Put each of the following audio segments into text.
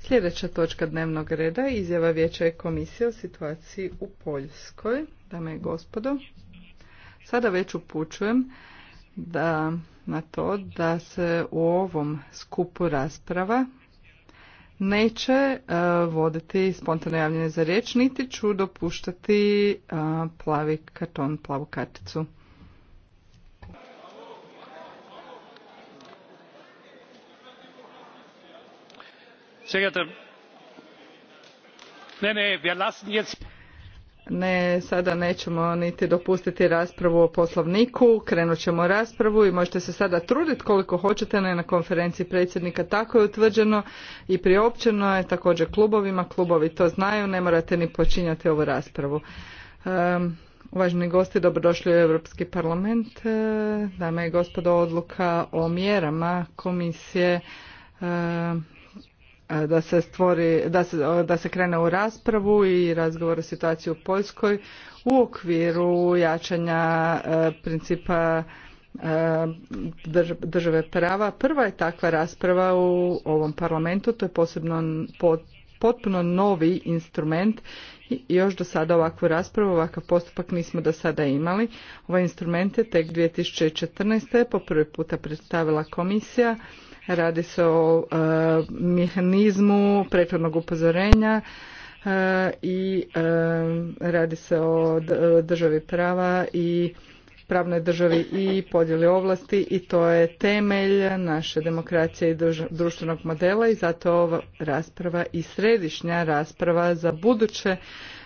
Sljedeća točka dnevnog reda izjava Vijeća komisije o situaciji u Poljskoj. Dame i gospodo, sada već upućujem da na to da se u ovom skupu rasprava neće e, voditi spontano javljanje za riječ, niti ću dopuštati e, plavi karton, plavu karticu. ne sada nećemo niti dopustiti raspravu o poslovniku krenut ćemo raspravu i možete se sada truditi koliko hoćete ne na konferenciji predsjednika tako je utvrđeno i priopćeno je također klubovima klubovi to znaju ne morate ni počinjati ovu raspravu ehm, Uvaženi gosti, dobrodošli u Europski parlament. E, dame i gospodo, odluka o mjerama komisije e, da se stvori, da se, da se krene u raspravu i razgovor o situaciji u Poljskoj u okviru jačanja e, principa e, države prava. Prva je takva rasprava u ovom parlamentu, to je posebno potpuno novi instrument i još do sada ovakvu raspravu, ovakav postupak nismo do sada imali. Ovaj instrument je tek 2014. po prvi puta predstavila komisija Radi se o e, mehanizmu prethodnog upozorenja e, i e, radi se o državi prava i pravnoj državi i podjeli ovlasti i to je temelj naše demokracije i društvenog modela i zato ova rasprava i središnja rasprava za buduće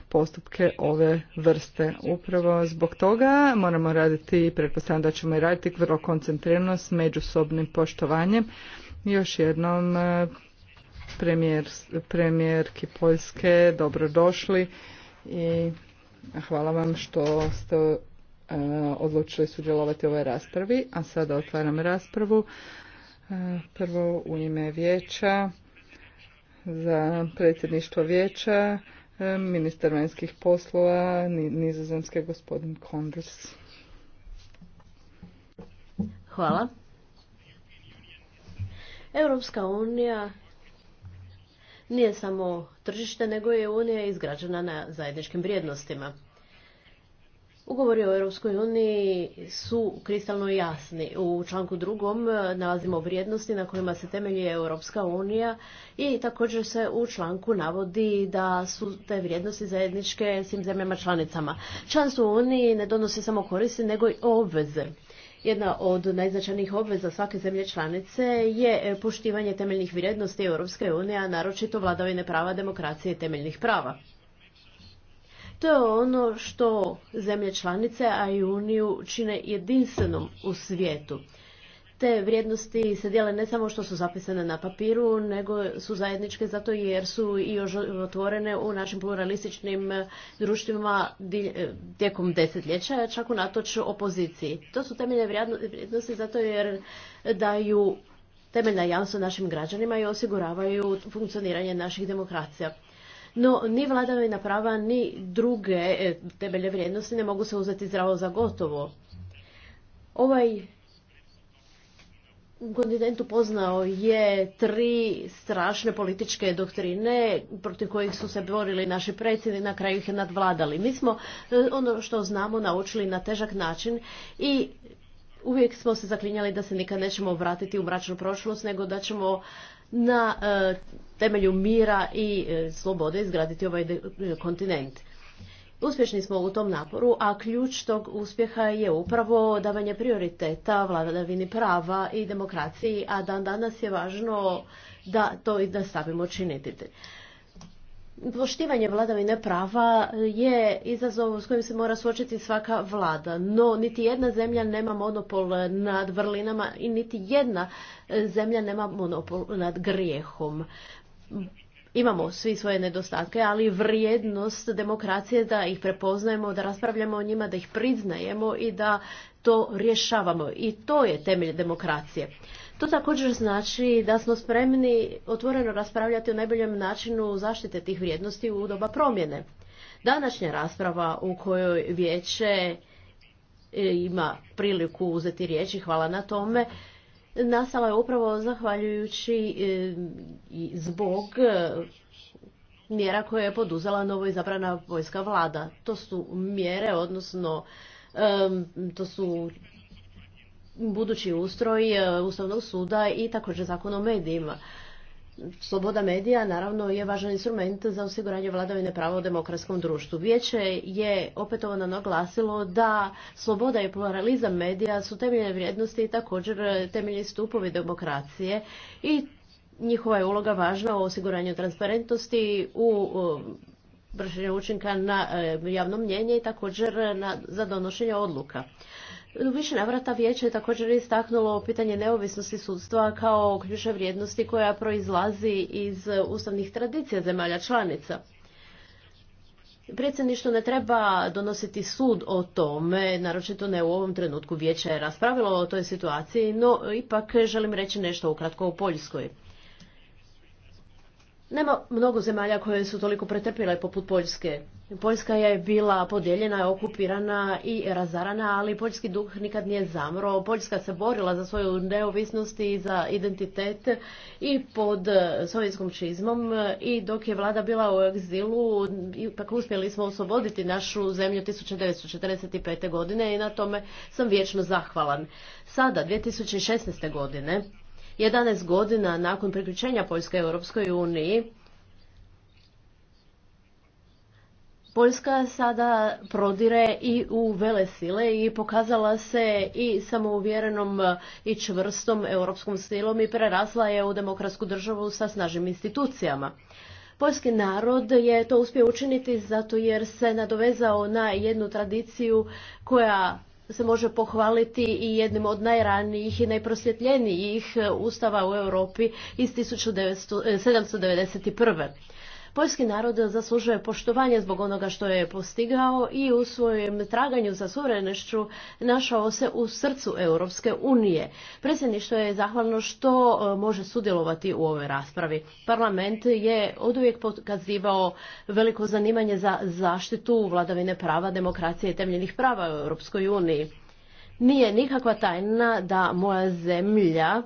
postupke ove vrste. Upravo zbog toga moramo raditi i pretpostavljam da ćemo i raditi vrlo koncentrirano s međusobnim poštovanjem. Još jednom e, premijer, premijerki Poljske, dobrodošli i hvala vam što ste e, odlučili sudjelovati u ovoj raspravi. A sada otvaram raspravu. E, prvo u ime vijeća za predsjedništvo vijeća E, ministar vanjskih poslova Nizozemske gospodin Konders. Hvala. Europska unija nije samo tržište, nego je unija izgrađena na zajedničkim vrijednostima. Ugovori o Europskoj uniji su kristalno jasni. U članku drugom e, nalazimo vrijednosti na kojima se temelji Europska unija i također se u članku navodi da su te vrijednosti zajedničke svim zemljama članicama. Članstvo u uniji ne donosi samo koristi nego i obveze. Jedna od najznačajnijih obveza svake zemlje članice je e, poštivanje temeljnih vrijednosti Europske unije, a naročito vladavine prava, demokracije i temeljnih prava. To je ono što zemlje članice, a i Uniju, čine jedinstvenom u svijetu. Te vrijednosti se dijele ne samo što su zapisane na papiru, nego su zajedničke zato jer su i još otvorene u našim pluralističnim društvima e, tijekom desetljeća, čak unatoč opoziciji. To su temeljne vrijednosti zato jer daju temeljna jamstva našim građanima i osiguravaju funkcioniranje naših demokracija. No, ni vladavina prava, ni druge e, temelje vrijednosti ne mogu se uzeti zdravo za gotovo. Ovaj kontinent poznao je tri strašne političke doktrine protiv kojih su se borili naši predsjedni, na kraju ih je nadvladali. Mi smo e, ono što znamo naučili na težak način i uvijek smo se zaklinjali da se nikad nećemo vratiti u mračnu prošlost, nego da ćemo na e, temelju mira i e, slobode izgraditi ovaj kontinent. Uspješni smo u tom naporu, a ključ tog uspjeha je upravo davanje prioriteta vladavini prava i demokraciji, a dan danas je važno da to i da stavimo činiti. Poštivanje vladavine prava je izazov s kojim se mora suočiti svaka vlada, no niti jedna zemlja nema monopol nad vrlinama i niti jedna e, zemlja nema monopol nad grijehom. Imamo svi svoje nedostatke, ali vrijednost demokracije da ih prepoznajemo, da raspravljamo o njima, da ih priznajemo i da to rješavamo. I to je temelj demokracije. To također znači da smo spremni otvoreno raspravljati o najboljem načinu zaštite tih vrijednosti u doba promjene. Današnja rasprava u kojoj vijeće e, ima priliku uzeti riječ i hvala na tome, nastala je upravo zahvaljujući e, zbog e, mjera koje je poduzela novo izabrana vojska vlada. To su mjere, odnosno to su budući ustroj e, Ustavnog suda i također zakon o medijima. Sloboda medija naravno je važan instrument za osiguranje vladavine prava u demokratskom društvu. Vijeće je opetovano naglasilo da sloboda i pluralizam medija su temeljne vrijednosti i također temeljni stupovi demokracije i njihova je uloga važna u osiguranju transparentnosti u vršenju učinka na e, javno mnjenje i također za donošenje odluka. U više navrata vijeće je također istaknulo pitanje neovisnosti sudstva kao ključne vrijednosti koja proizlazi iz ustavnih tradicija zemalja članica. Predsjedništvo ne treba donositi sud o tome, naročito ne u ovom trenutku vijeće je raspravilo o toj situaciji, no ipak želim reći nešto ukratko o Poljskoj. Nema mnogo zemalja koje su toliko pretrpile poput Poljske. Poljska je bila podijeljena, okupirana i razarana, ali poljski duh nikad nije zamro. Poljska se borila za svoju neovisnost i za identitet i pod sovjetskom čizmom i dok je vlada bila u egzilu, ipak uspjeli smo osloboditi našu zemlju 1945. godine i na tome sam vječno zahvalan. Sada, 2016. godine, 11 godina nakon priključenja Poljske Europskoj uniji, Poljska sada prodire i u vele sile i pokazala se i samouvjerenom i čvrstom europskom silom i prerasla je u demokratsku državu sa snažnim institucijama. Poljski narod je to uspio učiniti zato jer se nadovezao na jednu tradiciju koja se može pohvaliti i jednim od najranijih i najprosvjetljenijih ustava u Europi iz 1791. Poljski narod zaslužuje poštovanje zbog onoga što je postigao i u svojem traganju za suverenošću našao se u srcu Europske unije. Predsjedništvo je zahvalno što e, može sudjelovati u ovoj raspravi. Parlament je oduvijek pokazivao veliko zanimanje za zaštitu vladavine prava, demokracije i temeljnih prava u Europskoj uniji. Nije nikakva tajna da moja zemlja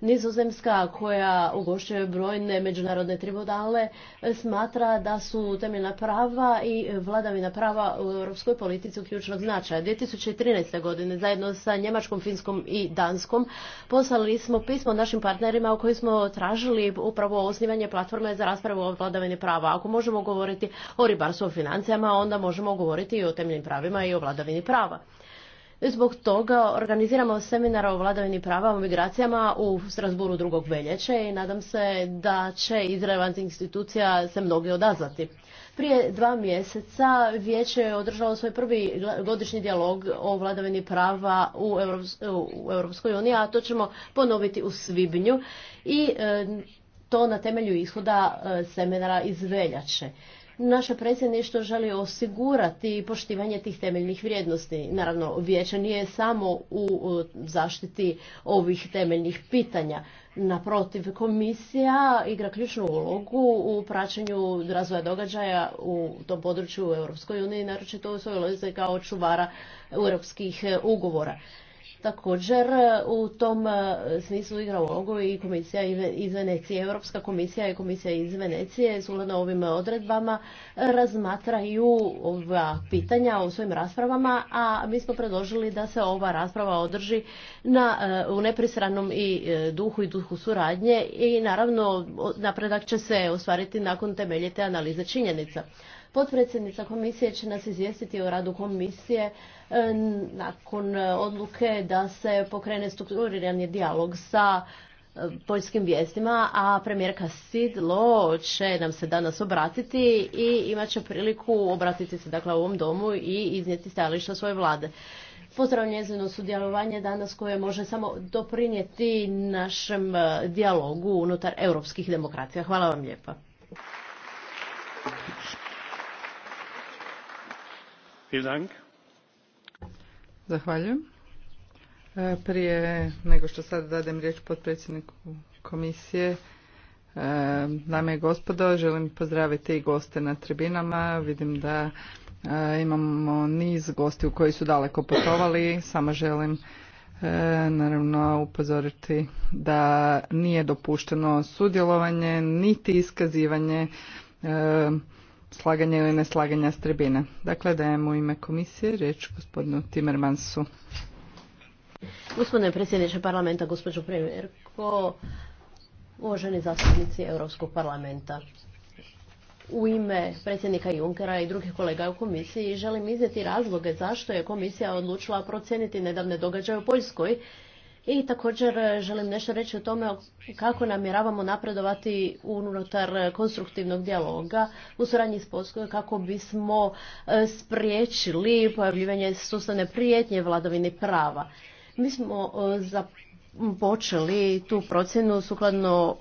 Nizozemska koja ugošćuje brojne međunarodne tribunale smatra da su temeljna prava i vladavina prava u europskoj politici ključnog značaja. 2013. godine zajedno sa Njemačkom, Finskom i Danskom poslali smo pismo našim partnerima u kojoj smo tražili upravo osnivanje platforme za raspravu o vladavini prava. Ako možemo govoriti o ribarstvu o financijama, onda možemo govoriti i o temeljnim pravima i o vladavini prava. Zbog toga organiziramo seminar o vladavini prava o migracijama u Strasburu 2. veljače i nadam se da će iz institucija se mnogi odazvati. Prije dva mjeseca vijeće je održalo svoj prvi godišnji dijalog o vladavini prava u, Europskoj uniji, a to ćemo ponoviti u svibnju i e, to na temelju ishoda e, seminara iz veljače naše predsjedništvo želi osigurati poštivanje tih temeljnih vrijednosti. Naravno, vijeće nije samo u zaštiti ovih temeljnih pitanja. Naprotiv, komisija igra ključnu ulogu u praćenju razvoja događaja u tom području u Europskoj uniji, naročito u svojoj kao čuvara europskih ugovora. Također e, u tom e, smislu igra ulogu i komisija iz Venecije. Europska komisija i komisija iz Venecije na ovim odredbama e, razmatraju ova pitanja u svojim raspravama, a mi smo predložili da se ova rasprava održi na, u neprisranom i duhu i duhu suradnje i naravno napredak će se ostvariti nakon temeljite analize činjenica. Potpredsjednica komisije će nas izvijestiti o radu komisije e, nakon e, odluke da se pokrene strukturirani dijalog sa e, poljskim vijestima, a premijerka Sidlo će nam se danas obratiti i imat će priliku obratiti se dakle, u ovom domu i iznijeti stajališta svoje vlade. Pozdravljam njezino sudjelovanje danas koje može samo doprinijeti našem dijalogu unutar europskih demokracija. Hvala vam lijepa. Zahvaljujem. E, prije nego što sada dadem riječ potpredsjedniku komisije, e, dame i gospodo, želim pozdraviti i goste na tribinama. Vidim da e, imamo niz gostiju koji su daleko putovali. Samo želim naravno upozoriti da nije dopušteno sudjelovanje niti iskazivanje slaganja ili slaganja s tribine. Dakle, dajem u ime komisije riječ gospodinu Timmermansu. Gospodine predsjedniče parlamenta, gospođo premijerko, uvaženi zastupnici Europskog parlamenta. U ime predsjednika Junkera i drugih kolega u komisiji želim iznijeti razloge zašto je komisija odlučila procijeniti nedavne događaje u Poljskoj i također e, želim nešto reći o tome kako namjeravamo napredovati unutar e, konstruktivnog dijaloga u suradnji s kako bismo e, spriječili pojavljivanje sustavne prijetnje vladavini prava. Mi smo započeli tu procjenu sukladno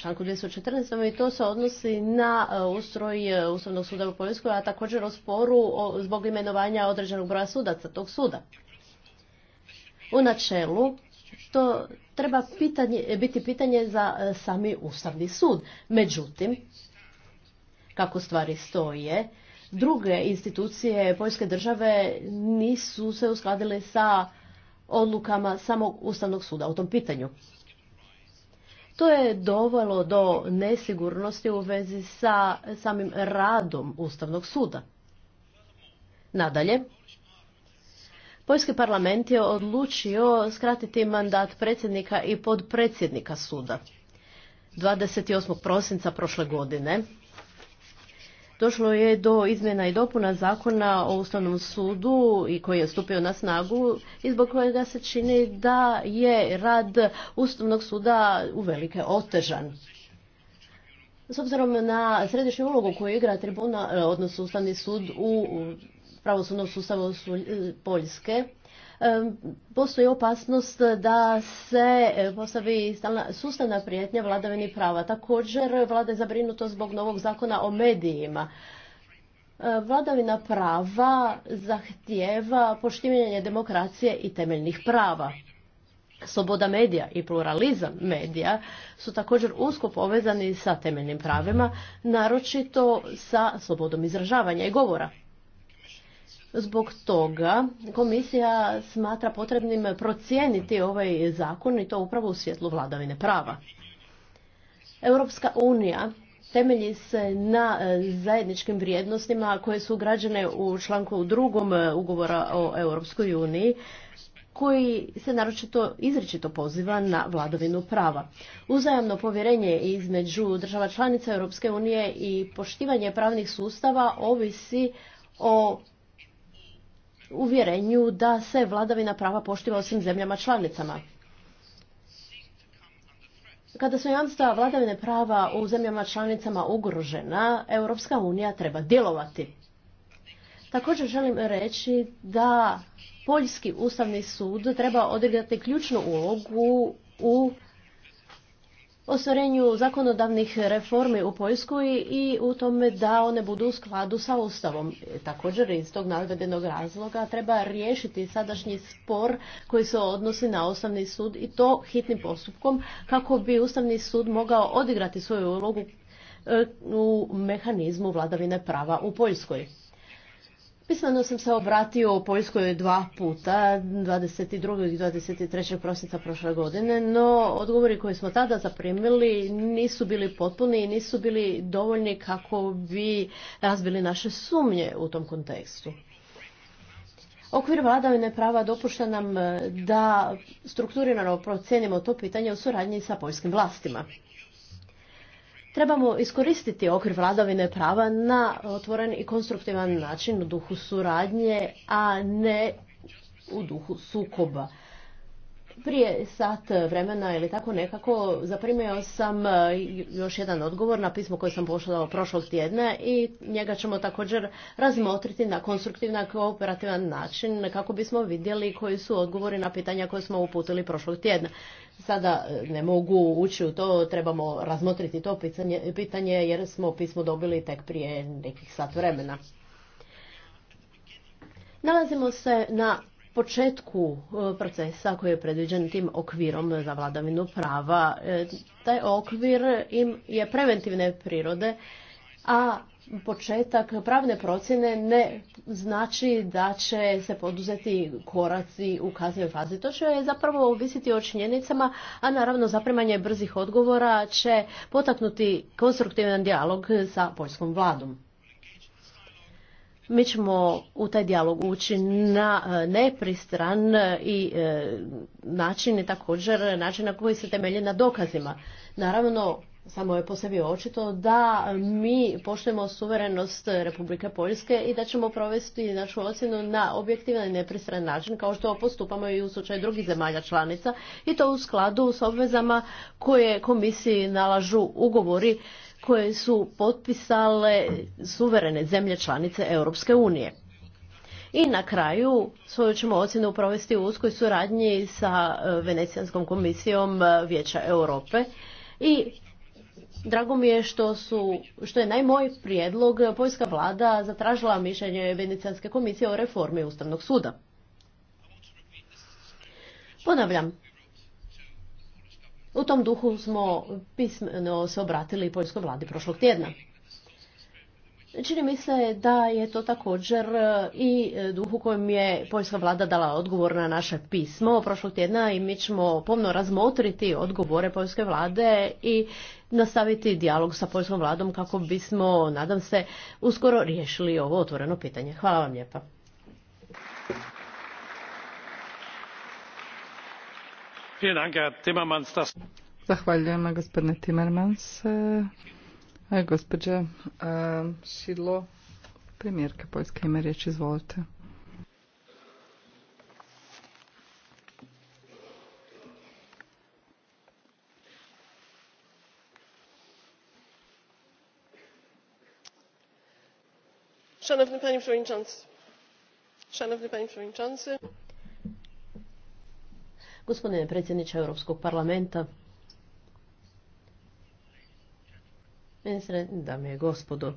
članku 214. i to se odnosi na ustroj Ustavnog suda u Poljskoj, a također o sporu zbog imenovanja određenog broja sudaca tog suda u načelu to treba pitanje, biti pitanje za e, sami Ustavni sud. Međutim, kako stvari stoje, druge institucije Poljske države nisu se uskladile sa odlukama samog Ustavnog suda u tom pitanju. To je dovelo do nesigurnosti u vezi sa samim radom Ustavnog suda. Nadalje, Poljski parlament je odlučio skratiti mandat predsjednika i podpredsjednika suda. 28. prosinca prošle godine došlo je do izmjena i dopuna zakona o Ustavnom sudu i koji je stupio na snagu i zbog kojega se čini da je rad Ustavnog suda uvelike otežan. S obzirom na središnju ulogu koju igra tribuna, odnosno Ustavni sud u pravosudnog sustava e, Poljske, e, postoji opasnost da se e, postavi sustavna prijetnja vladavini prava. Također, vlada je zabrinuto zbog novog zakona o medijima. Vladavina prava zahtijeva poštivanje demokracije i temeljnih prava. Sloboda medija i pluralizam medija su također usko povezani sa temeljnim pravima, naročito sa slobodom izražavanja i govora. Zbog toga komisija smatra potrebnim procijeniti ovaj zakon i to upravo u svjetlu vladavine prava. Europska unija temelji se na e, zajedničkim vrijednostima koje su ugrađene u članku drugom e, ugovora o Europskoj uniji koji se naročito izričito poziva na vladavinu prava. Uzajamno povjerenje između država članica Europske unije i poštivanje pravnih sustava ovisi o uvjerenju da se vladavina prava poštiva u svim zemljama članicama. Kada su jamstva vladavine prava u zemljama članicama ugrožena, Europska unija treba djelovati. Također želim reći da Poljski ustavni sud treba odigrati ključnu ulogu u ostvarenju zakonodavnih reformi u Poljskoj i u tome da one budu u skladu sa Ustavom. E, također iz tog navedenog razloga treba riješiti sadašnji spor koji se odnosi na Ustavni sud i to hitnim postupkom kako bi Ustavni sud mogao odigrati svoju ulogu e, u mehanizmu vladavine prava u Poljskoj. Pismeno sam se obratio u Poljskoj dva puta, 22. i 23. prosinca prošle godine, no odgovori koje smo tada zaprimili nisu bili potpuni i nisu bili dovoljni kako bi razbili naše sumnje u tom kontekstu. Okvir vladavine prava dopušta nam eh, da strukturirano procenimo to pitanje u suradnji sa poljskim vlastima trebamo iskoristiti okvir vladavine prava na otvoren i konstruktivan način u duhu suradnje, a ne u duhu sukoba. Prije sat vremena ili tako nekako zaprimio sam još jedan odgovor na pismo koje sam pošla prošlog tjedna i njega ćemo također razmotriti na konstruktivan kooperativan način kako bismo vidjeli koji su odgovori na pitanja koje smo uputili prošlog tjedna. Sada e, ne mogu ući u to, trebamo razmotriti to pitanje jer smo pismo dobili tek prije nekih sat vremena. Nalazimo se na početku e, procesa koji je predviđen tim okvirom za vladavinu prava. E, taj okvir im je preventivne prirode, a početak pravne procjene ne znači da će se poduzeti koraci u kaznoj fazi. To će zapravo ovisiti o činjenicama, a naravno zapremanje brzih odgovora će potaknuti konstruktivan dijalog sa poljskom vladom. Mi ćemo u taj dijalog ući na e, nepristran i e, način i također način na koji se temelji na dokazima. Naravno, samo je po sebi očito da mi poštujemo suverenost Republike Poljske i da ćemo provesti našu ocjenu na objektivan i nepristran način kao što postupamo i u slučaju drugih zemalja članica i to u skladu s obvezama koje komisiji nalažu ugovori koje su potpisale suverene zemlje članice Europske unije. I na kraju svoju ćemo ocjenu provesti u uskoj suradnji sa e, Venecijanskom komisijom e, Vijeća Europe i Drago mi je što, su, što je najmoj prijedlog eh, poljska vlada zatražila mišljenje Venecijanske komisije o reformi Ustavnog suda. Ponavljam, u tom duhu smo pismeno se obratili poljskoj vladi prošlog tjedna. Čini mi se da je to također e, i e, duh u kojem je poljska vlada dala odgovor na naše pismo prošlog tjedna i mi ćemo pomno razmotriti odgovore poljske vlade i nastaviti dijalog sa poljskom vladom kako bismo, nadam se, uskoro riješili ovo otvoreno pitanje. Hvala vam lijepa. Zahvaljujem gospodine Timmermans. E, gospođa e, Šidlo, premijerka Poljske ima riječ, izvolite. Szanowny Panie Przewodniczący, Szanowny Panie Przewodniczący, Gospodine predsjedniče Europskog parlamenta, Ministre, dame i gospodo,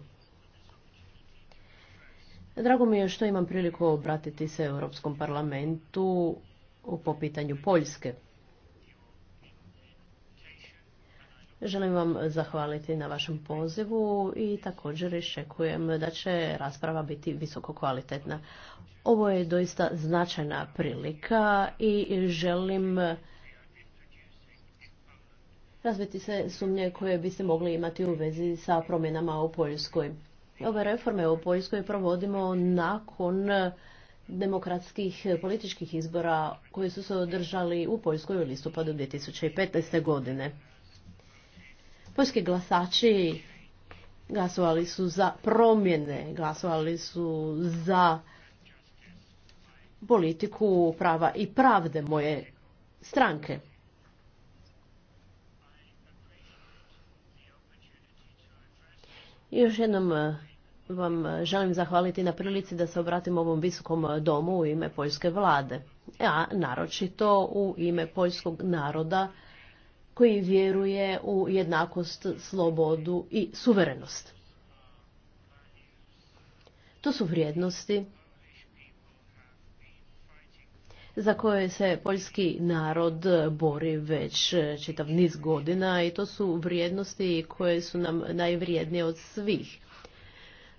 drago mi je što imam priliku obratiti se Europskom parlamentu po pitanju Poljske. Želim vam zahvaliti na vašem pozivu i također iščekujem da će rasprava biti visoko kvalitetna. Ovo je doista značajna prilika i želim razviti se sumnje koje biste se imati u vezi sa promjenama u Poljskoj. Ove reforme u Poljskoj provodimo nakon demokratskih političkih izbora koji su se održali u Poljskoj u listopadu 2015. godine. Poljski glasači glasovali su za promjene, glasovali su za politiku prava i pravde moje stranke. Još jednom e, vam e, želim zahvaliti na prilici da se obratim ovom visokom domu u ime poljske vlade, a naročito u ime poljskog naroda koji vjeruje u jednakost, slobodu i suverenost. To su vrijednosti za koje se poljski narod bori već čitav niz godina i to su vrijednosti koje su nam najvrijednije od svih.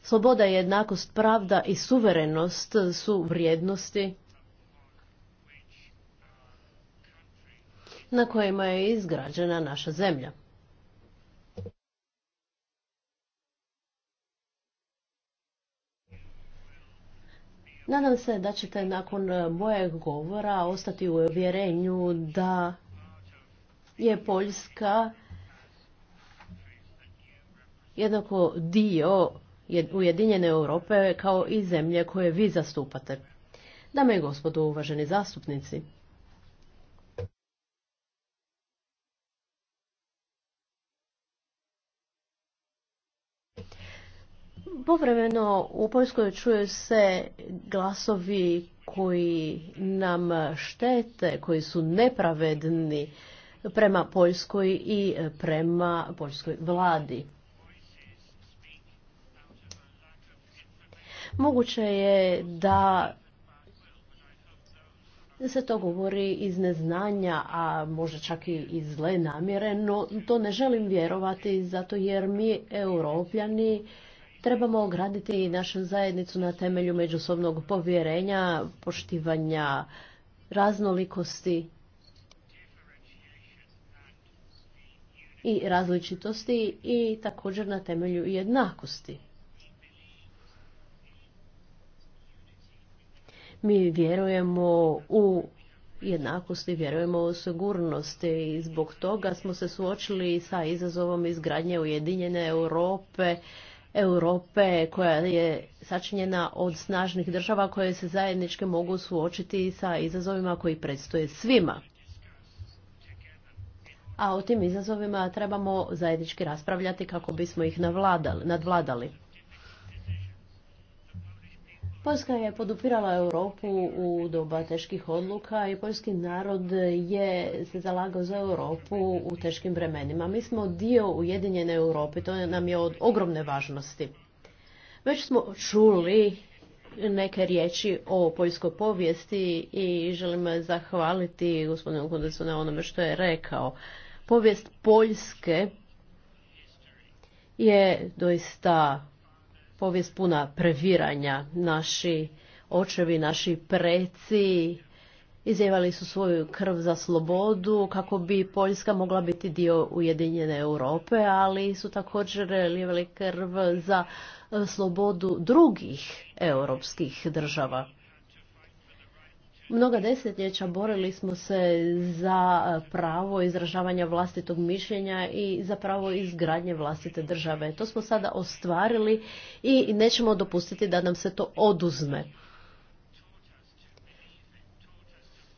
Sloboda, jednakost, pravda i suverenost su vrijednosti na kojima je izgrađena naša zemlja. Nadam se da ćete nakon e, mojeg govora ostati u uvjerenju da je Poljska jednako dio Ujedinjene Europe kao i zemlje koje vi zastupate. Dame i gospodo, uvaženi zastupnici, Povremeno u Poljskoj čuje se glasovi koji nam štete, koji su nepravedni prema Poljskoj i prema Poljskoj vladi. Moguće je da se to govori iz neznanja, a možda čak i iz zle namjere, no to ne želim vjerovati zato jer mi europljani trebamo graditi našu zajednicu na temelju međusobnog povjerenja, poštivanja raznolikosti i različitosti i također na temelju jednakosti. Mi vjerujemo u jednakosti, vjerujemo u sigurnosti i zbog toga smo se suočili sa izazovom izgradnje Ujedinjene Europe Europe koja je sačinjena od snažnih država koje se zajednički mogu suočiti sa izazovima koji predstoje svima. A o tim izazovima trebamo zajednički raspravljati kako bismo ih nadvladali. Poljska je podupirala Europu u doba teških odluka i poljski narod je se zalagao za Europu u teškim vremenima. Mi smo dio Ujedinjene Europe, to nam je od ogromne važnosti. Već smo čuli neke riječi o poljskoj povijesti i želim zahvaliti gospodinu Kundesu na onome što je rekao. Povijest Poljske je doista povijest puna previranja. Naši očevi, naši preci izjevali su svoju krv za slobodu kako bi Poljska mogla biti dio Ujedinjene Europe, ali su također lijevali krv za slobodu drugih europskih država. Mnoga desetljeća borili smo se za pravo izražavanja vlastitog mišljenja i za pravo izgradnje vlastite države. To smo sada ostvarili i nećemo dopustiti da nam se to oduzme.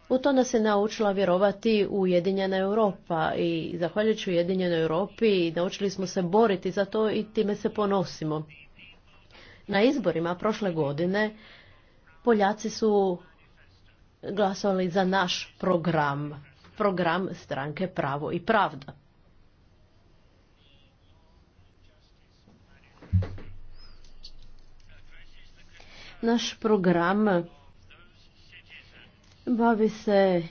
U to nas je naučila vjerovati Ujedinjena Europa i zahvaljujući Ujedinjenoj Europi naučili smo se boriti za to i time se ponosimo. Na izborima prošle godine Poljaci su glasovali za naš program, program stranke Pravo i Pravda. Naš program bavi se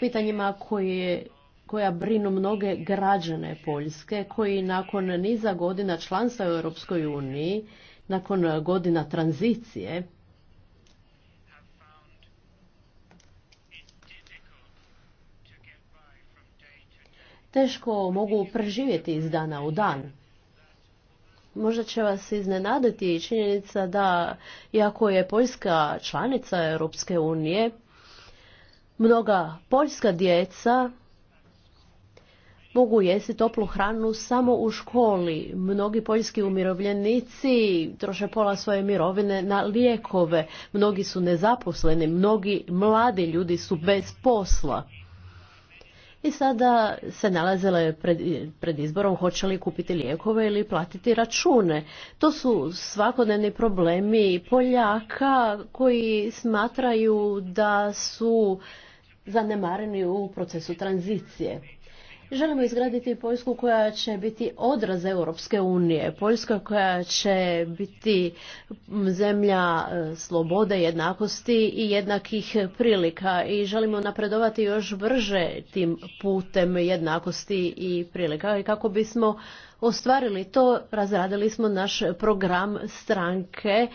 pitanjima koje koja brinu mnoge građane Poljske koji nakon niza godina članstva u Europskoj uniji, nakon godina tranzicije, teško mogu preživjeti iz dana u dan. Možda će vas iznenaditi i činjenica da, iako je Poljska članica Europske unije, mnoga poljska djeca mogu jesti toplu hranu samo u školi. Mnogi poljski umirovljenici troše pola svoje mirovine na lijekove. Mnogi su nezaposleni, mnogi mladi ljudi su bez posla i sada se nalazile pred, pred izborom hoće li kupiti lijekove ili platiti račune. To su svakodnevni problemi Poljaka koji smatraju da su zanemareni u procesu tranzicije. Želimo izgraditi Poljsku koja će biti odraz Europske unije, Poljska koja će biti zemlja e, slobode, jednakosti i jednakih prilika i želimo napredovati još brže tim putem jednakosti i prilika i kako bismo ostvarili to razradili smo naš program stranke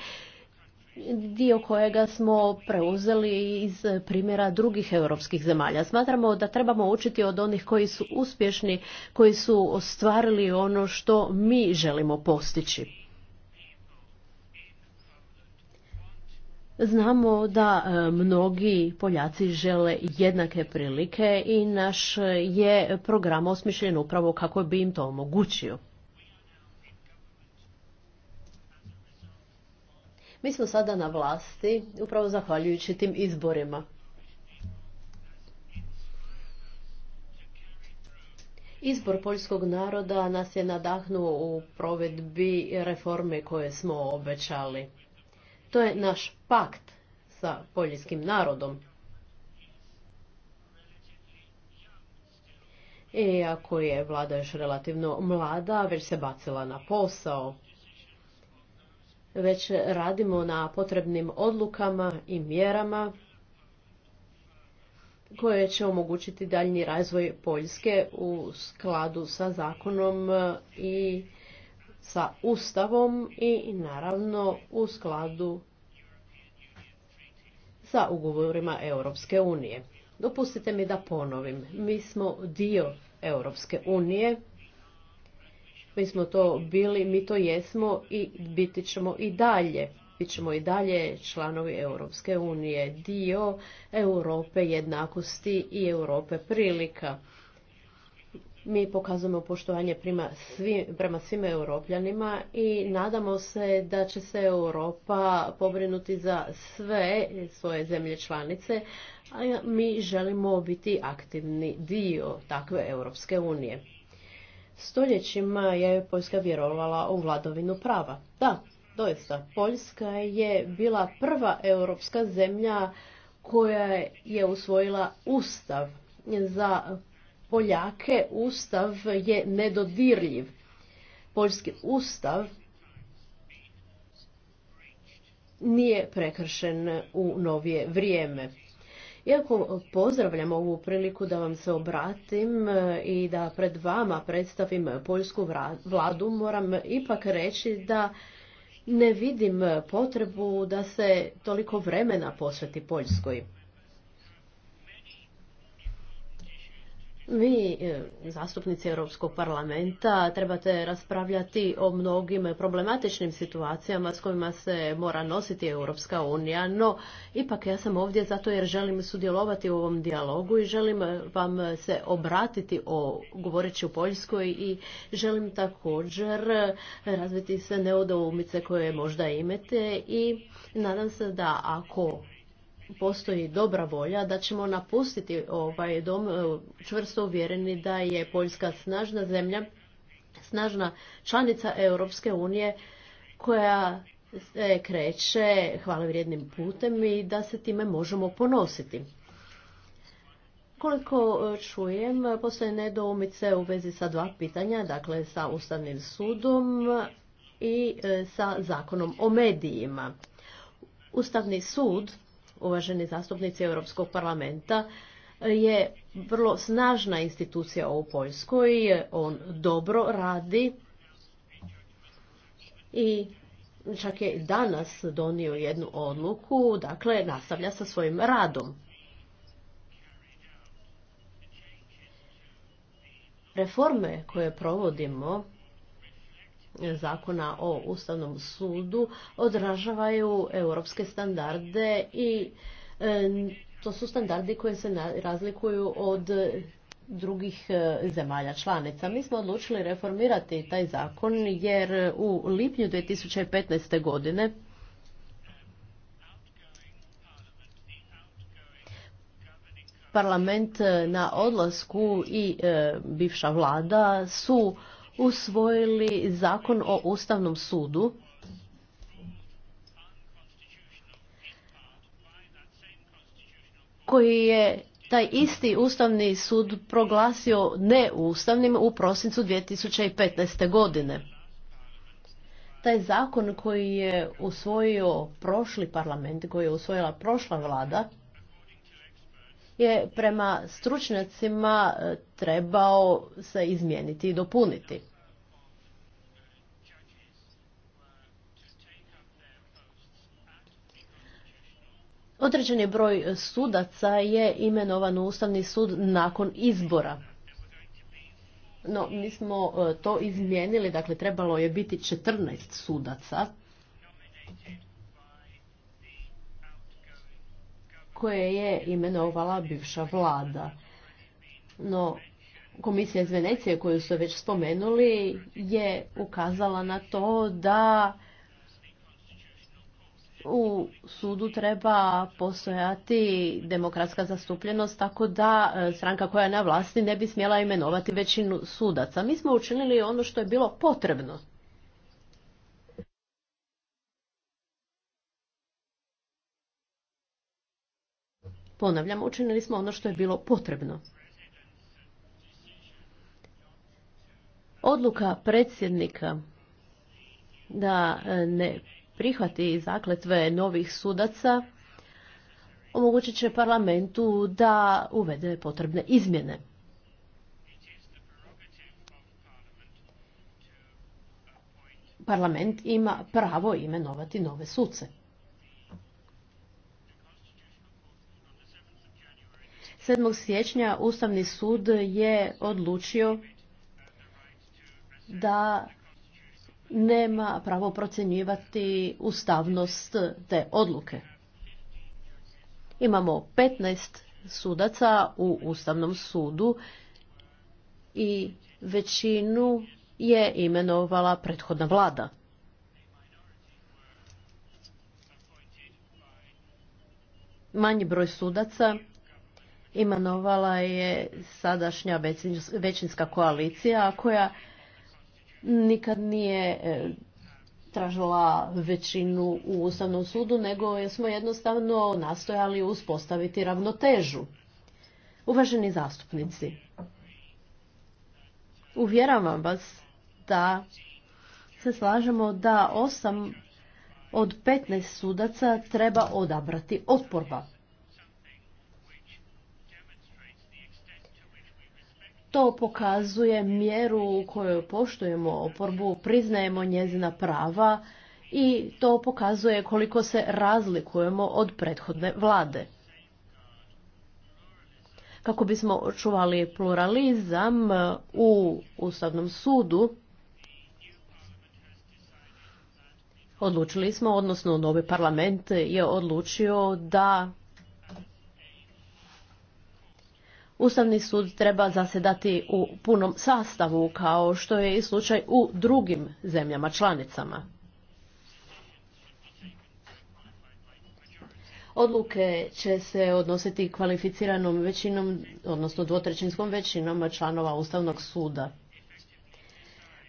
dio kojega smo preuzeli iz primjera drugih europskih zemalja. Smatramo da trebamo učiti od onih koji su uspješni, koji su ostvarili ono što mi želimo postići. Znamo da e, mnogi Poljaci žele jednake prilike i naš je program osmišljen upravo kako bi im to omogućio. Mi smo sada na vlasti upravo zahvaljujući tim izborima. Izbor poljskog naroda nas je nadahnuo u provedbi reforme koje smo obećali. To je naš pakt sa poljskim narodom. Iako e, je vlada još relativno mlada, već se bacila na posao već radimo na potrebnim odlukama i mjerama koje će omogućiti daljnji razvoj Poljske u skladu sa zakonom i sa Ustavom i naravno u skladu sa ugovorima Europske unije. Dopustite mi da ponovim, mi smo dio Europske unije, mi smo to bili, mi to jesmo i biti ćemo i dalje. Bit ćemo i dalje članovi Europske unije, dio Europe jednakosti i Europe prilika. Mi pokazujemo poštovanje prema svim, prema svim europljanima i nadamo se da će se Europa pobrinuti za sve svoje zemlje članice, a mi želimo biti aktivni dio takve Europske unije. Stoljećima je Poljska vjerovala u vladovinu prava. Da, doista, Poljska je bila prva europska zemlja koja je usvojila ustav. Za Poljake ustav je nedodirljiv. Poljski ustav nije prekršen u novije vrijeme. Iako pozdravljam ovu priliku da vam se obratim eh, i da pred vama predstavim poljsku vladu, moram ipak reći da ne vidim potrebu da se toliko vremena posveti Poljskoj. Vi, e, zastupnici Europskog parlamenta, trebate raspravljati o mnogim problematičnim situacijama s kojima se mora nositi Europska unija, no ipak ja sam ovdje zato jer želim sudjelovati u ovom dijalogu i želim vam se obratiti o govoreći u Poljskoj i želim također razviti sve neodoumice koje možda imate i nadam se da ako postoji dobra volja da ćemo napustiti ovaj dom e, čvrsto uvjereni da je Poljska snažna zemlja, snažna članica Europske unije koja se kreće hvale vrijednim putem i da se time možemo ponositi. Koliko e, čujem, postoje nedoumice u vezi sa dva pitanja, dakle sa Ustavnim sudom i e, sa zakonom o medijima. Ustavni sud uvaženi zastupnici Europskog parlamenta je vrlo snažna institucija u Poljskoj, on dobro radi i čak je danas donio jednu odluku, dakle nastavlja sa svojim radom. Reforme koje provodimo zakona o Ustavnom sudu odražavaju europske standarde i e, to su standardi koji se razlikuju od drugih e, zemalja članica. Mi smo odlučili reformirati taj zakon jer u lipnju 2015. godine parlament na odlasku i e, bivša vlada su usvojili zakon o Ustavnom sudu koji je taj isti Ustavni sud proglasio neustavnim u prosincu 2015. godine. Taj zakon koji je usvojio prošli parlament, koji je usvojila prošla vlada, je prema stručnjacima e, trebao se izmijeniti i dopuniti. Određeni broj sudaca je imenovan u Ustavni sud nakon izbora. No, mi smo e, to izmijenili, dakle trebalo je biti 14 sudaca koje je imenovala bivša vlada. No, komisija iz Venecije koju su već spomenuli je ukazala na to da u sudu treba postojati demokratska zastupljenost tako da e, stranka koja je na vlasti ne bi smjela imenovati većinu sudaca. Mi smo učinili ono što je bilo potrebno. Ponavljam, učinili smo ono što je bilo potrebno. Odluka predsjednika da e, ne prihvati zakletve novih sudaca omogućit će parlamentu da uvede potrebne izmjene. Parlament ima pravo imenovati nove suce. 7. siječnja Ustavni sud je odlučio da nema pravo procjenjivati ustavnost te odluke. Imamo 15 sudaca u Ustavnom sudu i većinu je imenovala prethodna vlada. Manji broj sudaca Imanovala je sadašnja većinska koalicija koja nikad nije e, tražila većinu u Ustavnom sudu, nego smo jednostavno nastojali uspostaviti ravnotežu. Uvaženi zastupnici, uvjeravam vas da se slažemo da osam od 15 sudaca treba odabrati oporba. To pokazuje mjeru u kojoj poštujemo oporbu, priznajemo njezina prava i to pokazuje koliko se razlikujemo od prethodne vlade. Kako bismo očuvali pluralizam e, u Ustavnom sudu, odlučili smo, odnosno novi parlament je odlučio da Ustavni sud treba zasedati u punom sastavu, kao što je i slučaj u drugim zemljama članicama. Odluke će se odnositi kvalificiranom većinom, odnosno dvotrećinskom većinom članova Ustavnog suda.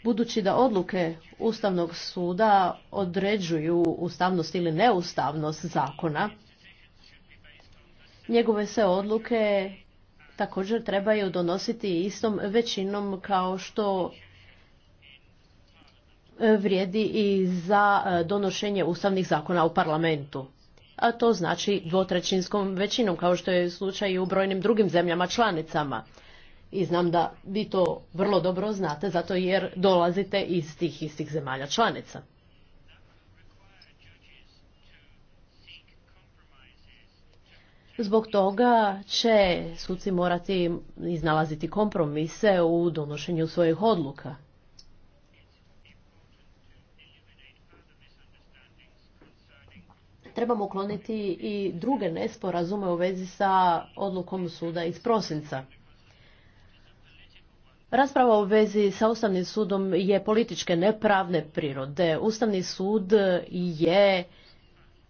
Budući da odluke Ustavnog suda određuju ustavnost ili neustavnost zakona, njegove se odluke također trebaju donositi istom većinom kao što e, vrijedi i za e, donošenje ustavnih zakona u parlamentu. A to znači dvotrećinskom većinom, kao što je slučaj i u brojnim drugim zemljama članicama. I znam da vi to vrlo dobro znate, zato jer dolazite iz tih istih zemalja članica. Zbog toga će suci morati iznalaziti kompromise u donošenju svojih odluka. Trebamo ukloniti i druge nesporazume u vezi sa odlukom suda iz prosinca. Rasprava u vezi sa Ustavnim sudom je političke nepravne prirode. Ustavni sud je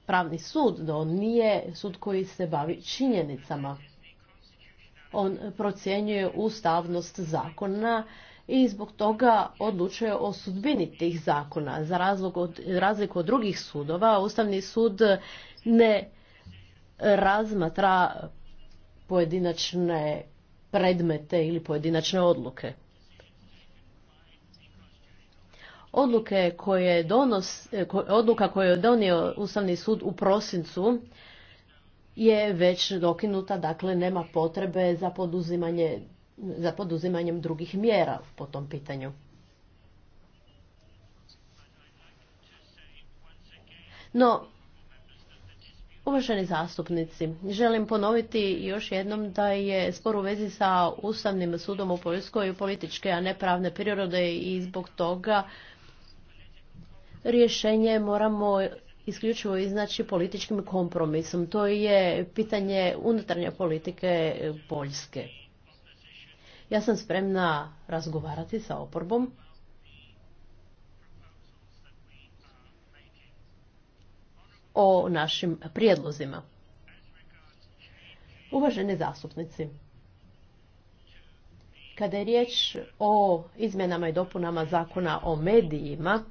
pravni sud, da on nije sud koji se bavi činjenicama. On procjenjuje ustavnost zakona i zbog toga odlučuje o sudbini tih zakona. Za razliku od drugih sudova, Ustavni sud ne razmatra pojedinačne predmete ili pojedinačne odluke. Odluke koje donos, e, odluka koju je donio Ustavni sud u prosincu je već dokinuta, dakle nema potrebe za, poduzimanje, za poduzimanjem drugih mjera po tom pitanju. No, uvaženi zastupnici, želim ponoviti još jednom da je spor u vezi sa Ustavnim sudom u Poljskoj političke, a ne pravne prirode i zbog toga rješenje moramo isključivo iznaći političkim kompromisom. To je pitanje unutarnje politike Poljske. Ja sam spremna razgovarati sa oporbom. o našim prijedlozima. Uvaženi zastupnici, kada je riječ o izmjenama i dopunama zakona o medijima,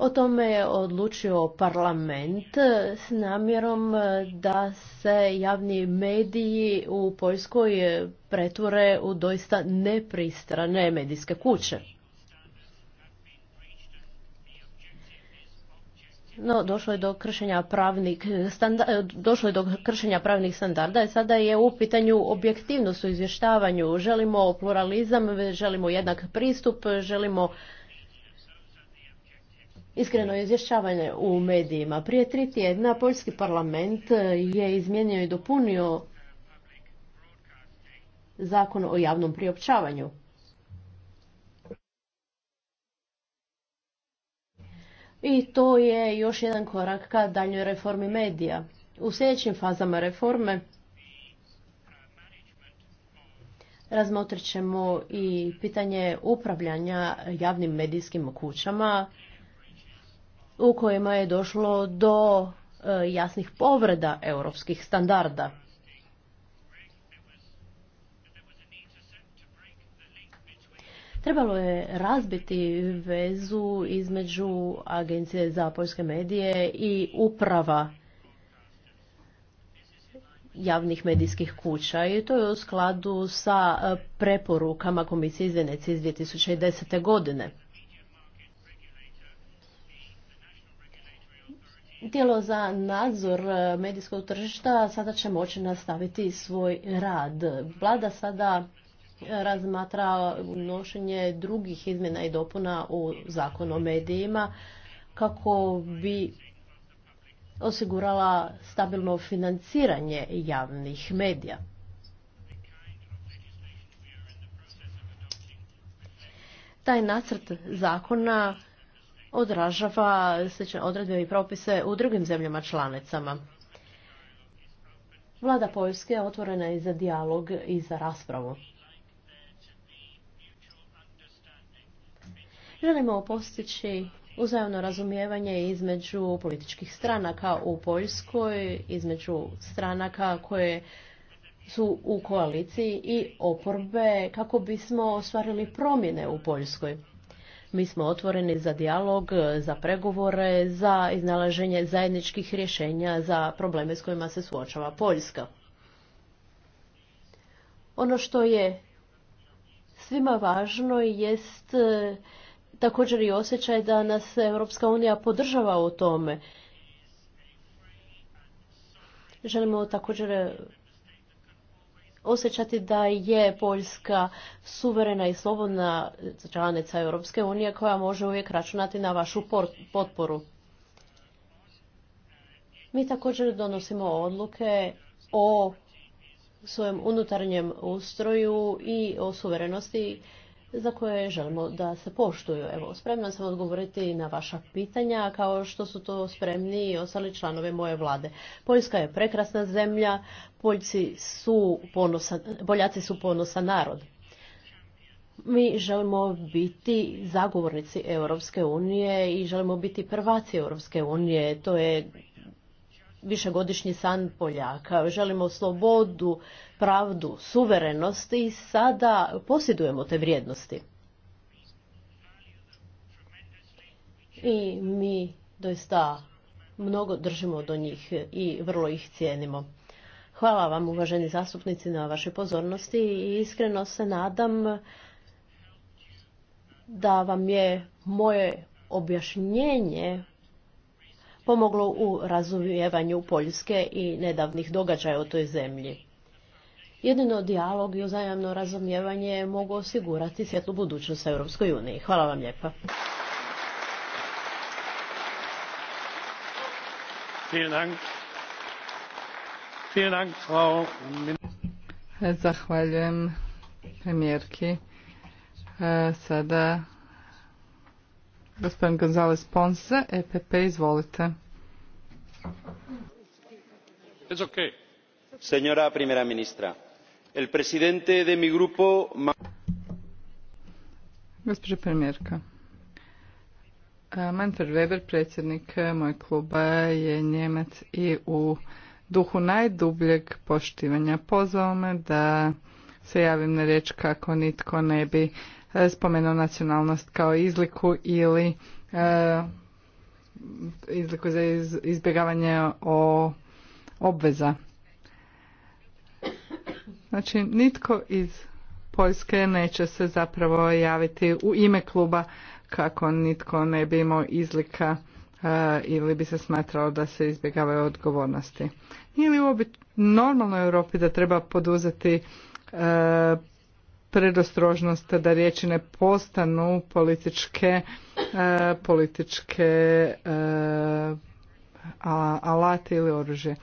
O tome je odlučio parlament e, s namjerom e, da se javni mediji u Poljskoj e, pretvore u doista nepristrane medijske kuće. No, došlo je do kršenja pravnih standarda, došlo je do kršenja pravnih standarda i sada je u pitanju objektivnost u izvještavanju. Želimo pluralizam, želimo jednak pristup, želimo iskreno izvješćavanje u medijima. Prije tri tjedna Poljski parlament e, je izmijenio i dopunio zakon o javnom priopćavanju. I to je još jedan korak ka daljnjoj reformi medija. U sljedećim fazama reforme razmotrit ćemo i pitanje upravljanja javnim medijskim kućama, u kojima je došlo do e, jasnih povreda europskih standarda. Trebalo je razbiti vezu između Agencije za poljske medije i uprava javnih medijskih kuća i to je u skladu sa preporukama Komisije iz Venecije iz 2010. godine. tijelo za nadzor e, medijskog tržišta sada će moći nastaviti svoj rad. Vlada sada e, razmatra unošenje drugih izmjena i dopuna u zakon o medijima kako bi osigurala stabilno financiranje javnih medija. Taj nacrt zakona odražava slične odredbe i propise u drugim zemljama članicama. Vlada Poljske je otvorena i za dijalog i za raspravu. Želimo postići uzajamno razumijevanje između političkih stranaka u Poljskoj, između stranaka koje su u koaliciji i oporbe kako bismo ostvarili promjene u Poljskoj. Mi smo otvoreni za dijalog, za pregovore, za iznalaženje zajedničkih rješenja za probleme s kojima se suočava Poljska. Ono što je svima važno jest e, također i osjećaj da nas Europska unija podržava u tome. Želimo također osjećati da je Poljska suverena i slobodna članica Europske unije koja može uvijek računati na vašu potporu. Mi također donosimo odluke o svojem unutarnjem ustroju i o suverenosti za koje želimo da se poštuju. Evo, spremna sam odgovoriti na vaša pitanja, kao što su to spremni i ostali članovi moje vlade. Poljska je prekrasna zemlja, Poljci su Poljaci su ponosa narod. Mi želimo biti zagovornici Europske unije i želimo biti prvaci Europske unije. To je višegodišnji san Poljaka. Želimo slobodu, pravdu, suverenost i sada posjedujemo te vrijednosti. I mi doista mnogo držimo do njih i vrlo ih cijenimo. Hvala vam uvaženi zastupnici na vašoj pozornosti i iskreno se nadam da vam je moje objašnjenje pomoglo u razumijevanju Poljske i nedavnih događaja u toj zemlji. Jedino dijalog i uzajamno razumijevanje mogu osigurati svjetlu budućnost Europskoj uniji. Hvala vam lijepa. Zahvaljujem premijerki. E, sada Gospodin Gonzales Ponce, EPP, izvolite. It's okay. Señora primera ministra, el presidente de mi grupo... Gospođa premijerka, Manfred Weber, predsjednik mojeg kluba, je Njemac i u duhu najdubljeg poštivanja pozvao me da se javim na riječ kako nitko ne bi E, spomenuo nacionalnost kao izliku ili e, izliku za izbjegavanje o obveza. Znači, nitko iz Poljske neće se zapravo javiti u ime kluba kako nitko ne bi imao izlika e, ili bi se smatrao da se izbjegavaju odgovornosti. Ili u normalnoj Europi da treba poduzeti predostrožnost da riječi ne postanu političke, e, političke e, alate ili oružje.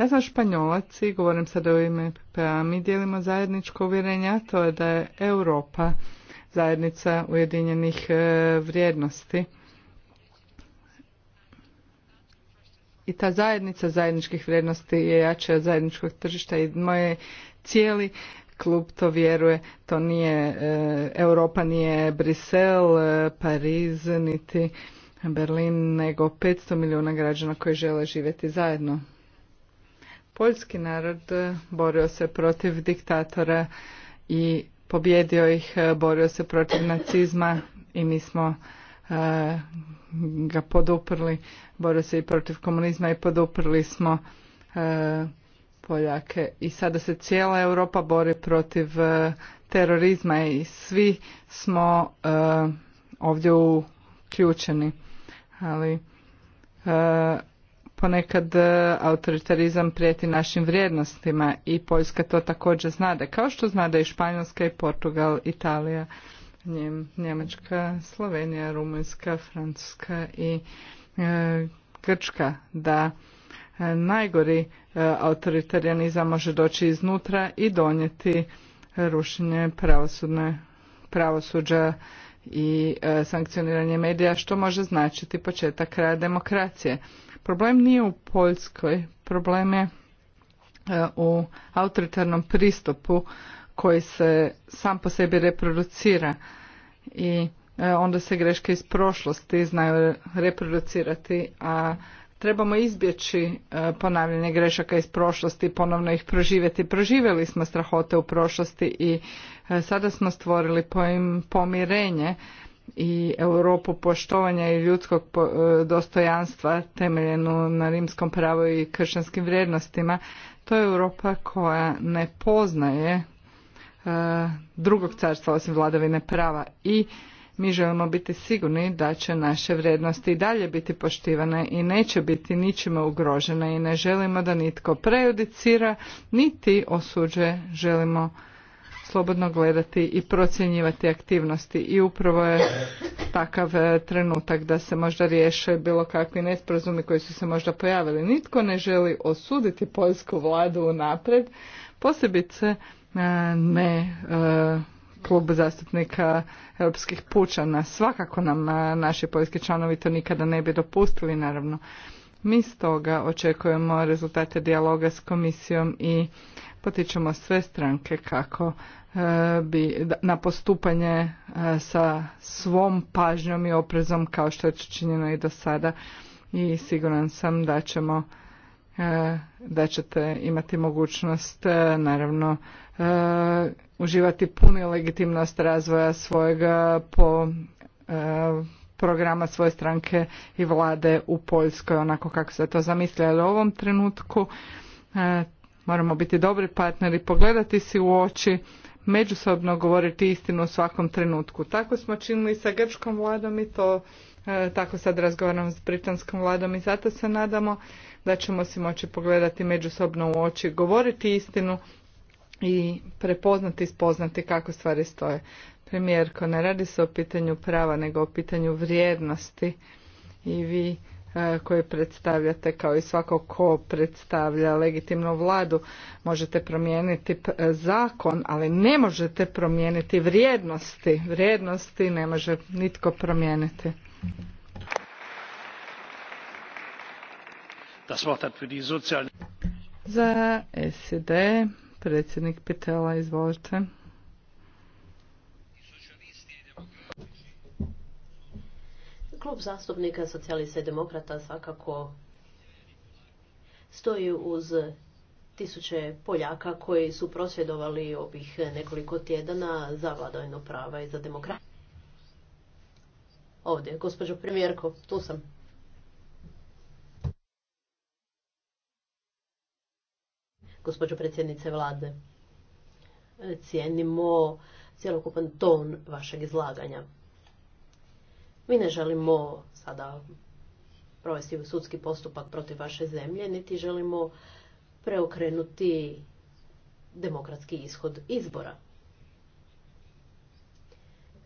Ja sam španjolac i govorim sada o ime PPA. Mi dijelimo zajedničko uvjerenja, to je da je Europa zajednica ujedinjenih e, vrijednosti. I ta zajednica zajedničkih vrijednosti je jača od zajedničkog tržišta i moje cijeli klub to vjeruje. To nije, e, Europa nije Brisel, e, Pariz, niti Berlin, nego 500 milijuna građana koji žele živjeti zajedno. Poljski narod e, borio se protiv diktatora i pobjedio ih, borio se protiv nacizma i mi smo ga poduprli, borio se i protiv komunizma i poduprli smo Poljake. I sada se cijela Europa bori protiv e, terorizma i svi smo e, ovdje uključeni. Ali e, ponekad autoritarizam prijeti našim vrijednostima i Poljska to također znade, kao što znade i Španjolska i Portugal, Italija, Njemačka, Slovenija, Rumunjska, Francuska i Grčka, da najgori e, autoritarianizam može doći iznutra i donijeti rušenje pravosudne pravosuđa i e, sankcioniranje medija što može značiti početak kraja demokracije. Problem nije u Poljskoj, problem je e, u autoritarnom pristupu koji se sam po sebi reproducira i onda se greške iz prošlosti znaju reproducirati, a trebamo izbjeći e, ponavljanje grešaka iz prošlosti, ponovno ih proživjeti. Proživjeli smo strahote u prošlosti i e, sada smo stvorili pomirenje i Europu poštovanja i ljudskog e, dostojanstva temeljenu na rimskom pravu i kršćanskim vrijednostima. To je Europa koja ne poznaje drugog carstva osim vladavine prava i mi želimo biti sigurni da će naše vrijednosti i dalje biti poštivane i neće biti ničima ugrožene i ne želimo da nitko prejudicira niti osuđe, Želimo slobodno gledati i procjenjivati aktivnosti i upravo je takav e, trenutak da se možda riješe bilo kakvi nesporazumi koji su se možda pojavili. Nitko ne želi osuditi poljsku vladu unaprijed, posebice e, ne e, klub zastupnika europskih pučana. Svakako nam e, naši poljski članovi to nikada ne bi dopustili, naravno. Mi stoga očekujemo rezultate dijaloga s komisijom i potičemo sve stranke kako e, bi na postupanje e, sa svom pažnjom i oprezom kao što je činjeno i do sada i siguran sam da ćemo da ćete imati mogućnost naravno uživati puni legitimnost razvoja svojega po e, programa svoje stranke i vlade u Poljskoj, onako kako se to zamislja. u ovom trenutku e, moramo biti dobri partneri, pogledati si u oči, međusobno govoriti istinu u svakom trenutku. Tako smo činili sa grčkom vladom i to e, tako sad razgovaramo s britanskom vladom i zato se nadamo da ćemo si moći pogledati međusobno u oči, govoriti istinu, i prepoznati i spoznati kako stvari stoje. Premijerko, ne radi se o pitanju prava, nego o pitanju vrijednosti i vi e, koji predstavljate kao i svako ko predstavlja legitimnu vladu možete promijeniti e, zakon, ali ne možete promijeniti vrijednosti. Vrijednosti ne može nitko promijeniti. Das Wort hat für die Za SED Predsjednik Pitela, izvolite. Klub zastupnika socijalista i demokrata svakako stoji uz tisuće Poljaka koji su prosvjedovali ovih nekoliko tjedana za vladavinu prava i za demokraciju. Ovdje, gospođo premijerko, tu sam. gospođo predsjednice vlade. E, cijenimo cjelokupan ton vašeg izlaganja. Mi ne želimo sada provesti sudski postupak protiv vaše zemlje, niti želimo preokrenuti demokratski ishod izbora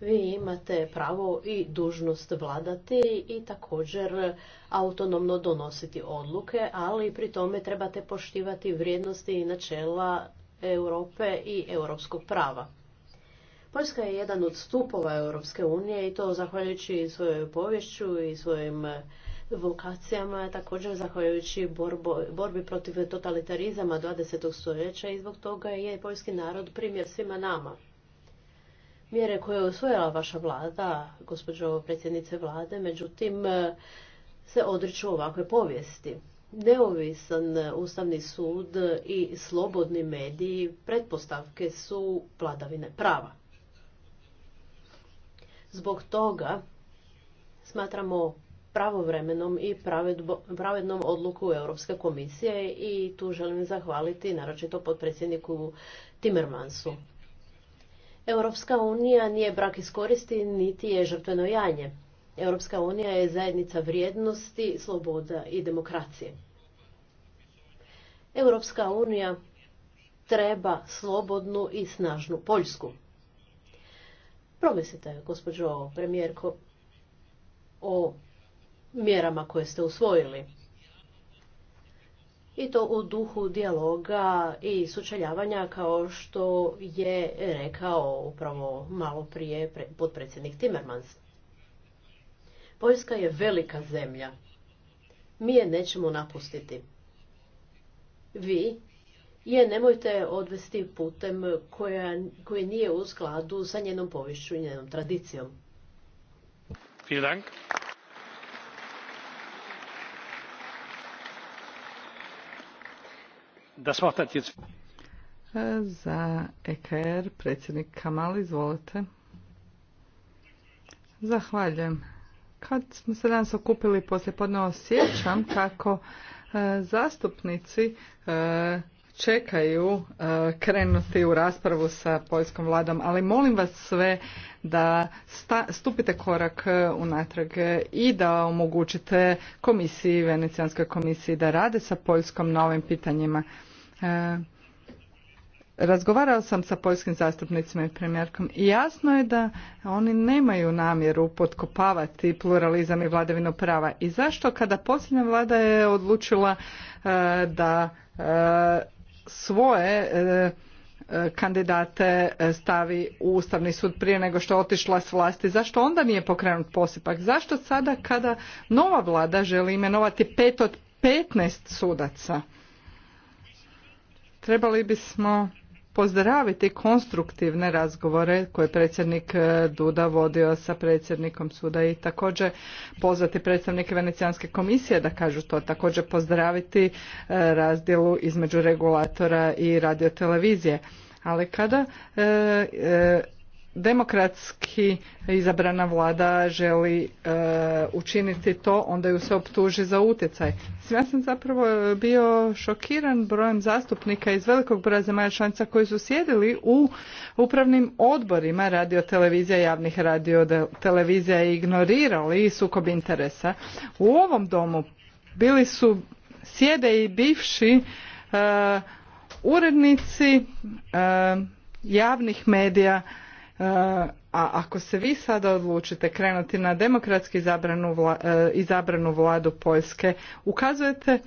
vi imate pravo i dužnost vladati i također autonomno donositi odluke, ali pri tome trebate poštivati vrijednosti i načela Europe i europskog prava. Poljska je jedan od stupova Europske unije i to zahvaljujući svojoj povješću i svojim vokacijama, također zahvaljujući borbi protiv totalitarizama 20. stoljeća i zbog toga je poljski narod primjer svima nama mjere koje je usvojila vaša vlada, gospođo predsjednice vlade, međutim e, se odriču ovakve povijesti. Neovisan Ustavni sud i slobodni mediji pretpostavke su vladavine prava. Zbog toga smatramo pravovremenom i pravednom odluku Europske komisije i tu želim zahvaliti naročito potpredsjedniku Timmermansu. Europska unija nije brak iskoristi, niti je žrtveno janje. Europska unija je zajednica vrijednosti, sloboda i demokracije. Europska unija treba slobodnu i snažnu Poljsku. Promislite, gospođo premijerko, o mjerama koje ste usvojili i to u duhu dijaloga i sučeljavanja kao što je rekao upravo malo prije potpredsjednik Timmermans. Poljska je velika zemlja. Mi je nećemo napustiti. Vi je nemojte odvesti putem koja, koji nije u skladu sa njenom povišću i njenom tradicijom. Vielen Das e, e predsjednik izvolite. Zahvaljujem. Kad smo se danas okupili poslije podne osjećam kako e, zastupnici čekaju krenuti u raspravu sa poljskom vladom, ali molim vas sve da stupite korak unatrag i da omogućite komisiji, Venecijanskoj komisiji da rade sa Poljskom na ovim pitanjima. E, razgovarao sam sa poljskim zastupnicima i premijerkom i jasno je da oni nemaju namjeru potkopavati pluralizam i vladavinu prava. I zašto kada posljednja vlada je odlučila e, da e, svoje kandidate stavi u Ustavni sud prije nego što otišla s vlasti. Zašto onda nije pokrenut posipak? Zašto sada kada nova vlada želi imenovati pet od 15 sudaca? trebali bismo pozdraviti konstruktivne razgovore koje je predsjednik e, Duda vodio sa predsjednikom suda i također pozvati predstavnike Venecijanske komisije da kažu to, također pozdraviti e, razdjelu između regulatora i radiotelevizije. Ali kada e, demokratski izabrana vlada želi e, učiniti to, onda ju se optuži za utjecaj. Ja sam zapravo e, bio šokiran brojem zastupnika iz velikog broja zemalja članica koji su sjedili u upravnim odborima radio televizija javnih radio televizija i ignorirali sukob interesa. U ovom domu bili su sjede i bivši e, urednici javnih medija E, a ako se vi sada odlučite krenuti na demokratski izabranu, e, vladu Poljske, ukazujete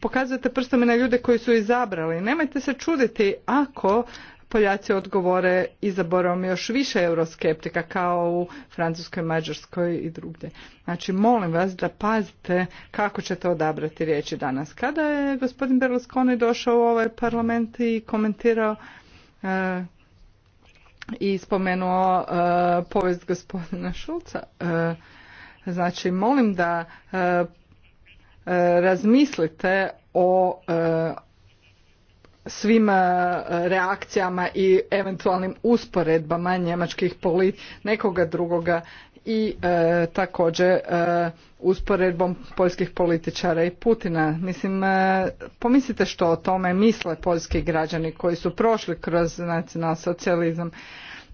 pokazujete prstom i na ljude koji su izabrali. Nemojte se čuditi ako Poljaci odgovore izaborom još više euroskeptika kao u Francuskoj, Mađarskoj i drugdje. Znači, molim vas da pazite kako ćete odabrati riječi danas. Kada je gospodin Berlusconi došao u ovaj parlament i komentirao e, i spomenuo e, povijest gospodina Šulca. E, znači, molim da e, razmislite o svim reakcijama i eventualnim usporedbama njemačkih poli nekoga drugoga i također usporedbom poljskih političara i Putina. Mislim, e, pomislite što o tome misle poljski građani koji su prošli kroz socijalizam.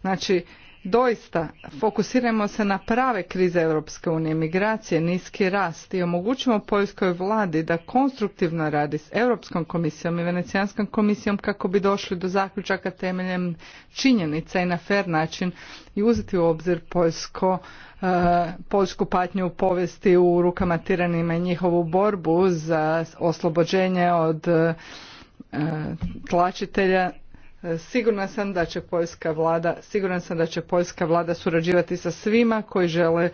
Znači, Doista, fokusirajmo se na prave krize Europske unije, migracije, niski rast i omogućimo poljskoj vladi da konstruktivno radi s Europskom komisijom i Venecijanskom komisijom kako bi došli do zaključaka temeljem činjenica i na fer način i uzeti u obzir eh, poljsku patnju u povijesti u rukama tiranima i njihovu borbu za oslobođenje od eh, tlačitelja Sigurna sam da će poljska vlada, siguran sam da će poljska vlada surađivati sa svima koji žele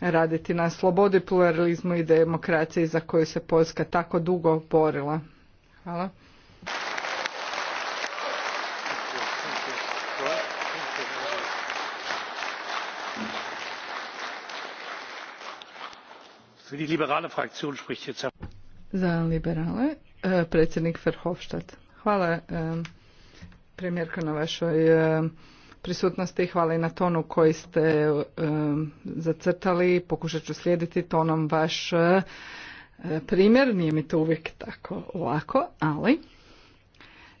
raditi na slobodi, pluralizmu i demokraciji za koju se Poljska tako dugo borila. Hvala. Za liberale, e, predsjednik Verhofstadt. Hvala e, premijerko na vašoj e, prisutnosti hvala i na tonu koji ste e, zacrtali. Pokušat ću slijediti tonom vaš e, primjer, nije mi to uvijek tako lako, ali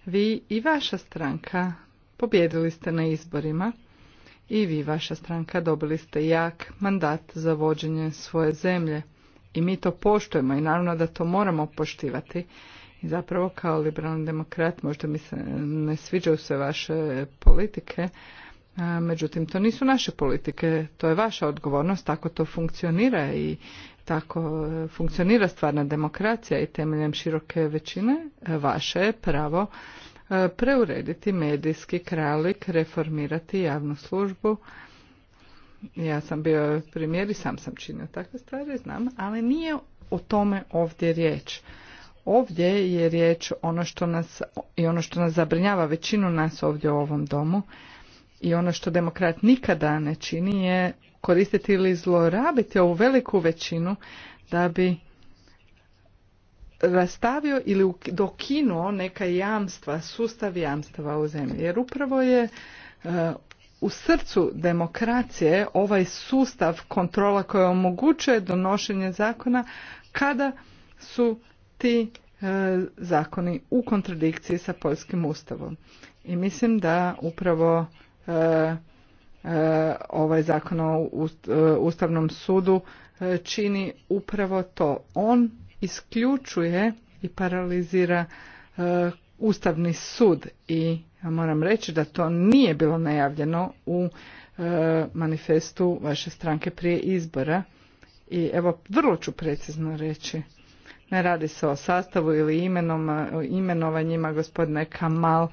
vi i vaša stranka pobijedili ste na izborima i vi vaša stranka dobili ste jak mandat za vođenje svoje zemlje i mi to poštujemo i naravno da to moramo poštivati zapravo kao liberalni demokrat možda mi se ne sviđaju sve vaše politike, međutim to nisu naše politike, to je vaša odgovornost, tako to funkcionira i tako e, funkcionira stvarna demokracija i temeljem široke većine e, vaše je pravo e, preurediti medijski kralik, reformirati javnu službu. Ja sam bio primjer i sam sam činio takve stvari, znam, ali nije o tome ovdje riječ. Ovdje je riječ ono što nas i ono što nas zabrinjava većinu nas ovdje u ovom domu i ono što demokrat nikada ne čini je koristiti ili zlorabiti ovu veliku većinu da bi rastavio ili dokinuo neka jamstva, sustav jamstava u zemlji. Jer upravo je e, u srcu demokracije ovaj sustav kontrola koja omogućuje donošenje zakona kada su ti e, zakoni u kontradikciji sa poljskim ustavom. I mislim da upravo e, e, ovaj zakon o Ustavnom sudu čini upravo to. On isključuje i paralizira Ustavni sud i ja moram reći da to nije bilo najavljeno u manifestu vaše stranke prije izbora. I evo, vrlo ću precizno reći ne radi se o sastavu ili imenom, imenovanjima gospodine Kamal,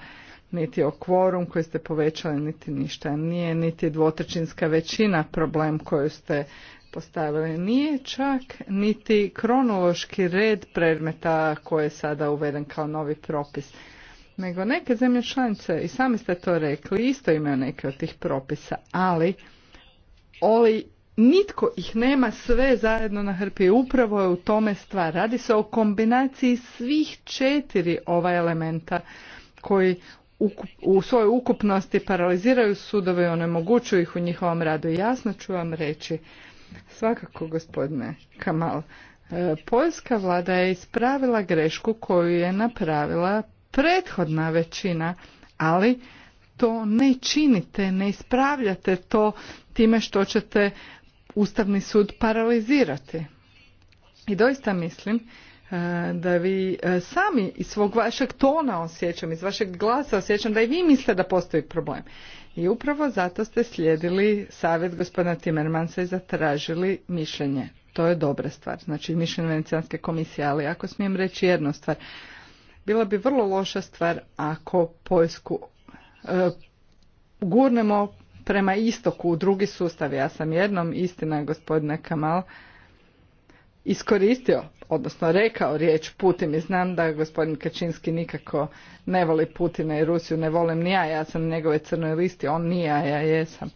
niti o kvorum koji ste povećali, niti ništa. Nije niti dvotrećinska većina problem koju ste postavili. Nije čak niti kronološki red predmeta koji je sada uveden kao novi propis. Nego neke zemlje članice, i sami ste to rekli, isto imaju neke od tih propisa, ali oli nitko ih nema sve zajedno na hrpi. Upravo je u tome stvar. Radi se o kombinaciji svih četiri ova elementa koji u svojoj ukupnosti paraliziraju sudove i onemogućuju ih u njihovom radu. Jasno ću vam reći, svakako gospodine Kamal, e, Poljska vlada je ispravila grešku koju je napravila prethodna većina, ali to ne činite, ne ispravljate to time što ćete Ustavni sud paralizirati. I doista mislim e, da vi e, sami iz svog vašeg tona osjećam, iz vašeg glasa osjećam da i vi mislite da postoji problem. I upravo zato ste slijedili savjet gospodina Timmermansa i zatražili mišljenje. To je dobra stvar, znači mišljenje Venecijanske komisije, ali ako smijem reći jednu stvar, bila bi vrlo loša stvar ako Poljsku e, gurnemo prema istoku u drugi sustav. Ja sam jednom, istina je gospodine Kamal, iskoristio, odnosno rekao riječ Putin i znam da gospodin Kačinski nikako ne voli Putina i Rusiju, ne volim ni ja, ja sam njegove crnoj listi, on nije, a ja jesam.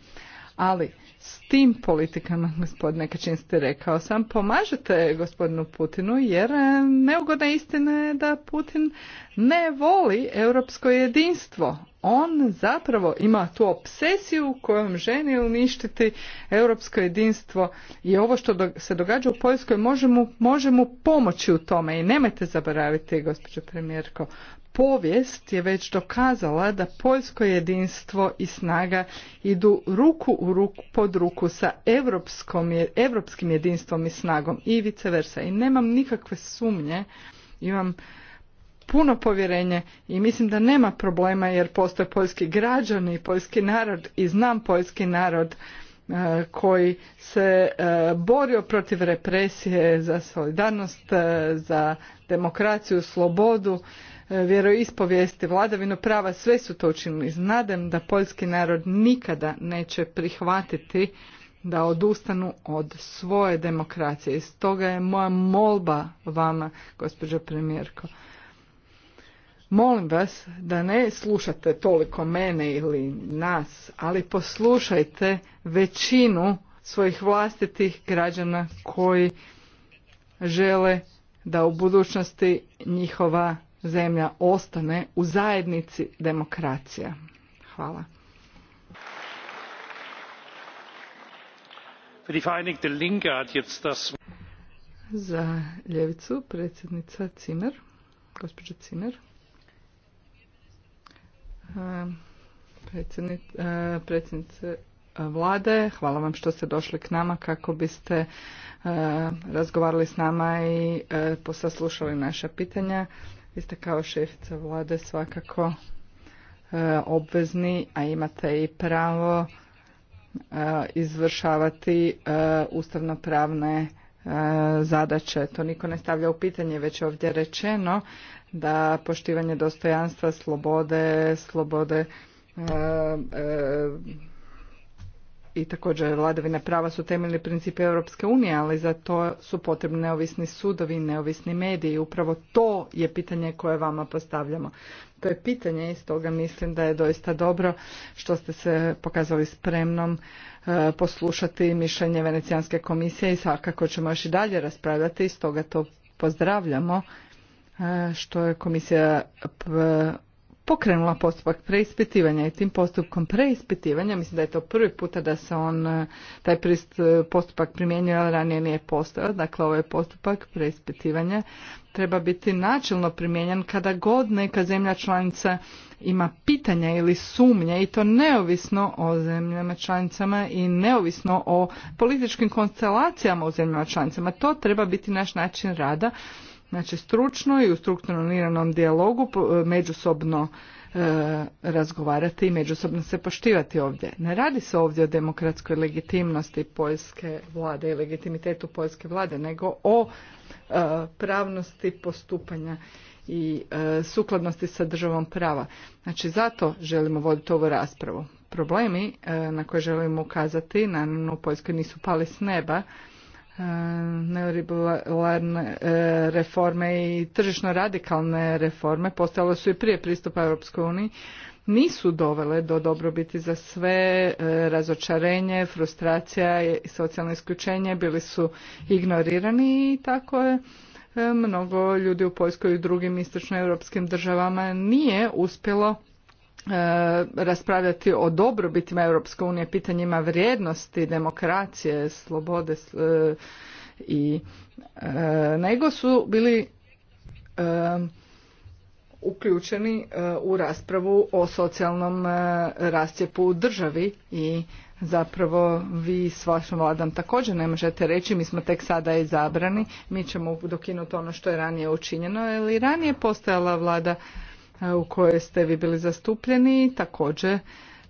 Ali s tim politikama, gospodine Kačin ste rekao sam, pomažete gospodinu Putinu jer e, neugodna istina je da Putin ne voli europsko jedinstvo. On zapravo ima tu obsesiju kojom ženi uništiti europsko jedinstvo i ovo što se događa u Poljskoj može mu, može mu pomoći u tome i nemojte zaboraviti, gospođo premijerko, povijest je već dokazala da poljsko jedinstvo i snaga idu ruku u ruku pod ruku sa europskim jedinstvom i snagom i vice versa. I nemam nikakve sumnje, imam puno povjerenje i mislim da nema problema jer postoje poljski građani i poljski narod i znam poljski narod e, koji se e, borio protiv represije za solidarnost, e, za demokraciju, slobodu vjeroispovijesti, vladavinu prava, sve su to učinili. Znadem da poljski narod nikada neće prihvatiti da odustanu od svoje demokracije. I stoga je moja molba vama, gospođo premijerko, Molim vas da ne slušate toliko mene ili nas, ali poslušajte većinu svojih vlastitih građana koji žele da u budućnosti njihova zemlja ostane u zajednici demokracija. Hvala. Za ljevicu predsjednica Cimer, gospođa Cimer. E, e, predsjednice vlade. Hvala vam što ste došli k nama kako biste e, razgovarali s nama i poslušali naša pitanja. Vi ste kao šefica vlade svakako e, obvezni, a imate i pravo e, izvršavati e, ustavnopravne zadaće. To niko ne stavlja u pitanje, već je ovdje rečeno da poštivanje dostojanstva, slobode, slobode i također vladavina prava su temeljni principi Europske unije, ali za to su potrebni neovisni sudovi i neovisni mediji. Upravo to je pitanje koje vama postavljamo. To je pitanje i stoga mislim da je doista dobro što ste se pokazali spremnom e, poslušati mišljenje Venecijanske komisije i svakako ćemo još i dalje raspravljati i stoga to pozdravljamo e, što je komisija pokrenula postupak preispitivanja i tim postupkom preispitivanja, mislim da je to prvi puta da se on, eh, taj eh, postupak primjenjuje, ali ranije nije postojao, dakle ovaj postupak preispitivanja treba biti načelno primijenjen kada god neka zemlja članica ima pitanja ili sumnje i to neovisno o zemljama članicama i neovisno o političkim konstelacijama u zemljama članicama. To treba biti naš način rada Znači stručno i u strukturalnom dijalogu e, međusobno e, razgovarati i međusobno se poštivati ovdje. Ne radi se ovdje o demokratskoj legitimnosti poljske vlade i legitimitetu poljske vlade, nego o e, pravnosti postupanja i sukladnosti sa državom prava. Znači zato želimo voditi ovu raspravu. Problemi na koje želimo ukazati, naravno u Poljskoj nisu pali s neba, E, Neoribularne e, reforme i tržišno radikalne reforme postale su i prije pristupa Europskoj uniji nisu dovele do dobrobiti za sve, e, razočarenje, frustracija i socijalno isključenje bili su ignorirani i tako je mnogo ljudi u Poljskoj i drugim istočnoeuropskim državama nije uspjelo E, raspravljati o dobrobitima Europske unije, pitanjima vrijednosti, demokracije, slobode e, i e, nego su bili uključeni u raspravu o socijalnom rascjepu u državi i zapravo vi s vašom vladom također ne možete reći mi smo tek sada izabrani mi ćemo dokinuti ono što je ranije učinjeno i ranije postojala vlada u kojoj ste vi bili zastupljeni i također,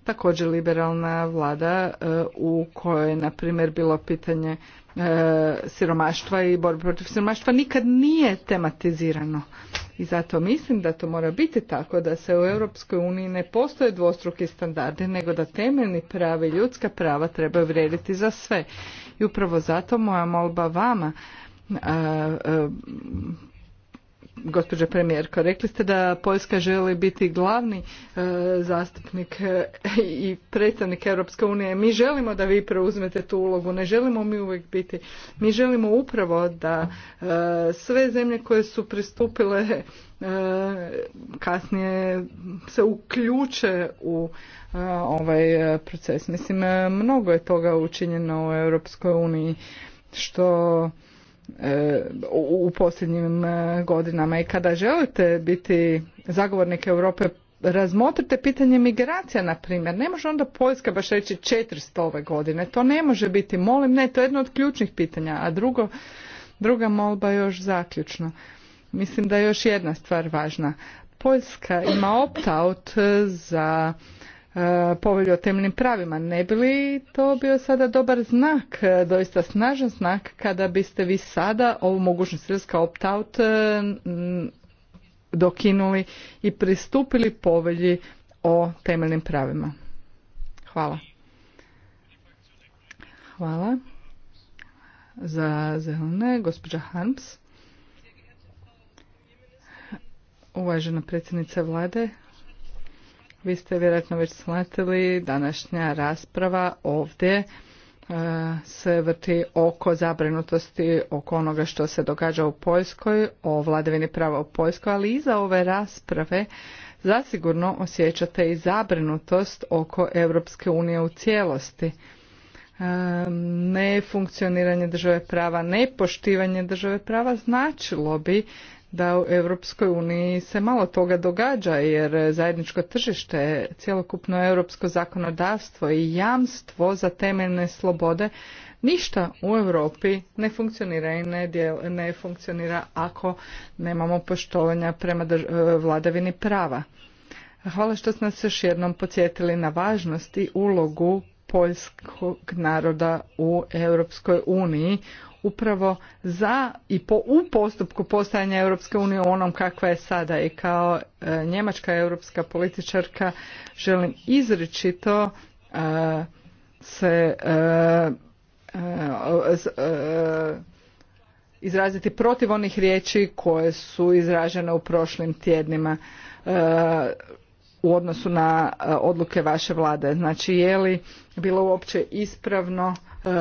također liberalna vlada u kojoj je, na primjer, bilo pitanje siromaštva i borbe protiv siromaštva nikad nije tematizirano. I zato mislim da to mora biti tako da se u Europskoj uniji ne postoje dvostruki standardi, nego da temeljni pravi ljudska prava trebaju vrijediti za sve. I upravo zato moja molba vama, gospođa premijerko, rekli ste da Poljska želi biti glavni e, zastupnik e, i predstavnik Europske unije. Mi želimo da vi preuzmete tu ulogu, ne želimo mi uvijek biti. Mi želimo upravo da e, sve zemlje koje su pristupile kasnije se uključe u ovaj proces. Mislim, mnogo je toga učinjeno u Europskoj uniji što E, u posljednjim e, godinama i kada želite biti zagovornik Europe razmotrite pitanje migracija na primjer ne može onda Poljska baš reći 400 ove godine to ne može biti molim ne to je jedno od ključnih pitanja a drugo druga molba još zaključno mislim da je još jedna stvar važna Poljska ima opt-out za E, povelju o temeljnim pravima. Ne bi li to bio sada dobar znak, e, doista snažan znak, kada biste vi sada ovu mogućnost riska opt-out e, dokinuli i pristupili povelji o temeljnim pravima? Hvala. Hvala. Za zelene, gospođa Harms. Uvažena predsjednica vlade, vi ste vjerojatno već shvatili današnja rasprava ovdje e, se vrti oko zabrinutosti oko onoga što se događa u Poljskoj, o vladavini prava u Poljskoj, ali iza ove rasprave zasigurno osjećate i zabrinutost oko Europske unije u cijelosti. E, nefunkcioniranje države prava, nepoštivanje države prava značilo bi da u Europskoj uniji se malo toga događa jer zajedničko tržište, cjelokupno europsko zakonodavstvo i jamstvo za temeljne slobode ništa u Europi ne funkcionira i ne, ne funkcionira ako nemamo poštovanja prema e, vladavini prava. Hvala što ste nas još jednom podsjetili na važnost i ulogu poljskog naroda u Europskoj uniji upravo za i po, u postupku postajanja Europske unije u onom kakva je sada i kao e, njemačka europska političarka želim izričito e, se e, izraziti protiv onih riječi koje su izražene u prošlim tjednima u odnosu na odluke vaše vlade. Znači je li bilo uopće ispravno Uh,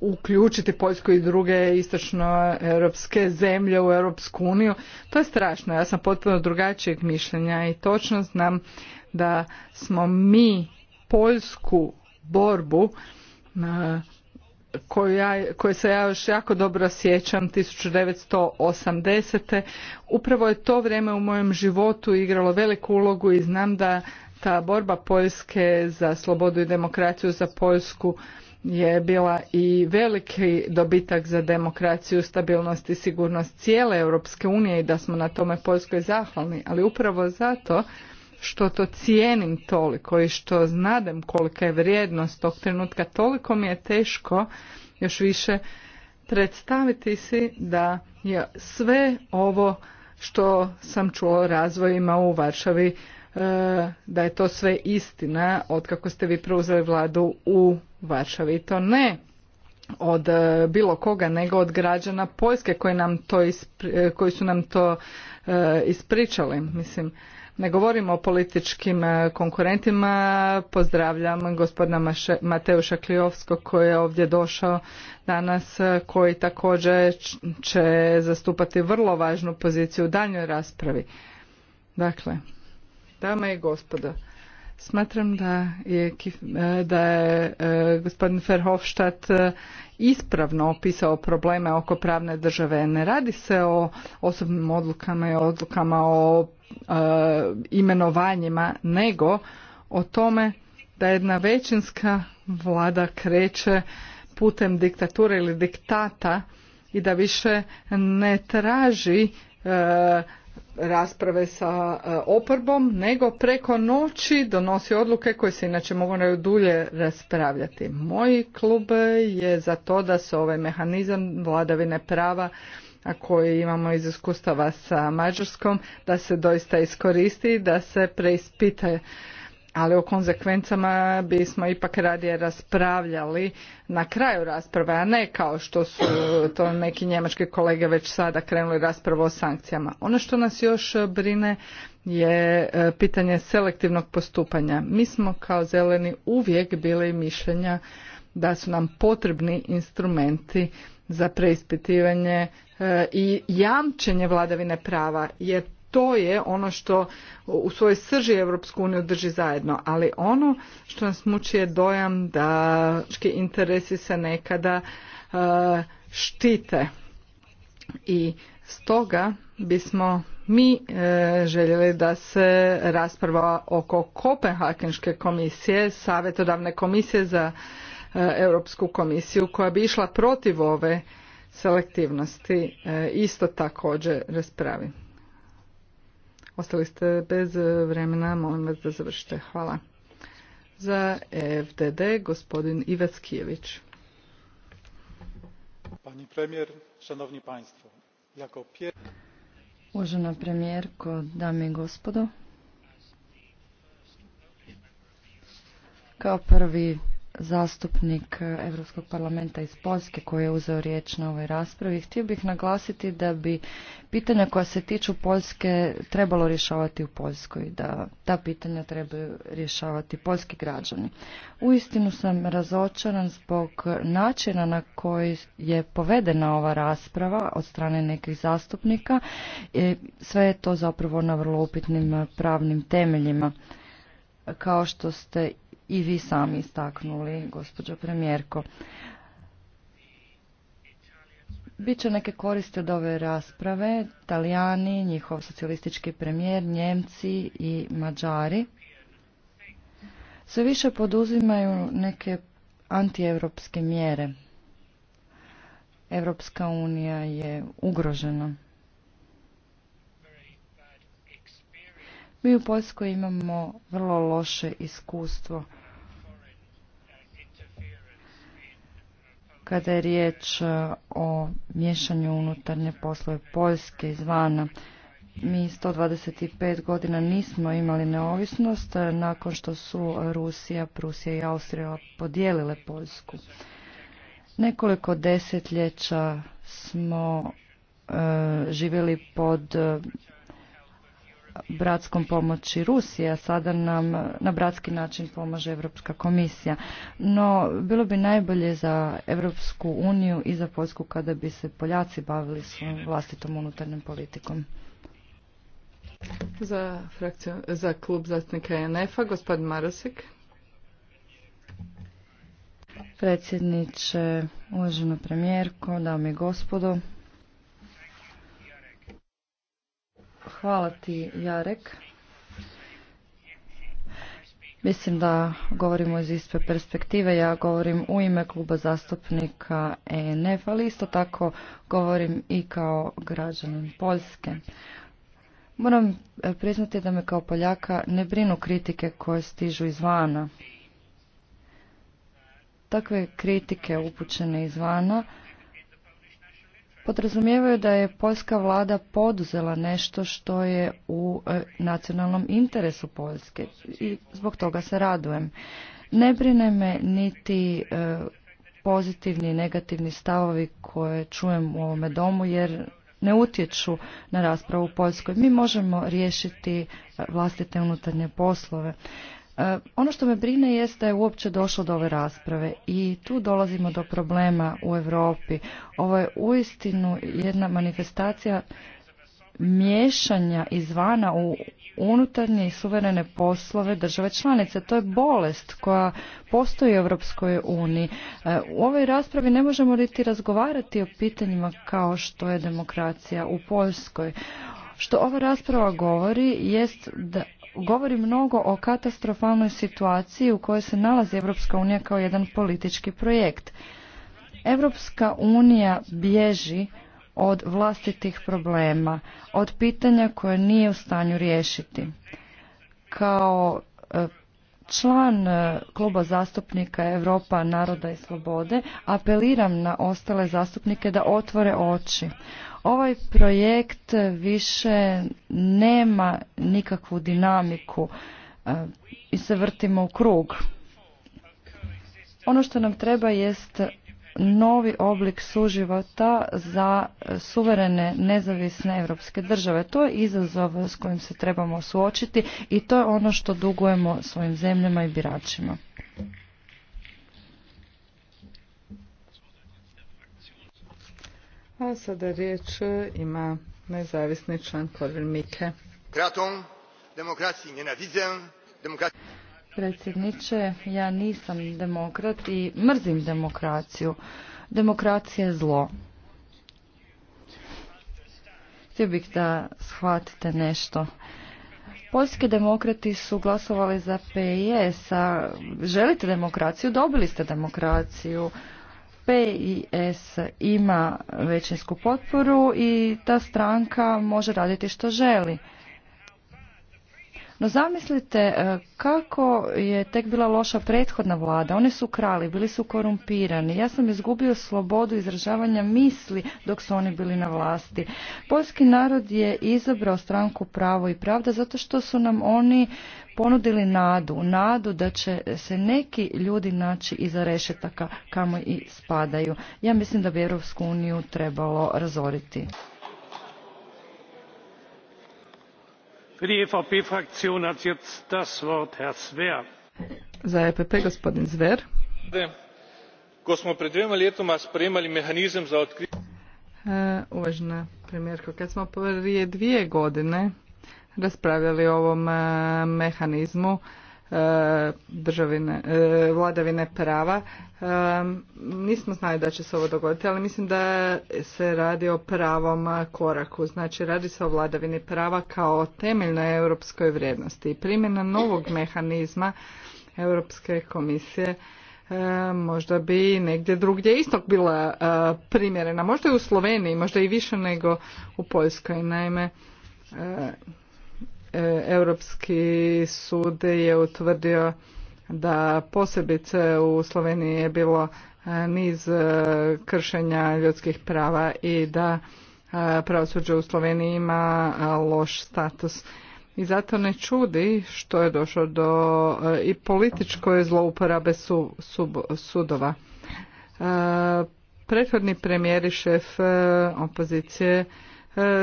uključiti Poljsku i druge istočno-europske zemlje u Europsku uniju. To je strašno. Ja sam potpuno drugačijeg mišljenja i točno znam da smo mi Poljsku borbu uh, koju, ja, koju se ja još jako dobro sjećam 1980. Upravo je to vrijeme u mojem životu igralo veliku ulogu i znam da ta borba Poljske za slobodu i demokraciju za Poljsku je bila i veliki dobitak za demokraciju, stabilnost i sigurnost cijele Europske unije i da smo na tome Poljskoj zahvalni, ali upravo zato što to cijenim toliko i što znadem kolika je vrijednost tog trenutka, toliko mi je teško još više predstaviti si da je sve ovo što sam čuo razvojima u Varšavi E, da je to sve istina od kako ste vi preuzeli vladu u Varšavi. to ne od e, bilo koga, nego od građana Poljske koji, nam to e, koji su nam to ispričali. Mislim, ne govorimo o političkim konkurentima. Pozdravljam gospodina Mateuša kliovskog koji je ovdje došao danas, koji također će zastupati vrlo važnu poziciju u daljnjoj raspravi. Dakle, Dame i gospodo, smatram da je, e, da je e, gospodin Verhofstadt e, ispravno opisao probleme oko pravne države. Ne radi se o osobnim odlukama i odlukama o imenovanjima, nego o tome da jedna većinska vlada kreće putem diktature ili diktata i da više ne traži rasprave sa e, oporbom, nego preko noći donosi odluke koje se inače mogu dulje raspravljati. Moj klub je za to da se ovaj mehanizam vladavine prava a koji imamo iz iskustava sa Mađarskom, da se doista iskoristi, da se preispita ali o konsekvencama bismo ipak radije raspravljali na kraju rasprave, a ne kao što su to neki njemački kolege već sada krenuli raspravu o sankcijama. Ono što nas još brine je e, pitanje selektivnog postupanja. Mi smo kao zeleni uvijek bili mišljenja da su nam potrebni instrumenti za preispitivanje e, i jamčenje vladavine prava, jer to je ono što u svojoj srži Europsku uniju drži zajedno, ali ono što nas muči je dojam da interesi se nekada e, štite i stoga bismo mi e, željeli da se rasprava oko Kopenhagenške komisije, savjetodavne komisije za e, Europsku komisiju koja bi išla protiv ove selektivnosti isto također raspravi. Ostali ste bez vremena, molim vas da završite. Hvala. Za EFDD, gospodin Ivac Kijević. Pani premijer, šanovni panjstvo, jako pje... Uvažena premijerko, dame i gospodo, kao prvi zastupnik Europskog eh, parlamenta iz Poljske koji je uzeo riječ na ovoj raspravi. Htio bih naglasiti da bi pitanja koja se tiču Poljske trebalo rješavati u Poljskoj, da ta pitanja trebaju rješavati poljski građani. Uistinu sam razočaran zbog načina na koji je povedena ova rasprava od strane nekih zastupnika. i Sve je to zapravo na vrlo upitnim eh, pravnim temeljima. Kao što ste i vi sami istaknuli, gospođo premijerko. Biće neke koriste od ove rasprave, Italijani, njihov socijalistički premijer, Njemci i Mađari. Sve više poduzimaju neke antievropske mjere. Evropska unija je ugrožena. Mi u Poljskoj imamo vrlo loše iskustvo kada je riječ e, o miješanju unutarnje poslove Poljske izvana. Mi 125 godina nismo imali neovisnost e, nakon što su Rusija, Prusija i Austrija podijelile Poljsku. Nekoliko desetljeća smo e, živjeli pod bratskom pomoći Rusije, a sada nam na bratski način pomaže Europska komisija. No, bilo bi najbolje za Europsku uniju i za Poljsku kada bi se Poljaci bavili svojom vlastitom unutarnjom politikom. Za, frakciju, klub zastupnika nf a gospodin Marosik. Predsjedniče, uvažena premijerko, dame i gospodo, Hvala ti, Jarek. Mislim da govorimo iz iste perspektive. Ja govorim u ime kluba zastupnika ENF, ali isto tako govorim i kao građanin Poljske. Moram e, priznati da me kao Poljaka ne brinu kritike koje stižu izvana. Takve kritike upućene izvana podrazumijevaju da je poljska vlada poduzela nešto što je u e, nacionalnom interesu Poljske i zbog toga se radujem. Ne brine me niti e, pozitivni i negativni stavovi koje čujem u ovome domu jer ne utječu na raspravu u Poljskoj. Mi možemo riješiti e, vlastite unutarnje poslove. E, ono što me brine jest da je uopće došlo do ove rasprave i tu dolazimo do problema u Europi. Ovo je uistinu jedna manifestacija miješanja izvana u unutarnje i suverene poslove države članice. To je bolest koja postoji u Europskoj uniji. E, u ovoj raspravi ne možemo niti razgovarati o pitanjima kao što je demokracija u Poljskoj. Što ova rasprava govori jest da govori mnogo o katastrofalnoj situaciji u kojoj se nalazi Evropska unija kao jedan politički projekt. Evropska unija bježi od vlastitih problema, od pitanja koje nije u stanju riješiti. Kao e, član e, kluba zastupnika Europa naroda i slobode apeliram na ostale zastupnike da otvore oči. Ovaj projekt više nema nikakvu dinamiku e, i se vrtimo u krug. Ono što nam treba jest novi oblik suživota za suverene nezavisne europske države. To je izazov s kojim se trebamo suočiti i to je ono što dugujemo svojim zemljama i biračima. A sada riječ ima nezavisni član Korvin Mike. Kratom, Predsjedniče, ja nisam demokrat i mrzim demokraciju. Demokracija je zlo. Htio bih da shvatite nešto. Poljski demokrati su glasovali za PIS, a želite demokraciju, dobili ste demokraciju. PIS ima većinsku potporu i ta stranka može raditi što želi. No zamislite e, kako je tek bila loša prethodna vlada. Oni su krali, bili su korumpirani. Ja sam izgubio slobodu izražavanja misli dok su oni bili na vlasti. Poljski narod je izabrao stranku Pravo i Pravda zato što su nam oni ponudili nadu, nadu da će se neki ljudi naći iza rešetaka kamo i spadaju. Ja mislim da bi Europsku uniju trebalo razoriti. Za EPP gospodin Zver. Ko smo pred dvema spremali mehanizam za otkrivanje... Uvažena premijerko, kad smo prije dvije godine raspravljali o ovom e, mehanizmu e, državine, e, vladavine prava. Nismo znali da će se ovo dogoditi, ali mislim da se radi o pravom koraku. Znači, radi se o vladavini prava kao temeljnoj europskoj vrijednosti. I primjena novog mehanizma Europske komisije možda bi negdje drugdje istog bila primjerena. Možda i u Sloveniji, možda i više nego u Poljskoj. Naime, Europski sud je utvrdio da posebice u Sloveniji je bilo e, niz e, kršenja ljudskih prava i da e, pravosuđe u Sloveniji ima loš status. I zato ne čudi što je došlo do i političkoj zlouporabe su, sudova. Prethodni premijer i šef opozicije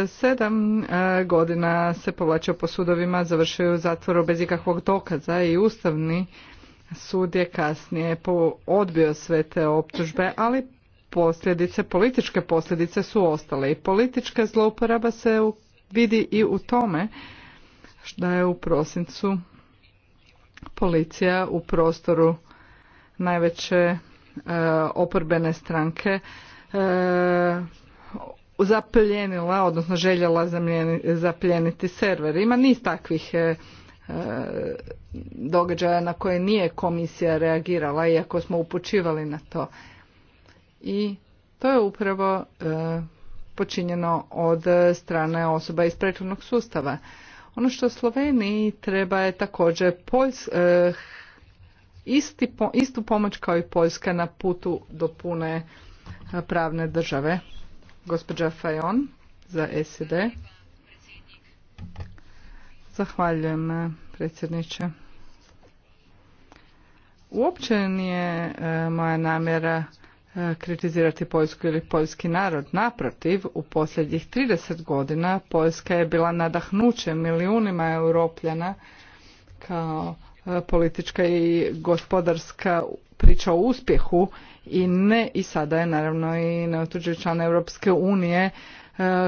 Sedam e, godina se povlačio po sudovima, završio u zatvoru bez ikakvog dokaza i ustavni sud je kasnije odbio sve te optužbe, ali posljedice, političke posljedice su ostale i politička zlouporaba se vidi i u tome da je u prosincu policija u prostoru najveće e, oporbene stranke e, zapljenila, odnosno željela zapljeniti server. Ima niz takvih e, e, događaja na koje nije komisija reagirala, iako smo upućivali na to. I to je upravo e, počinjeno od strane osoba iz prethodnog sustava. Ono što Sloveniji treba je također Poljs, istu pomoć kao i Poljska na putu do pune pravne države. Gospođa Fajon za SED. Zahvaljujem predsjedniče. Uopće nije e, moja namjera e, kritizirati Poljsku ili poljski narod. Naprotiv, u posljednjih 30 godina Poljska je bila nadahnuće milijunima europljana kao e, politička i gospodarska priča o uspjehu i ne i sada je naravno i neotuđiv član Europske unije e,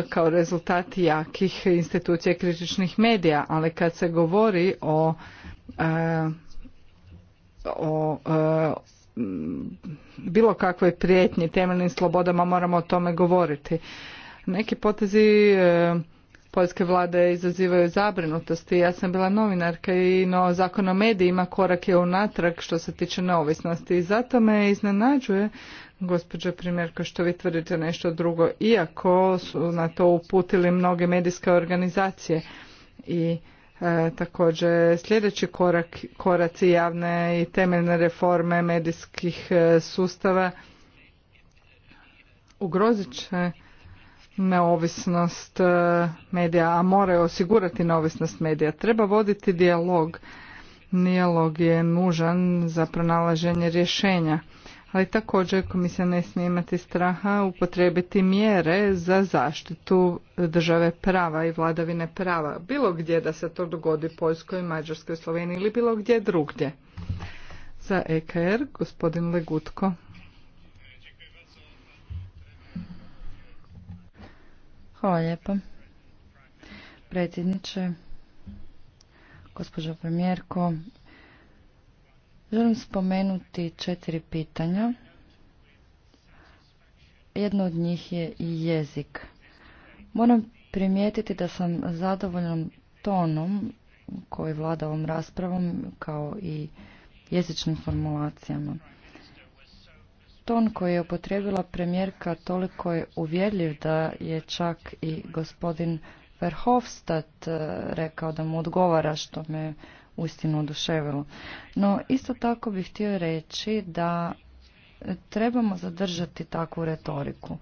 kao rezultat jakih institucija kritičnih medija, ali kad se govori o e, o e, bilo kakvoj prijetnji temeljnim slobodama moramo o tome govoriti. Neki potezi poljske vlade izazivaju zabrinutosti. Ja sam bila novinarka i no zakon o medijima korak je unatrag što se tiče neovisnosti i zato me iznenađuje gospođo primjerko što vi tvrdite nešto drugo iako su na to uputili mnoge medijske organizacije i e, također sljedeći korak, koraci javne i temeljne reforme medijskih e, sustava ugrozit će neovisnost e, medija, a moraju osigurati neovisnost medija. Treba voditi dijalog. Dijalog je nužan za pronalaženje rješenja. Ali također komisija ne smije imati straha upotrebiti mjere za zaštitu države prava i vladavine prava. Bilo gdje da se to dogodi Poljskoj, Mađarskoj, Sloveniji ili bilo gdje drugdje. Za EKR gospodin Legutko. Hvala lijepo. Predsjedniče, gospođo premijerko, želim spomenuti četiri pitanja. Jedno od njih je i jezik. Moram primijetiti da sam zadovoljnom tonom koji vlada ovom raspravom kao i jezičnim formulacijama ton koji je upotrijebila premijerka toliko je uvjerljiv da je čak i gospodin Verhofstadt e, rekao da mu odgovara što me uistinu oduševilo. No isto tako bih htio reći da trebamo zadržati takvu retoriku.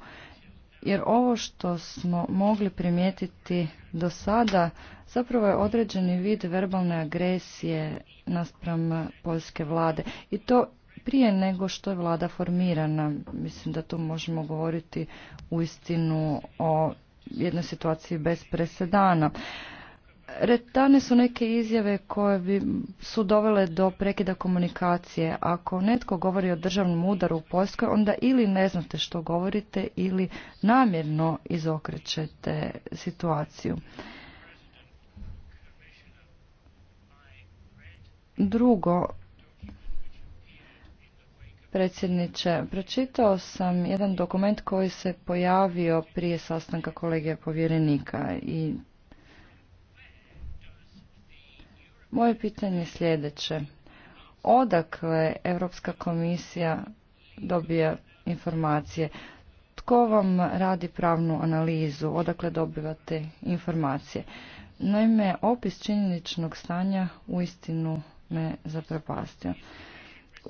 Jer ovo što smo mogli primijetiti do sada zapravo je određeni vid verbalne agresije naspram poljske vlade. I to prije nego što je vlada formirana. Mislim da tu možemo govoriti u istinu o jednoj situaciji bez presedana. Retane su neke izjave koje bi su dovele do prekida komunikacije. Ako netko govori o državnom udaru u Poljskoj, onda ili ne znate što govorite ili namjerno izokrećete situaciju. Drugo, predsjedniče. Pročitao sam jedan dokument koji se pojavio prije sastanka kolege povjerenika i moje pitanje je sljedeće. Odakle Europska komisija dobija informacije? Tko vam radi pravnu analizu? Odakle dobivate informacije? Naime, opis činjeničnog stanja uistinu me zaprepastio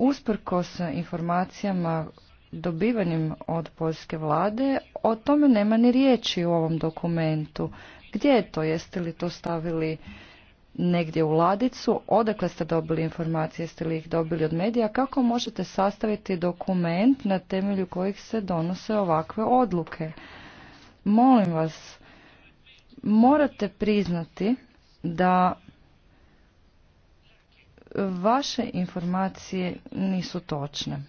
usprkos informacijama dobivanim od poljske vlade, o tome nema ni riječi u ovom dokumentu. Gdje je to? Jeste li to stavili negdje u ladicu? Odakle ste dobili informacije? Jeste li ih dobili od medija? Kako možete sastaviti dokument na temelju kojih se donose ovakve odluke? Molim vas, morate priznati da vaše informacije nisu točne.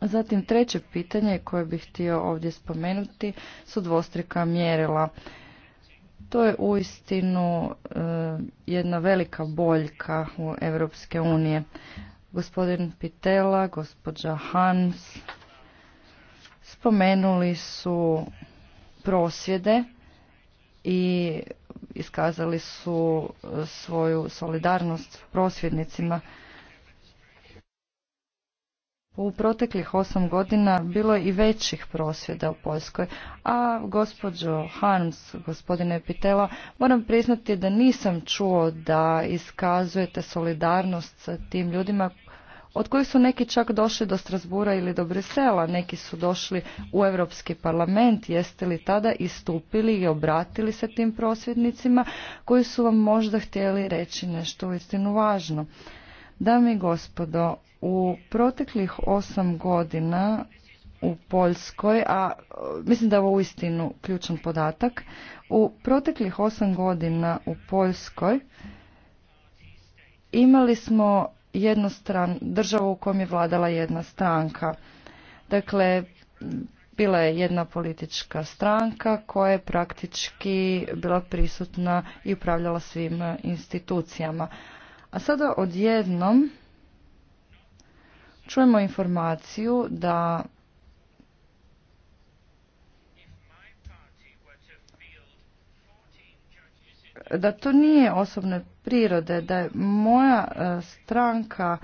Zatim treće pitanje koje bih htio ovdje spomenuti su dvostrika mjerila. To je uistinu istinu eh, jedna velika boljka u Europske unije. Gospodin Pitela, gospođa Hans spomenuli su prosvjede i iskazali su e, svoju solidarnost prosvjednicima. U proteklih osam godina bilo je i većih prosvjeda u Poljskoj, a gospođo Harms, gospodine Pitela, moram priznati da nisam čuo da iskazujete solidarnost sa tim ljudima od kojih su neki čak došli do Strasbura ili do Brisela, neki su došli u Europski parlament, jeste li tada istupili i obratili se tim prosvjednicima koji su vam možda htjeli reći nešto uistinu važno. Dame i gospodo, u proteklih osam godina u Poljskoj, a mislim da je ovo uistinu ključan podatak, u proteklih osam godina u Poljskoj imali smo jednostran, državu u kojoj je vladala jedna stranka. Dakle, bila je jedna politička stranka koja je praktički bila prisutna i upravljala svim e, institucijama. A sada odjednom čujemo informaciju da da to nije osobne prirode, da je moja e, stranka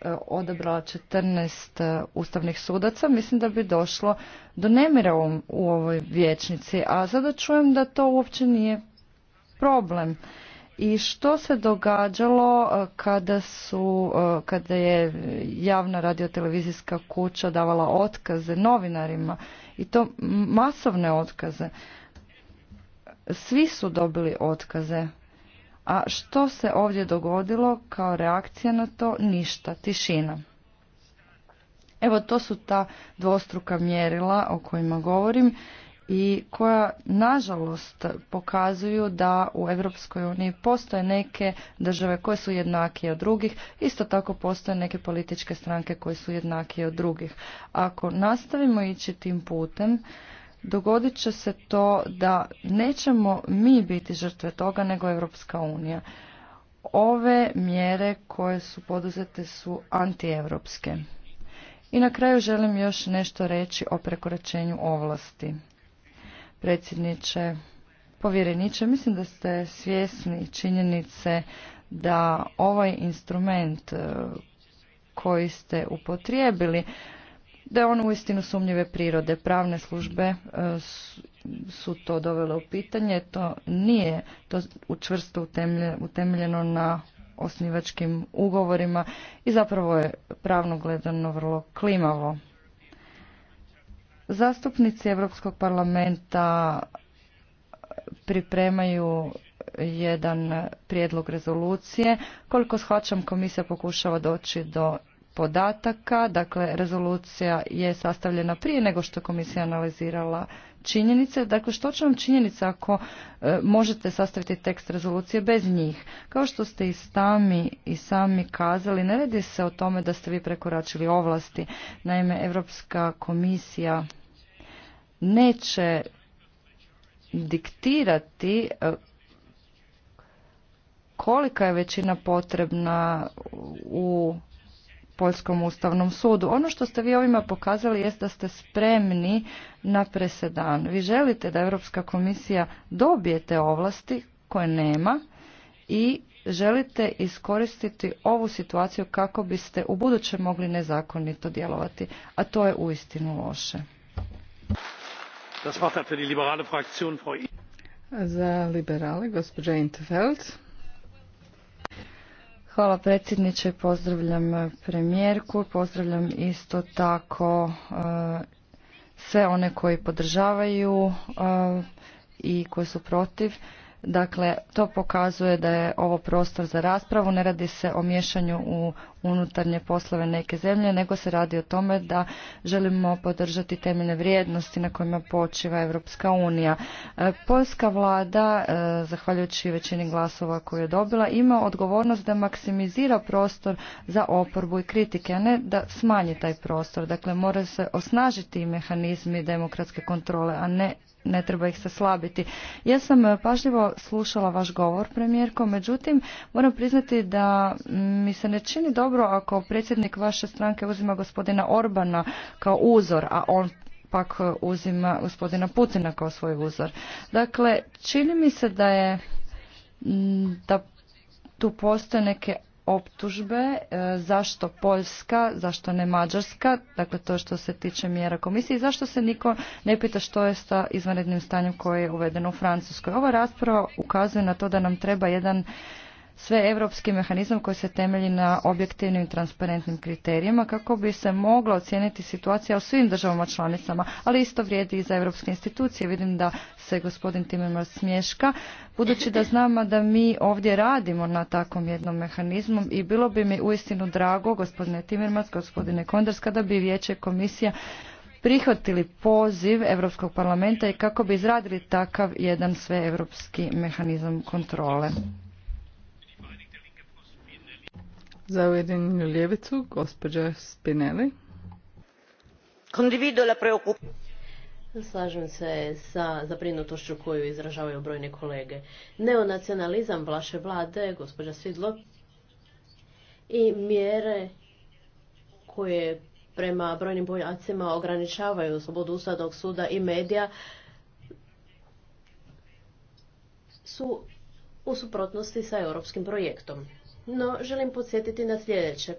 e, odabrala 14 e, ustavnih sudaca, mislim da bi došlo do nemira u ovoj vječnici, a sada čujem da to uopće nije problem. I što se događalo kada su, kada je javna radiotelevizijska kuća davala otkaze novinarima i to masovne otkaze. Svi su dobili otkaze. A što se ovdje dogodilo kao reakcija na to? Ništa, tišina. Evo to su ta dvostruka mjerila o kojima govorim i koja nažalost pokazuju da u Europskoj uniji postoje neke države koje su jednakije od drugih, isto tako postoje neke političke stranke koje su jednakije od drugih. Ako nastavimo ići tim putem, dogodit će se to da nećemo mi biti žrtve toga nego Europska unija. Ove mjere koje su poduzete su antievropske. I na kraju želim još nešto reći o prekoračenju ovlasti. Predsjedniče, povjereniče, mislim da ste svjesni činjenice da ovaj instrument e, koji ste upotrijebili da je on istinu sumnjive prirode. Pravne službe e, su to dovele u pitanje, to nije to učvrsto utemeljeno na osnivačkim ugovorima i zapravo je pravno gledano vrlo klimavo. Zastupnici Europskog parlamenta pripremaju jedan prijedlog rezolucije. Koliko shvaćam, komisija pokušava doći do podataka, dakle rezolucija je sastavljena prije nego što je komisija analizirala činjenice. Dakle, što će vam činjenica ako e, možete sastaviti tekst rezolucije bez njih? Kao što ste i sami, i sami kazali, ne radi se o tome da ste vi prekoračili ovlasti. Naime, Europska komisija neće diktirati e, kolika je većina potrebna u Poljskom ustavnom sudu. Ono što ste vi ovima pokazali jest da ste spremni na presedan. Vi želite da Europska komisija dobije te ovlasti koje nema i želite iskoristiti ovu situaciju kako biste u buduće mogli nezakonito djelovati, a to je uistinu loše. Za liberale, gospođa Hvala predsjedniče, pozdravljam eh, premijerku, pozdravljam isto tako eh, sve one koji podržavaju eh, i koji su protiv. Dakle, to pokazuje da je ovo prostor za raspravu, ne radi se o miješanju u unutarnje poslove neke zemlje, nego se radi o tome da želimo podržati temeljne vrijednosti na kojima počiva Europska unija. E, poljska vlada, e, zahvaljujući većini glasova koju je dobila, ima odgovornost da maksimizira prostor za oporbu i kritike, a ne da smanji taj prostor. Dakle, mora se osnažiti mehanizmi demokratske kontrole, a ne ne treba ih se slabiti. Ja sam e, pažljivo slušala vaš govor, premijerko, međutim moram priznati da mi se ne čini dobro ako predsjednik vaše stranke uzima gospodina Orbana kao uzor, a on pak uzima gospodina Putina kao svoj uzor. Dakle, čini mi se da je da tu postoje neke optužbe e, zašto Poljska, zašto ne Mađarska, dakle to što se tiče mjera komisije i zašto se niko ne pita što je sa izvanrednim stanjem koje je uvedeno u Francuskoj. Ova rasprava ukazuje na to da nam treba jedan sve evropski mehanizam koji se temelji na objektivnim i transparentnim kriterijima kako bi se mogla ocijeniti situacija u svim državama članicama, ali isto vrijedi i za europske institucije. Vidim da se gospodin Timmermans smješka, budući da znamo da mi ovdje radimo na takvom jednom mehanizmu i bilo bi mi uistinu drago, gospodine Timmermans, gospodine Kondarska, da bi vijeće komisija prihvatili poziv Europskog parlamenta i kako bi izradili takav jedan sveevropski mehanizam kontrole. Za Ujedinjenu ljevicu, gospođa Spinelli. la Slažem se sa zabrinutošću koju izražavaju brojne kolege. Neonacionalizam vaše vlade, gospođa Svidlo, i mjere koje prema brojnim bojacima ograničavaju slobodu ustavnog suda i medija su u suprotnosti sa europskim projektom. No, želim podsjetiti na sljedeće.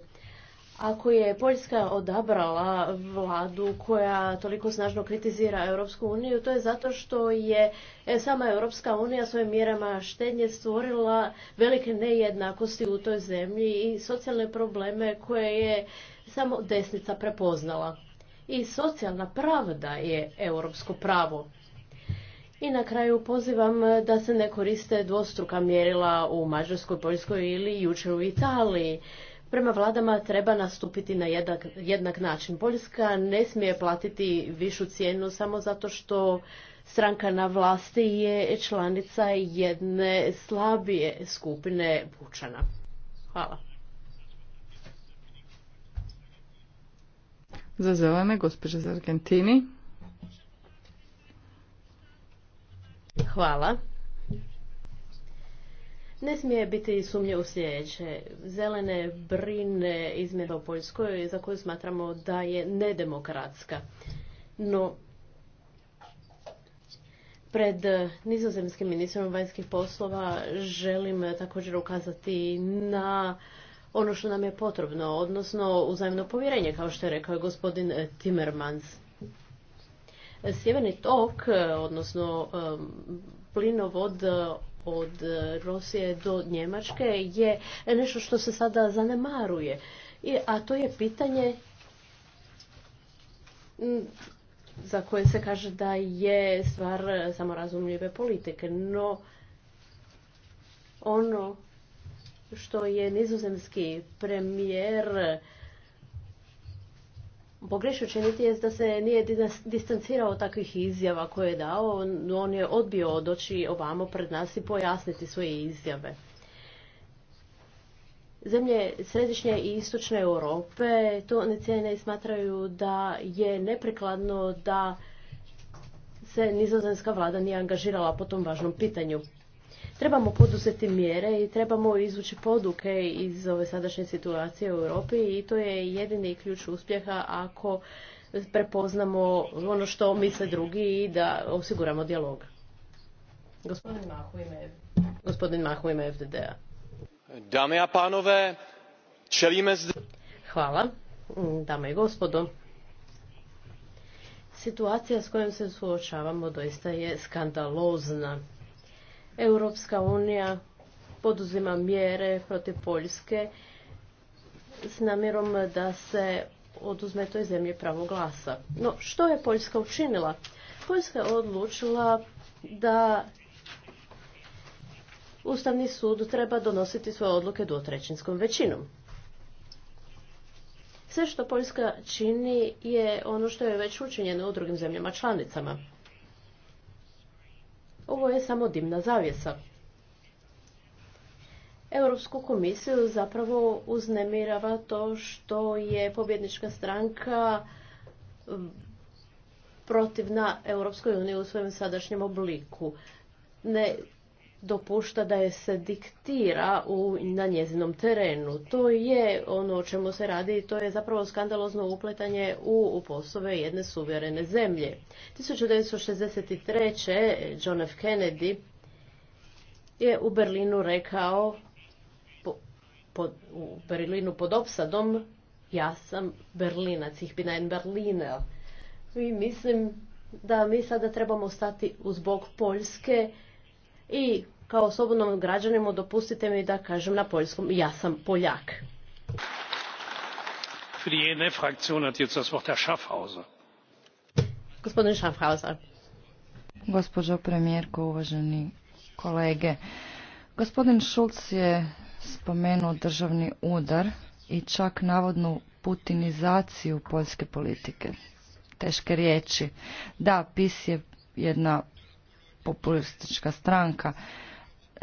Ako je Poljska odabrala vladu koja toliko snažno kritizira Europsku uniju, to je zato što je e, sama Europska unija svojim mjerama štednje stvorila velike nejednakosti u toj zemlji i socijalne probleme koje je samo desnica prepoznala. I socijalna pravda je europsko pravo. I na kraju pozivam e, da se ne koriste dvostruka mjerila u Mađarskoj, Poljskoj ili jučer u Italiji. Prema vladama treba nastupiti na jednak, jednak način. Poljska ne smije platiti višu cijenu samo zato što stranka na vlasti je članica jedne slabije skupine pučana. Hvala. Za zelene, gospođa za Argentini. Hvala. Ne smije biti sumnje u sljedeće. Zelene brine izmjena u Poljskoj za koju smatramo da je nedemokratska. No, pred nizozemskim ministrom vanjskih poslova želim također ukazati na ono što nam je potrebno, odnosno uzajemno povjerenje, kao što je rekao gospodin Timmermans. Sjeverni tok, e, odnosno e, plinovod od Rusije do Njemačke je nešto što se sada zanemaruje. a to je pitanje za koje se kaže da je stvar samorazumljive politike. No, ono što je nizozemski premijer pogrešio činiti je da se nije distancirao od takvih izjava koje je dao. On je odbio doći ovamo pred nas i pojasniti svoje izjave. Zemlje središnje i istočne Europe to ne cijene i smatraju da je neprikladno da se nizozemska vlada nije angažirala po tom važnom pitanju. Trebamo poduzeti mjere i trebamo izvući poduke iz ove sadašnje situacije u Europi i to je jedini ključ uspjeha ako prepoznamo ono što misle drugi i da osiguramo dijalog. Gospodin Mahu FDD-a. Dame a panove, čelime Hvala. Dame i gospodo, situacija s kojom se suočavamo doista je skandalozna. Europska unija poduzima mjere protiv Poljske s namjerom da se oduzme toj zemlji pravo glasa. No, što je Poljska učinila? Poljska je odlučila da Ustavni sud treba donositi svoje odluke dvotrećinskom većinom. Sve što Poljska čini je ono što je već učinjeno u drugim zemljama članicama. Ovo je samo dimna zavjesa. Europsku komisiju zapravo uznemirava to što je pobjednička stranka protivna Europskoj uniji u svojem sadašnjem obliku. Ne dopušta da je se diktira u, na njezinom terenu. To je ono o čemu se radi i to je zapravo skandalozno upletanje u, u poslove jedne suverene zemlje. 1963. John F. Kennedy je u Berlinu rekao po, u Berlinu pod opsadom ja sam Berlinac, ich bin ein Berliner. I mislim da mi sada trebamo stati uz bok Poljske i kao slobodnom građanima dopustite mi da kažem na poljskom ja sam Poljak. Gospodin Schaffhauser. Gospođo premijerko, uvaženi kolege. Gospodin Šulc je spomenuo državni udar i čak navodnu putinizaciju poljske politike. Teške riječi. Da, PIS je jedna populistička stranka,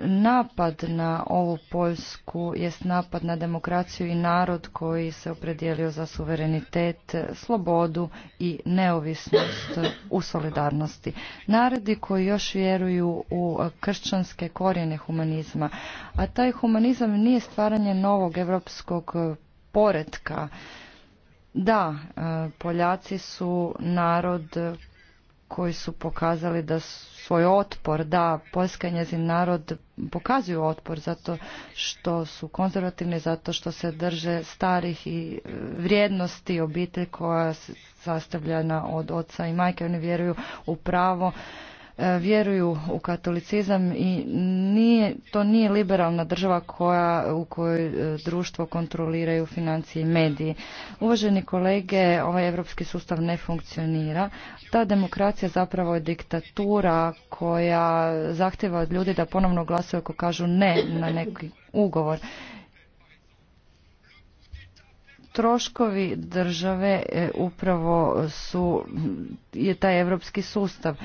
napad na ovu Poljsku jest napad na demokraciju i narod koji se opredijelio za suverenitet, slobodu i neovisnost u solidarnosti. Narodi koji još vjeruju u kršćanske korijene humanizma, a taj humanizam nije stvaranje novog europskog poretka. Da, Poljaci su narod koji su pokazali da svoj otpor, da Poljska i njezin narod pokazuju otpor zato što su konzervativni, zato što se drže starih i e, vrijednosti obitelj koja je sastavljena od oca i majke. Oni vjeruju u pravo E, vjeruju u katolicizam i nije, to nije liberalna država koja, u kojoj e, društvo kontroliraju financije i mediji. Uvaženi kolege, ovaj evropski sustav ne funkcionira. Ta demokracija zapravo je diktatura koja zahtjeva od ljudi da ponovno glasuju ako kažu ne na neki ugovor troškovi države e, upravo su je taj europski sustav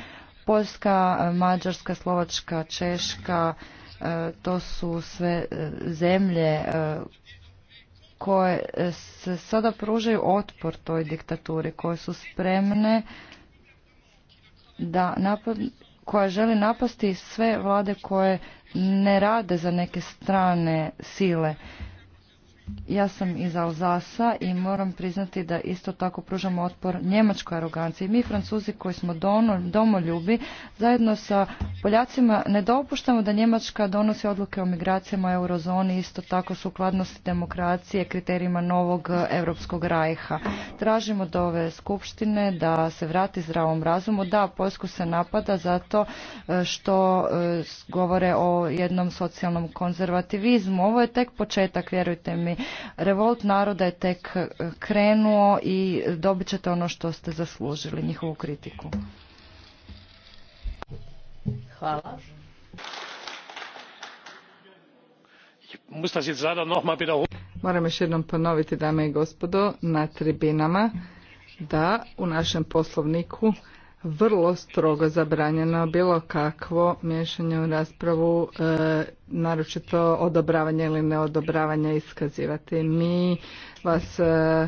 Poljska, Mađarska, Slovačka, Češka, e, to su sve e, zemlje e, koje se sada pružaju otpor toj diktaturi, koje su spremne da napad, koja želi napasti sve vlade koje ne rade za neke strane sile. Ja sam iz Alzasa i moram priznati da isto tako pružamo otpor njemačkoj aroganciji. Mi francuzi koji smo dono, domoljubi zajedno sa Poljacima ne dopuštamo da Njemačka donosi odluke o migracijama u eurozoni isto tako sukladnosti demokracije kriterijima novog eh, europskog rajha. Tražimo do ove skupštine da se vrati zdravom razumu. Da, Poljsku se napada zato eh, što eh, govore o jednom socijalnom konzervativizmu. Ovo je tek početak, vjerujte mi Revolt naroda je tek e, krenuo i dobit ćete ono što ste zaslužili, njihovu kritiku. Hvala. Moram još jednom ponoviti, dame i gospodo, na tribinama da u našem poslovniku vrlo strogo zabranjeno bilo kakvo miješanje u raspravu, e, naročito odobravanje ili neodobravanje iskazivati. Mi vas e,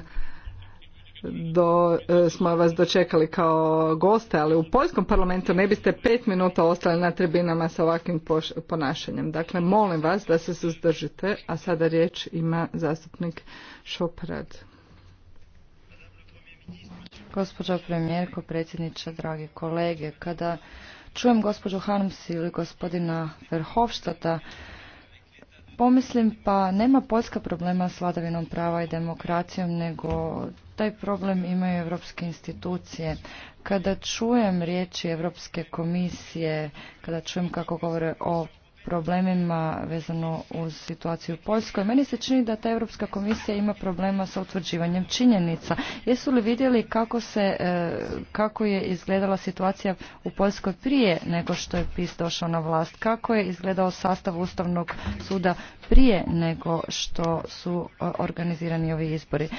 do, e, smo vas dočekali kao goste, ali u Poljskom parlamentu ne biste pet minuta ostali na tribinama sa ovakvim ponašanjem. Dakle, molim vas da se suzdržite, a sada riječ ima zastupnik Šoprad. Gospođo premijerko, predsjedniče, dragi kolege, kada čujem gospođu Harms ili gospodina Verhofštata, pomislim pa nema Poljska problema s vladavinom prava i demokracijom, nego taj problem imaju evropske institucije. Kada čujem riječi Evropske komisije, kada čujem kako govore o problemima vezano uz situaciju u Poljskoj. Meni se čini da ta Europska komisija ima problema sa utvrđivanjem činjenica. Jesu li vidjeli kako, se, e, kako je izgledala situacija u Poljskoj prije nego što je PIS došao na vlast? Kako je izgledao sastav Ustavnog suda prije nego što su e, organizirani ovi izbori?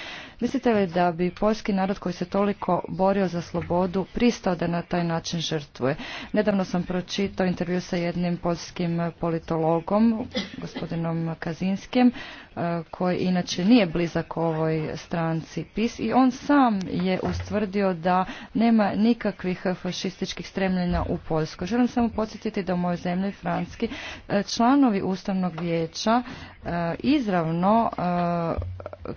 Mislite li da bi poljski narod koji se toliko borio za slobodu pristao da na taj način žrtvuje? Nedavno sam pročitao intervju sa jednim poljskim politologom, gospodinom Kazinskim, E, koji inače nije blizak ovoj stranci PIS i on sam je ustvrdio da nema nikakvih fašističkih stremljenja u Poljskoj. Želim samo podsjetiti da u mojoj zemlji Franski e, članovi Ustavnog vijeća e, izravno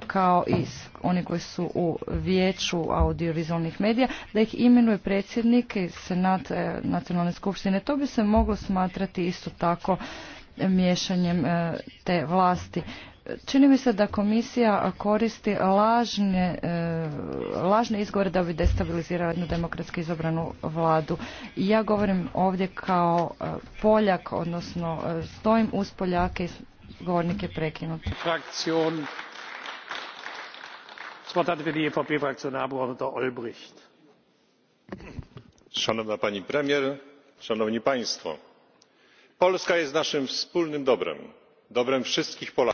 kao i oni koji su u vijeću audiovizualnih medija, da ih imenuje predsjednik senat nacionalne skupštine. To bi se moglo smatrati isto tako miješanjem te vlasti. Čini mi se da komisija koristi lažne, e, lažne izgovore da bi destabilizirala jednu demokratski izabranu vladu. Ja govorim ovdje kao e, Poljak, odnosno e, stojim uz Poljake i govornik je prekinut. Szanowna pani premier, szanowni państwo. Polska jest naszym wspólnym dobrem dobrem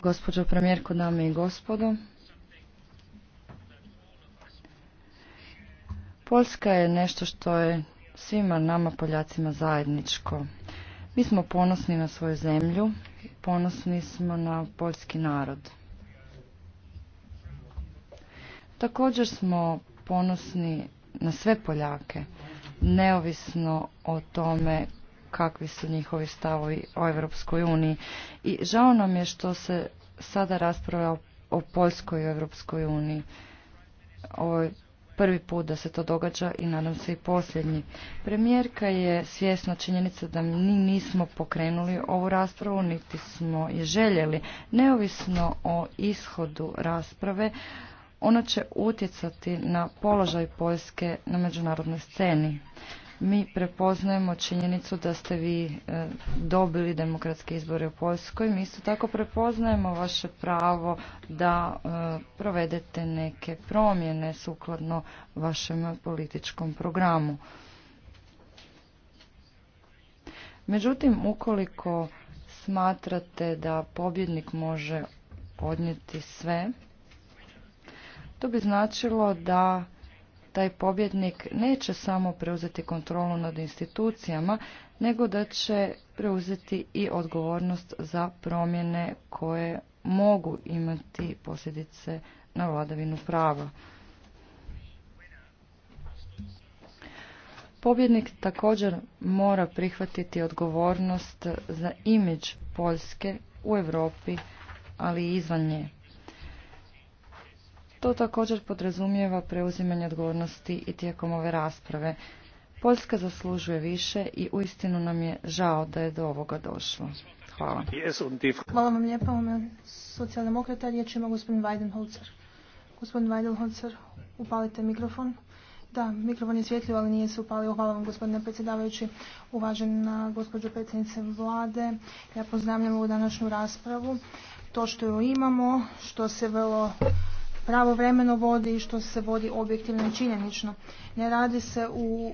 Gospođo dame i gospodo, Poljska je nešto što je svima nama Poljacima zajedničko. Mi smo ponosni na svoju zemlju, ponosni smo na poljski narod. Također smo ponosni na sve Poljake, neovisno o tome kakvi su njihovi stavovi o Europskoj uniji. I žao nam je što se sada raspravlja o Poljskoj i Europskoj uniji. Ovo prvi put da se to događa i nadam se i posljednji. Premijerka je svjesna činjenica da mi nismo pokrenuli ovu raspravu, niti smo je željeli. Neovisno o ishodu rasprave, ona će utjecati na položaj Poljske na međunarodnoj sceni. Mi prepoznajemo činjenicu da ste vi e, dobili demokratske izbore u Poljskoj. Mi isto tako prepoznajemo vaše pravo da e, provedete neke promjene sukladno vašem političkom programu. Međutim, ukoliko smatrate da pobjednik može podnijeti sve, to bi značilo da taj pobjednik neće samo preuzeti kontrolu nad institucijama, nego da će preuzeti i odgovornost za promjene koje mogu imati posljedice na vladavinu prava. Pobjednik također mora prihvatiti odgovornost za imidž Poljske u Europi, ali i izvan nje. To također podrazumijeva preuzimanje odgovornosti i tijekom ove rasprave. Poljska zaslužuje više i uistinu nam je žao da je do ovoga došlo. Hvala. Hvala vam lijepa. U ime socijaldemokrata riječ ima gospodin Weidenholzer. Gospodin Weidenholzer, upalite mikrofon. Da, mikrofon je svjetljiv, ali nije se upalio. Hvala vam gospodine predsjedavajući. Uvažena gospođo predsjednice vlade, ja pozdravljam ovu današnju raspravu. To što ju imamo, što se vrlo pravovremeno vodi i što se vodi objektivno i činjenično. Ne radi se u,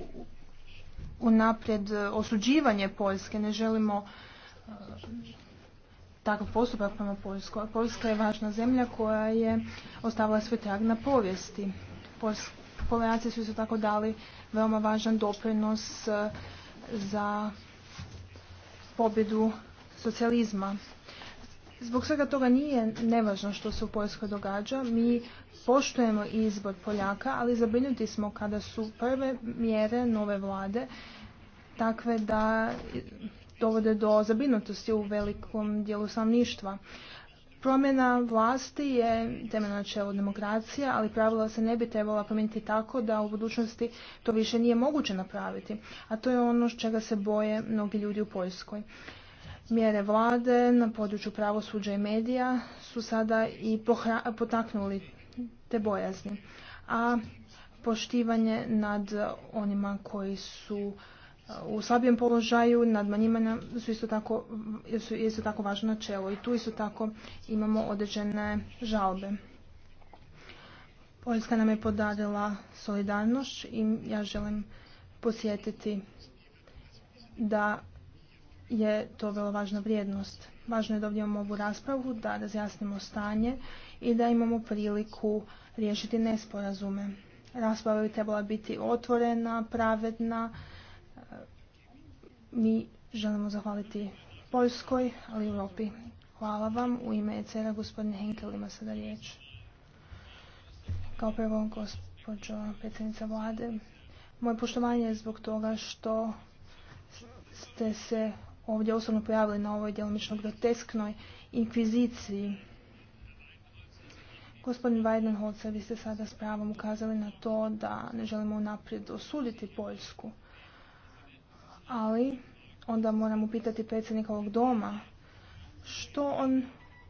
naprijed e, osuđivanje Poljske, ne želimo e, takav postupak prema Poljskoj. Poljska je važna zemlja koja je ostavila svoj trag na povijesti. Poljaci su isto tako dali veoma važan doprinos e, za pobjedu socijalizma. Zbog svega toga nije nevažno što se u Poljskoj događa. Mi poštujemo izbor Poljaka, ali zabrinuti smo kada su prve mjere nove vlade takve da dovode do zabrinutosti u velikom dijelu stanovništva. Promjena vlasti je temeljno načelo demokracije, ali pravila se ne bi trebala promijeniti tako da u budućnosti to više nije moguće napraviti. A to je ono čega se boje mnogi ljudi u Poljskoj. Mjere vlade na području pravosuđa i medija su sada i potaknuli te bojazni. A poštivanje nad onima koji su uh, u slabijem položaju, nad manjima su isto tako, su isto tako važno načelo i tu isto tako imamo određene žalbe. Poljska nam je podarila solidarnost i ja želim posjetiti da je to vrlo važna vrijednost. Važno je da ovdje imamo ovu raspravu, da razjasnimo stanje i da imamo priliku riješiti nesporazume. Rasprava bi trebala biti otvorena, pravedna. E, mi želimo zahvaliti Poljskoj, ali i Europi. Hvala vam. U ime ECR-a gospodine Henkel ima sada riječ. Kao prvo, gospođo predsjednica vlade, moje poštovanje je zbog toga što ste se ovdje osobno pojavili na ovoj djelomično grotesknoj inkviziciji. Gospodin Weidenholzer, vi ste sada s pravom ukazali na to da ne želimo unaprijed osuditi Poljsku. Ali onda moram upitati predsjednika ovog doma što on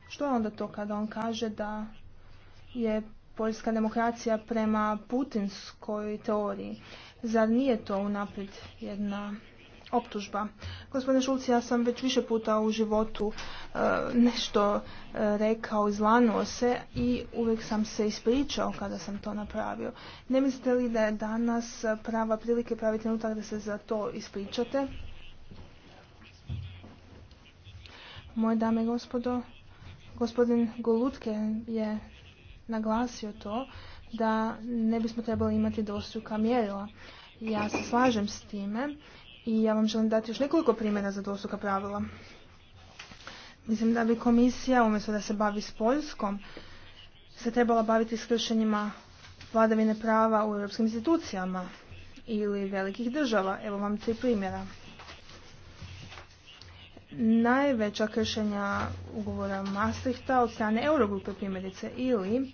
što je onda to kada on kaže da je poljska demokracija prema putinskoj teoriji? Zar nije to unaprijed jedna optužba. Gospodine Šulc, ja sam već više puta u životu e, nešto e, rekao, izlanuo se i uvijek sam se ispričao kada sam to napravio. Ne mislite li da je danas prava prilike, pravi trenutak da se za to ispričate? Moje dame i gospodo, gospodin Golutke je naglasio to da ne bismo trebali imati dvostruka mjerila. Ja se slažem s time i ja vam želim dati još nekoliko primjera za dvostruka pravila. Mislim da bi komisija, umjesto da se bavi s Poljskom, se trebala baviti s kršenjima vladavine prava u europskim institucijama ili velikih država. Evo vam tri primjera. Najveća kršenja ugovora Maastrichta od strane Eurogrupe primjerice ili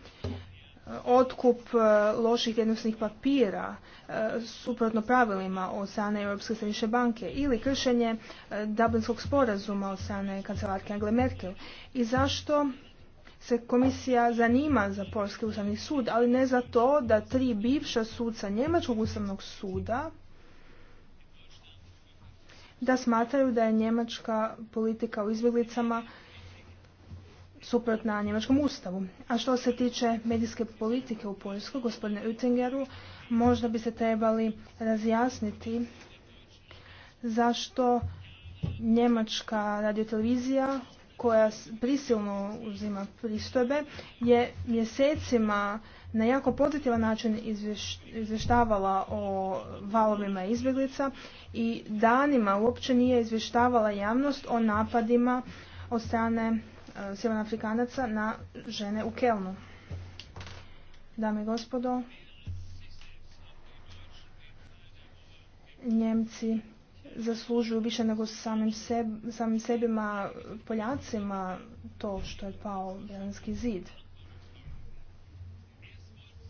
otkup e, loših vrijednosnih papira e, suprotno pravilima od strane Europske središnje banke ili kršenje e, Dublinskog sporazuma od strane kancelarke Angle Merkel i zašto se komisija zanima za Polski ustavni sud, ali ne za to da tri bivša suca Njemačkog ustavnog suda da smatraju da je njemačka politika u izbjeglicama suprotna njemačkom ustavu. A što se tiče medijske politike u Poljskoj, gospodine Utengeru, možda bi se trebali razjasniti zašto njemačka radiotelevizija koja prisilno uzima pristojbe je mjesecima na jako pozitivan način izvještavala o valovima izbjeglica i danima uopće nije izvještavala javnost o napadima od strane E, sjevernoafrikanaca na žene u Kelnu. Dame i gospodo, Njemci zaslužuju više nego samim, samim sebima Poljacima to što je pao Berlinski zid.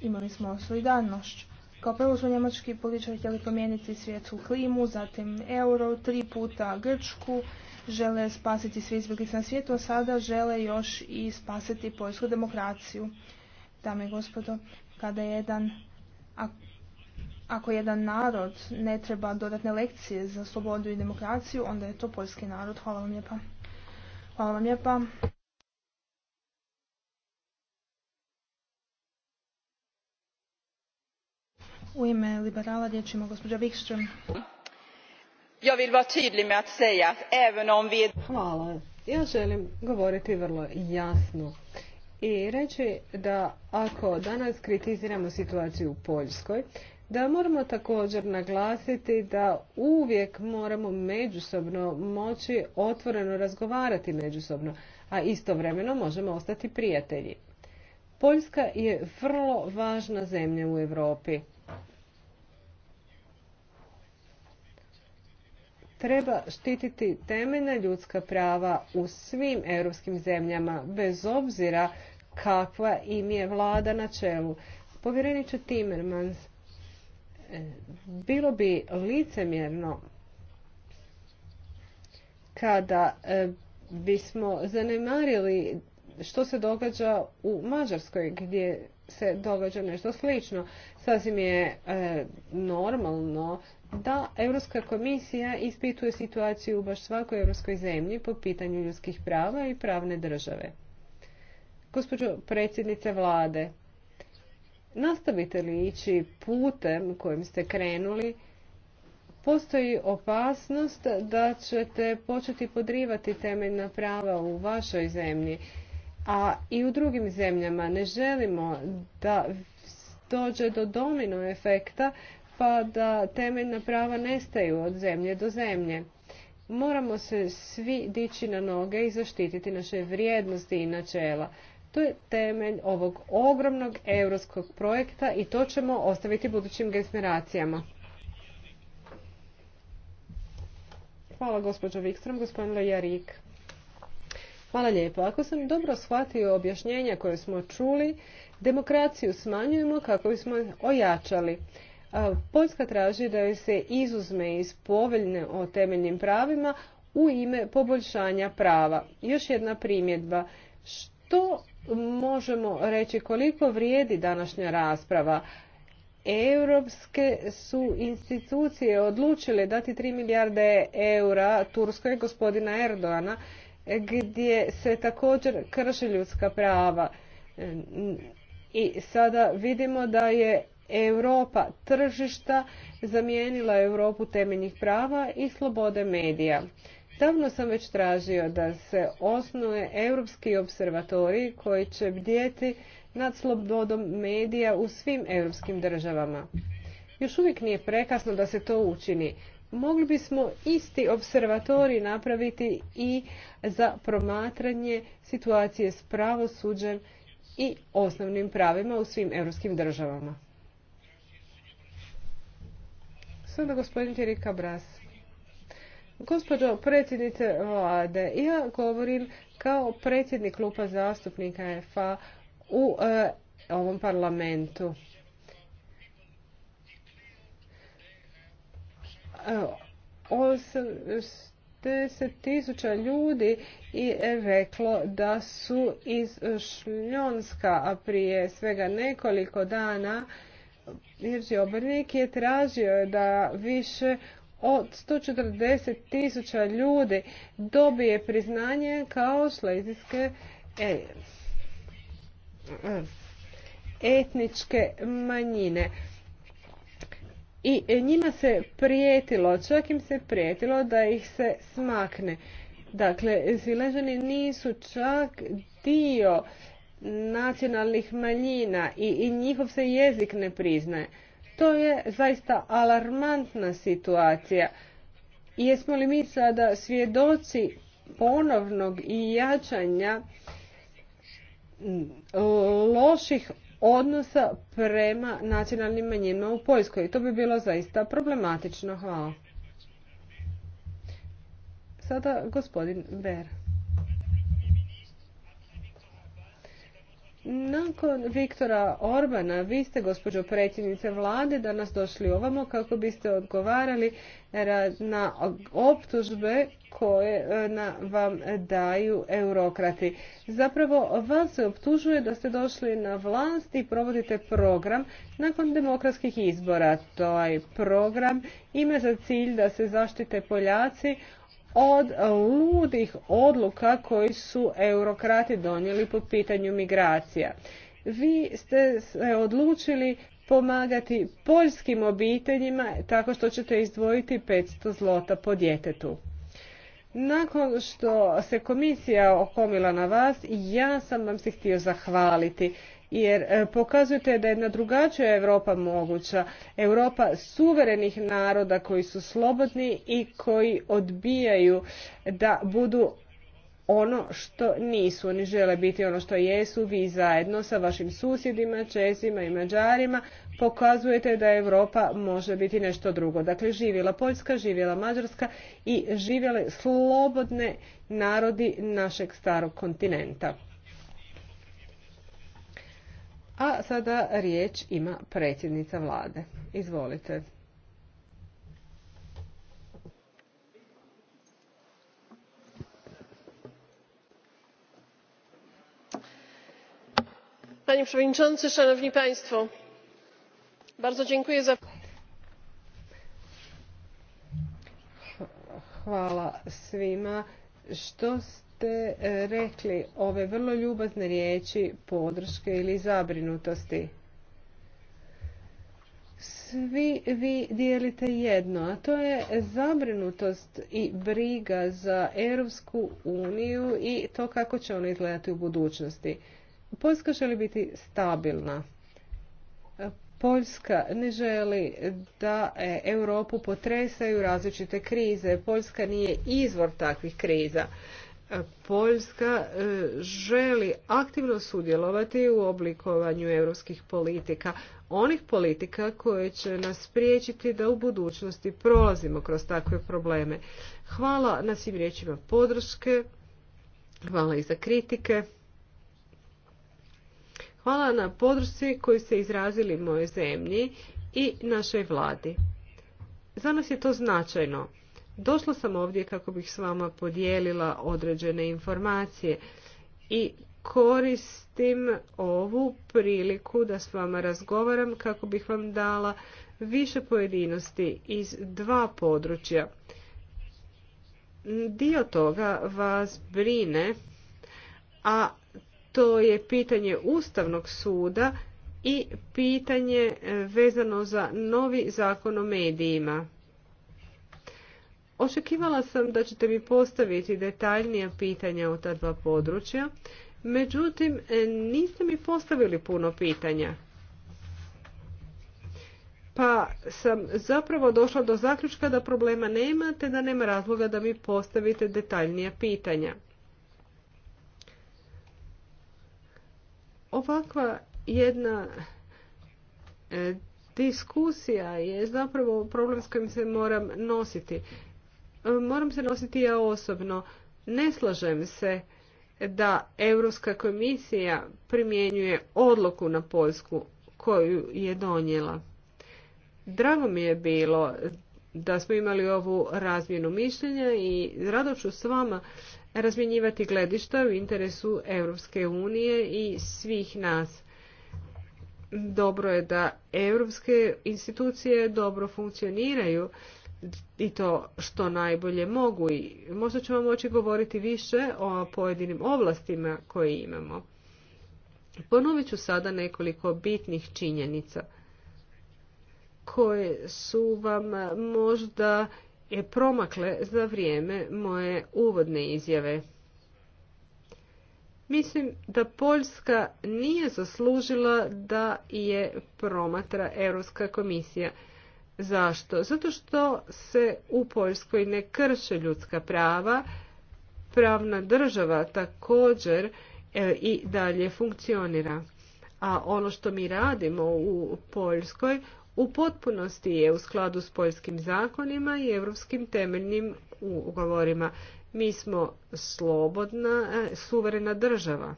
Imali smo solidarnošć. Kao prvo su njemački političari htjeli promijeniti svjetsku klimu, zatim euro, tri puta Grčku, žele spasiti sve izbjeglice na svijetu, a sada žele još i spasiti poljsku demokraciju. Dame i gospodo, kada jedan, ako jedan narod ne treba dodatne lekcije za slobodu i demokraciju, onda je to poljski narod. Hvala vam lijepa. Hvala vam lijepa. U ime liberala riječ ima gospođa Wikström ja vill vara tydlig med om vi... Hvala. Ja želim govoriti vrlo jasno i reći da ako danas kritiziramo situaciju u Poljskoj, da moramo također naglasiti da uvijek moramo međusobno moći otvoreno razgovarati međusobno, a istovremeno možemo ostati prijatelji. Poljska je vrlo važna zemlja u Europi. treba štititi temeljna ljudska prava u svim europskim zemljama, bez obzira kakva im je vlada na čelu. Povjereniče Timmermans, e, bilo bi licemjerno kada e, bismo zanemarili što se događa u Mađarskoj gdje se događa nešto slično. Sasvim je e, normalno da Europska komisija ispituje situaciju u baš svakoj europskoj zemlji po pitanju ljudskih prava i pravne države. Gospođo predsjednice vlade, nastavite li ići putem kojim ste krenuli, postoji opasnost da ćete početi podrivati temeljna prava u vašoj zemlji a i u drugim zemljama. Ne želimo da dođe do domino efekta pa da temeljna prava nestaju od zemlje do zemlje. Moramo se svi dići na noge i zaštititi naše vrijednosti i načela. To je temelj ovog ogromnog europskog projekta i to ćemo ostaviti budućim generacijama. Hvala gospođo Vikstrom, gospodin Lajarik. Hvala lijepo. Ako sam dobro shvatio objašnjenja koje smo čuli, demokraciju smanjujemo kako bismo ojačali. Poljska traži da joj se izuzme iz poveljne o temeljnim pravima u ime poboljšanja prava. Još jedna primjedba. Što možemo reći koliko vrijedi današnja rasprava? Europske su institucije odlučile dati 3 milijarde eura Turskoj gospodina Erdoana gdje se također krše ljudska prava. I sada vidimo da je Europa tržišta zamijenila Europu temeljnih prava i slobode medija. Davno sam već tražio da se osnuje Europski observatorij koji će bdjeti nad slobodom medija u svim europskim državama. Još uvijek nije prekasno da se to učini mogli bismo isti observatorij napraviti i za promatranje situacije s pravosuđem i osnovnim pravima u svim europskim državama. Sada gospodin Tjeri Gospođo predsjednice vlade, ja govorim kao predsjednik klupa zastupnika FA u e, ovom parlamentu. 80 tisuća ljudi i reklo da su iz Šljonska, prije svega nekoliko dana Irži Obrnik je tražio da više od 140 tisuća ljudi dobije priznanje kao šlezijske etničke manjine i e, njima se prijetilo, čak im se prijetilo da ih se smakne. Dakle, Ziležani nisu čak dio nacionalnih manjina i, i njihov se jezik ne priznaje. To je zaista alarmantna situacija. Jesmo li mi sada svjedoci ponovnog i jačanja loših odnosa prema nacionalnim manjinama u Poljskoj. To bi bilo zaista problematično. Hvala. Sada gospodin Ber. Nakon Viktora Orbana, vi ste, gospođo predsjednice vlade, danas došli ovamo kako biste odgovarali na optužbe koje e, na vam daju eurokrati. Zapravo, vas se optužuje da ste došli na vlast i provodite program nakon demokratskih izbora. Taj program ima za cilj da se zaštite Poljaci od ludih odluka koji su eurokrati donijeli po pitanju migracija. Vi ste se odlučili pomagati poljskim obiteljima tako što ćete izdvojiti 500 zlota po djetetu. Nakon što se komisija okomila na vas, ja sam vam se htio zahvaliti jer e, pokazujete da je jedna drugačija Europa moguća. Europa suverenih naroda koji su slobodni i koji odbijaju da budu ono što nisu. Oni žele biti ono što jesu. Vi zajedno sa vašim susjedima, Česima i Mađarima pokazujete da Europa može biti nešto drugo. Dakle, živjela Poljska, živjela Mađarska i živjele slobodne narodi našeg starog kontinenta. A sada riječ ima predsjednica vlade. Izvolite. Panie przewodniczący, szanowni państwo. Bardzo dziękuję za Hvala svima što ste ste e, rekli ove vrlo ljubazne riječi podrške ili zabrinutosti. Svi vi dijelite jedno, a to je zabrinutost i briga za Europsku uniju i to kako će ona izgledati u budućnosti. Poljska želi biti stabilna. Poljska ne želi da e, Europu potresaju različite krize. Poljska nije izvor takvih kriza. Poljska e, želi aktivno sudjelovati u oblikovanju europskih politika, onih politika koje će nas spriječiti da u budućnosti prolazimo kroz takve probleme. Hvala na svim riječima podrške, hvala i za kritike. Hvala na podršci koji se izrazili moje zemlji i našoj vladi. Za nas je to značajno Došla sam ovdje kako bih s vama podijelila određene informacije i koristim ovu priliku da s vama razgovaram kako bih vam dala više pojedinosti iz dva područja. Dio toga vas brine, a to je pitanje Ustavnog suda i pitanje vezano za novi zakon o medijima. Očekivala sam da ćete mi postaviti detaljnija pitanja u ta dva područja, međutim niste mi postavili puno pitanja. Pa sam zapravo došla do zaključka da problema nema, te da nema razloga da mi postavite detaljnija pitanja. Ovakva jedna e, diskusija je zapravo problem s kojim se moram nositi moram se nositi ja osobno. Ne slažem se da Europska komisija primjenjuje odluku na Poljsku koju je donijela. Drago mi je bilo da smo imali ovu razmjenu mišljenja i rado ću s vama razmjenjivati gledišta u interesu Europske unije i svih nas. Dobro je da europske institucije dobro funkcioniraju i to što najbolje mogu i možda ćemo moći govoriti više o pojedinim ovlastima koje imamo. Ponovit ću sada nekoliko bitnih činjenica koje su vam možda promakle za vrijeme moje uvodne izjave. Mislim da Poljska nije zaslužila da je promatra Europska komisija. Zašto? Zato što se u Poljskoj ne krše ljudska prava, pravna država također e, i dalje funkcionira. A ono što mi radimo u Poljskoj u potpunosti je u skladu s poljskim zakonima i europskim temeljnim ugovorima. Mi smo slobodna, e, suverena država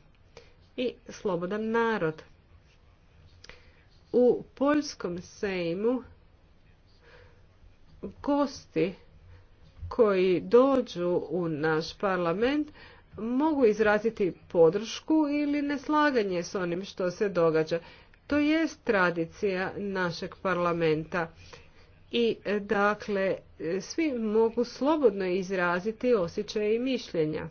i slobodan narod. U poljskom sejmu gosti koji dođu u naš parlament mogu izraziti podršku ili neslaganje s onim što se događa. To jest tradicija našeg parlamenta. I dakle, svi mogu slobodno izraziti osjećaje i mišljenja.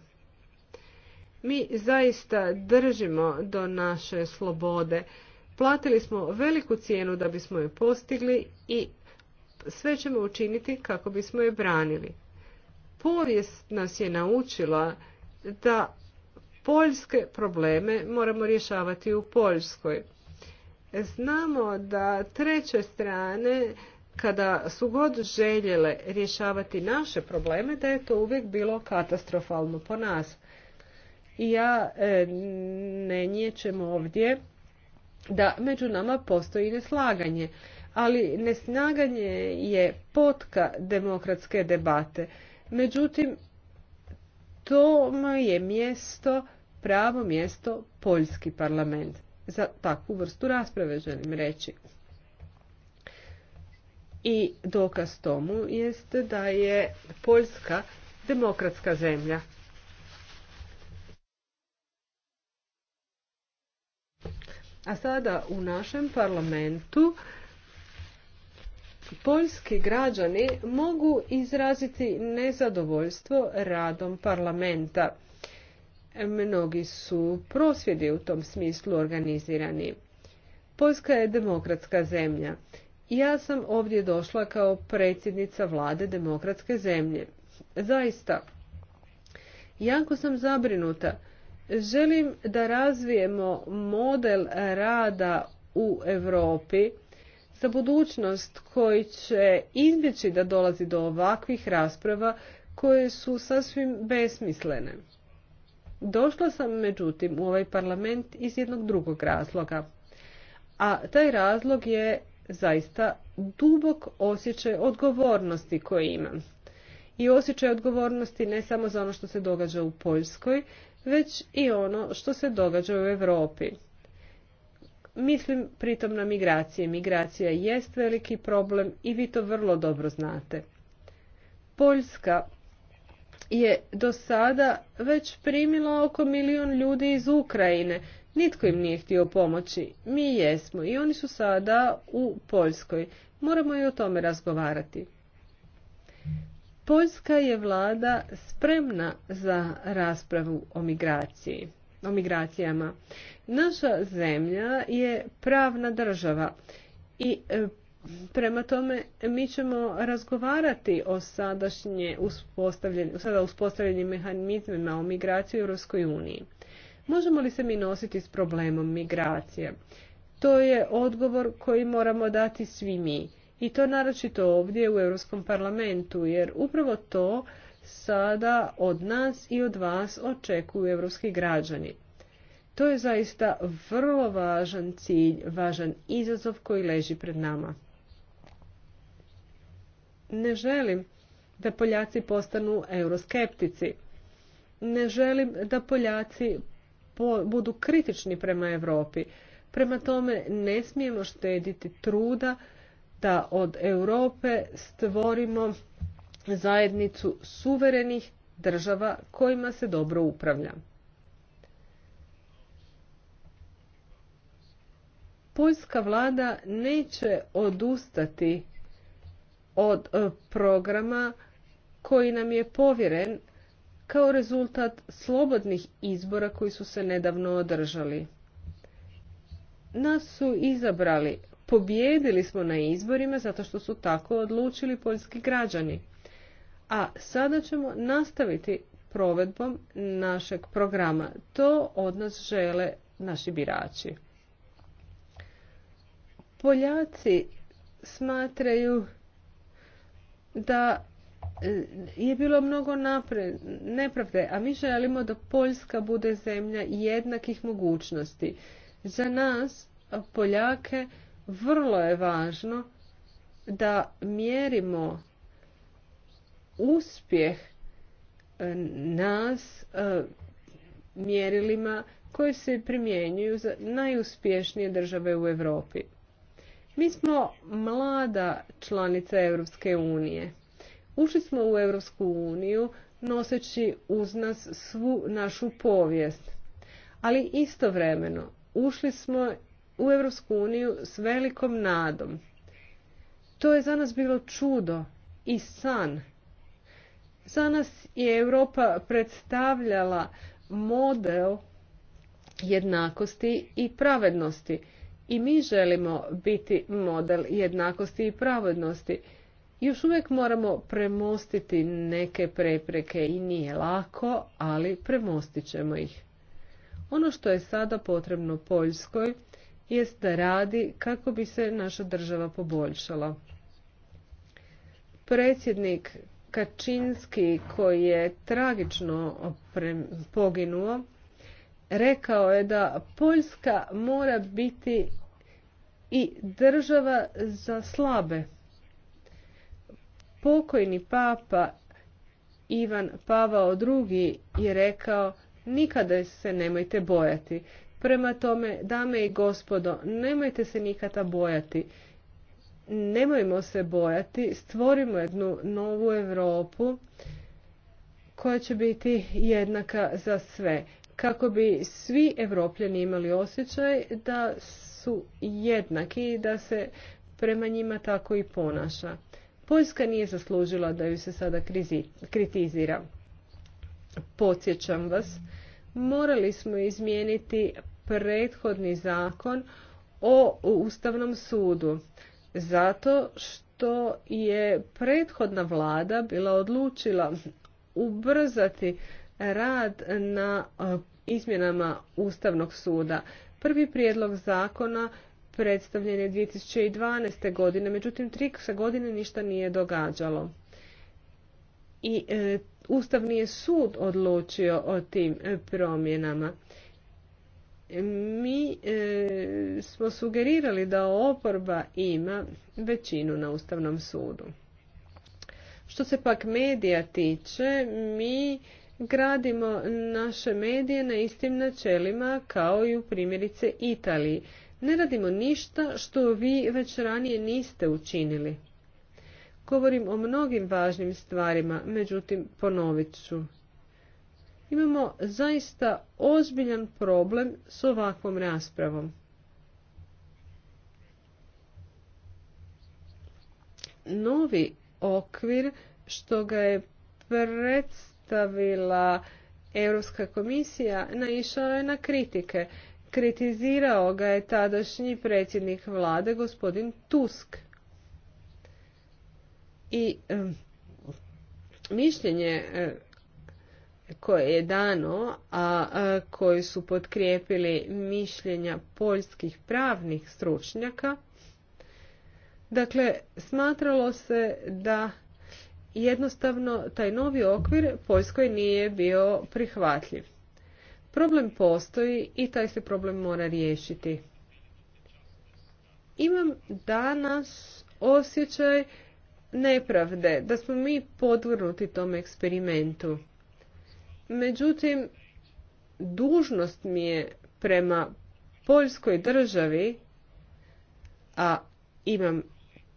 Mi zaista držimo do naše slobode. Platili smo veliku cijenu da bismo je postigli i sve ćemo učiniti kako bismo je branili. Povijest nas je naučila da poljske probleme moramo rješavati u Poljskoj. Znamo da treće strane kada su god željele rješavati naše probleme, da je to uvijek bilo katastrofalno po nas. I ja e, ne nijećem ovdje da među nama postoji neslaganje ali nesnaganje je potka demokratske debate. Međutim, to je mjesto, pravo mjesto, poljski parlament. Za takvu vrstu rasprave želim reći. I dokaz tomu jeste da je Poljska demokratska zemlja. A sada u našem parlamentu poljski građani mogu izraziti nezadovoljstvo radom parlamenta. Mnogi su prosvjedi u tom smislu organizirani. Poljska je demokratska zemlja. Ja sam ovdje došla kao predsjednica vlade demokratske zemlje. Zaista, jako sam zabrinuta. Želim da razvijemo model rada u Europi za budućnost koji će izbjeći da dolazi do ovakvih rasprava koje su sasvim besmislene. Došla sam međutim u ovaj parlament iz jednog drugog razloga. A taj razlog je zaista dubok osjećaj odgovornosti koji imam. I osjećaj odgovornosti ne samo za ono što se događa u Poljskoj, već i ono što se događa u Europi. Mislim pritom na migracije. Migracija jest veliki problem i vi to vrlo dobro znate. Poljska je do sada već primila oko milijun ljudi iz Ukrajine. Nitko im nije htio pomoći. Mi jesmo i oni su sada u Poljskoj. Moramo i o tome razgovarati. Poljska je vlada spremna za raspravu o migraciji o migracijama. Naša zemlja je pravna država i e, prema tome mi ćemo razgovarati o sadašnje uspostavljenim, sada uspostavljenim mehanizmima o migraciji u Europskoj uniji. Možemo li se mi nositi s problemom migracije? To je odgovor koji moramo dati svi mi. I to naročito ovdje u Europskom parlamentu, jer upravo to sada od nas i od vas očekuju evropski građani. To je zaista vrlo važan cilj, važan izazov koji leži pred nama. Ne želim da Poljaci postanu euroskeptici. Ne želim da Poljaci budu kritični prema Europi. Prema tome ne smijemo štediti truda da od Europe stvorimo zajednicu suverenih država kojima se dobro upravlja. Poljska vlada neće odustati od e, programa koji nam je povjeren kao rezultat slobodnih izbora koji su se nedavno održali. Nas su izabrali, pobijedili smo na izborima zato što su tako odlučili poljski građani. A sada ćemo nastaviti provedbom našeg programa. To od nas žele naši birači. Poljaci smatraju da e, je bilo mnogo nepravde, a mi želimo da Poljska bude zemlja jednakih mogućnosti. Za nas, Poljake, vrlo je važno da mjerimo uspjeh e, nas e, mjerilima koje se primjenjuju za najuspješnije države u Europi. Mi smo mlada članica Europske unije. Ušli smo u Europsku uniju noseći uz nas svu našu povijest. Ali istovremeno ušli smo u Europsku uniju s velikom nadom. To je za nas bilo čudo i san za nas je Europa predstavljala model jednakosti i pravednosti. I mi želimo biti model jednakosti i pravednosti. Još uvijek moramo premostiti neke prepreke i nije lako, ali premostit ćemo ih. Ono što je sada potrebno Poljskoj jest da radi kako bi se naša država poboljšala. Predsjednik Kačinski koji je tragično poginuo rekao je da Poljska mora biti i država za slabe. Pokojni papa Ivan Pavao II je rekao nikada se nemojte bojati. Prema tome, dame i gospodo, nemojte se nikada bojati nemojmo se bojati, stvorimo jednu novu Europu koja će biti jednaka za sve, kako bi svi Europljani imali osjećaj da su jednaki i da se prema njima tako i ponaša. Poljska nije zaslužila da ju se sada kritizira. Podsjećam vas, morali smo izmijeniti prethodni zakon o Ustavnom sudu. Zato što je prethodna vlada bila odlučila ubrzati rad na e, izmjenama Ustavnog suda. Prvi prijedlog zakona predstavljen je 2012. godine, međutim tri se godine ništa nije događalo. I e, Ustavni je sud odlučio o tim e, promjenama mi e, smo sugerirali da oporba ima većinu na Ustavnom sudu. Što se pak medija tiče, mi gradimo naše medije na istim načelima kao i u primjerice Italiji. Ne radimo ništa što vi već ranije niste učinili. Govorim o mnogim važnim stvarima, međutim ponovit ću imamo zaista ozbiljan problem s ovakvom raspravom. Novi okvir što ga je predstavila Europska komisija naišao je na kritike. Kritizirao ga je tadašnji predsjednik vlade gospodin Tusk. I mišljenje koje je dano, a koji su potkrijepili mišljenja poljskih pravnih stručnjaka. Dakle, smatralo se da jednostavno taj novi okvir Poljskoj nije bio prihvatljiv. Problem postoji i taj se problem mora riješiti. Imam danas osjećaj nepravde da smo mi podvrnuti tom eksperimentu. Međutim, dužnost mi je prema Poljskoj državi, a imam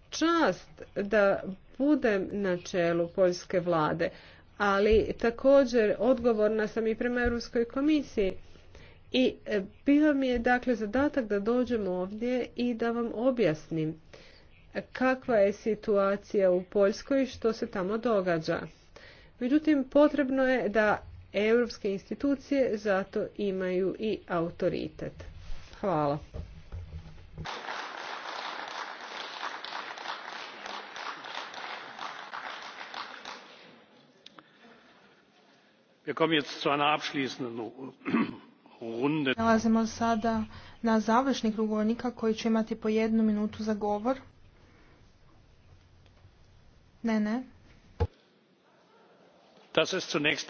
čast da budem na čelu Poljske vlade, ali također odgovorna sam i prema Europskoj komisiji. I e, bio mi je dakle zadatak da dođem ovdje i da vam objasnim kakva je situacija u Poljskoj i što se tamo događa. Međutim, potrebno je da europske institucije zato imaju i autoritet. Hvala. Nalazimo sada na završni krug koji će imati po jednu minutu za govor. Ne, ne. Das ist zunächst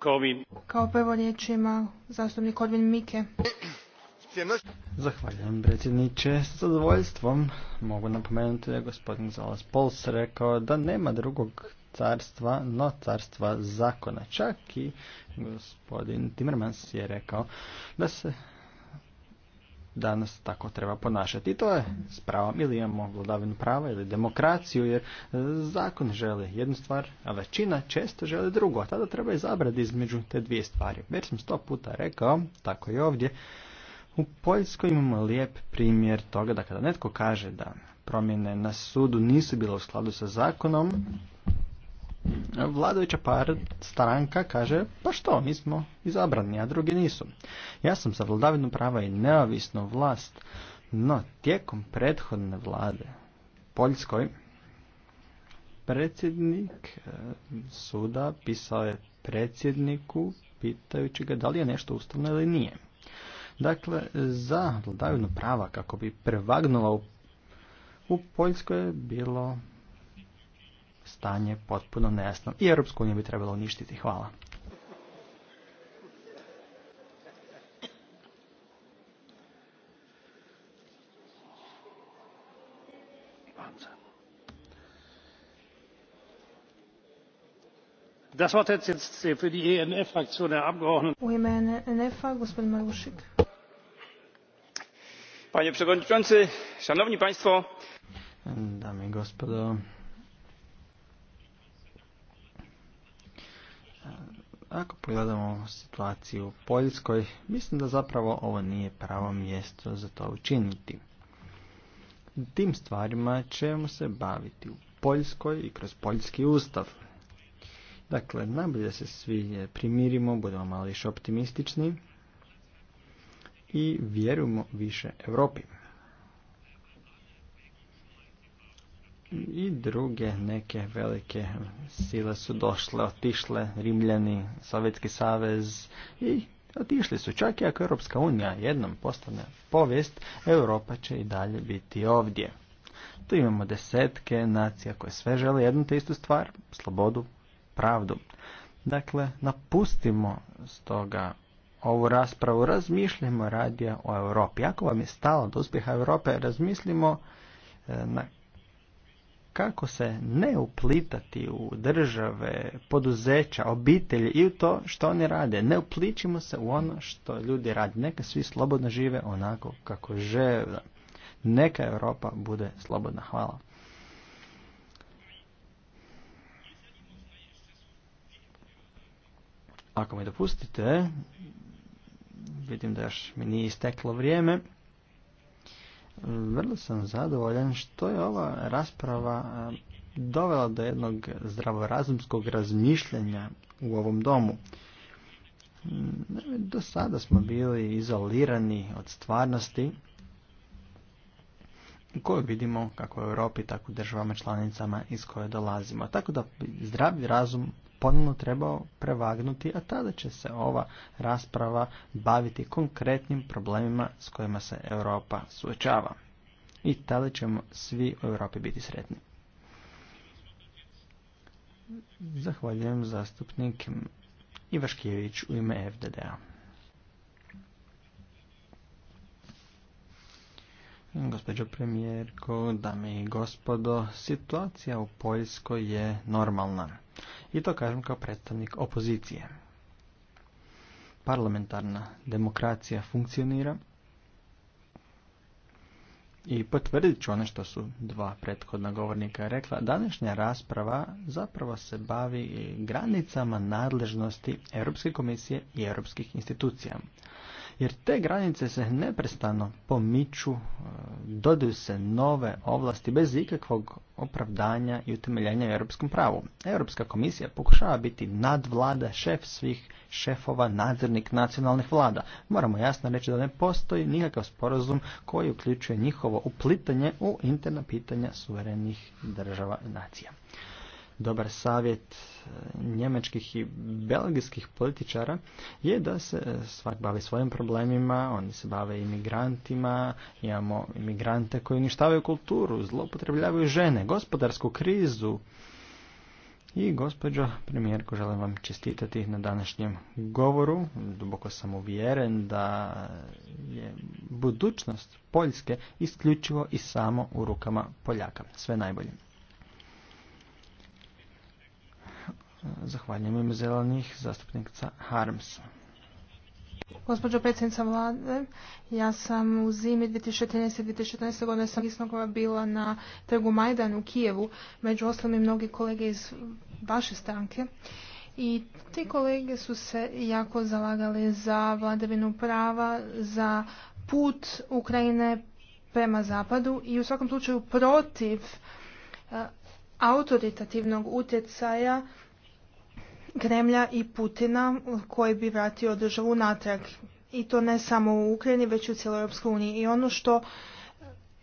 Kao prvo zastupnik Mike. Zahvaljujem predsjedniče. S zadovoljstvom mogu napomenuti da je gospodin Zalas Pols rekao da nema drugog carstva, no carstva zakona. Čak i gospodin Timmermans je rekao da se danas tako treba ponašati. I to je s pravom ili imamo vladavinu prava ili demokraciju jer e, zakon želi jednu stvar, a većina često želi drugu, A tada treba izabrati između te dvije stvari. Već sam sto puta rekao, tako i ovdje, u Poljskoj imamo lijep primjer toga da kada netko kaže da promjene na sudu nisu bile u skladu sa zakonom, vladajuća par stranka kaže pa što, mi smo izabrani, a drugi nisu. Ja sam za vladavinu prava i neovisnu vlast, no tijekom prethodne vlade Poljskoj predsjednik e, suda pisao je predsjedniku pitajući ga da li je nešto ustavno ili nije. Dakle, za vladavinu prava kako bi prevagnula u, u Poljskoj je bilo stanje potpuno nejasno i Europsku uniju bi trebalo uništiti. Hvala. Das Wort hat jetzt äh, für die ENF-Fraktion der Abgeordneten. Panie Przewodniczący, Szanowni Państwo, Damy Gospodo, Ako pogledamo situaciju u Poljskoj, mislim da zapravo ovo nije pravo mjesto za to učiniti. Tim stvarima ćemo se baviti u Poljskoj i kroz Poljski ustav. Dakle, najbolje se svi primirimo, budemo malo više optimistični i vjerujemo više Europi. i druge neke velike sile su došle, otišle, Rimljani, Sovjetski savez i otišli su. Čak i ako Europska unija jednom postane povijest, Europa će i dalje biti ovdje. Tu imamo desetke nacija koje sve žele jednu te istu stvar, slobodu, pravdu. Dakle, napustimo stoga ovu raspravu, razmišljamo radija o Europi. Ako vam je stalo do uspjeha Europe, razmislimo e, na kako se ne uplitati u države, poduzeća, obitelji i u to što oni rade. Ne upličimo se u ono što ljudi rade. Neka svi slobodno žive onako kako žele. Neka Europa bude slobodna. Hvala. Ako mi dopustite, vidim da još mi nije isteklo vrijeme. Vrlo sam zadovoljan što je ova rasprava eh, dovela do jednog zdravorazumskog razmišljanja u ovom domu. Mm, do sada smo bili izolirani od stvarnosti koju vidimo kako u Europi, tako u državama članicama iz koje dolazimo. Tako da zdravi razum ponovno trebao prevagnuti, a tada će se ova rasprava baviti konkretnim problemima s kojima se Europa suočava. I tada ćemo svi u Europi biti sretni. Zahvaljujem zastupnik Ivaškijević u ime FDDA. Gospođo premijerko, dame i gospodo, situacija u Poljskoj je normalna. I to kažem kao predstavnik opozicije. Parlamentarna demokracija funkcionira i potvrdit ću ono što su dva prethodna govornika rekla. Današnja rasprava zapravo se bavi granicama nadležnosti Europske komisije i europskih institucija jer te granice se neprestano pomiču, e, dodaju se nove ovlasti bez ikakvog opravdanja i utemeljenja u europskom pravu. Europska komisija pokušava biti nadvlada, šef svih šefova, nadzornik nacionalnih vlada. Moramo jasno reći da ne postoji nikakav sporazum koji uključuje njihovo uplitanje u interna pitanja suverenih država i nacija dobar savjet eh, njemačkih i belgijskih političara je da se eh, svak bavi svojim problemima, oni se bave imigrantima, imamo imigrante koji uništavaju kulturu, zloupotrebljavaju žene, gospodarsku krizu. I gospođo premijerko, želim vam čestitati na današnjem govoru. Duboko sam uvjeren da je budućnost Poljske isključivo i samo u rukama Poljaka. Sve najbolje. Zahvaljujem ime zastupnica Harms. Gospođo predsjednica vlade, ja sam u zimi 2013. 2014. godine sam isnogova bila na trgu Majdan u Kijevu, među ostalim i mnogi kolege iz vaše stranke. I ti kolege su se jako zalagali za vladavinu prava, za put Ukrajine prema zapadu i u svakom slučaju protiv e, autoritativnog utjecaja Kremlja i Putina koji bi vratio državu natrag. I to ne samo u Ukrajini, već i u cijeloj Europskoj uniji. I ono što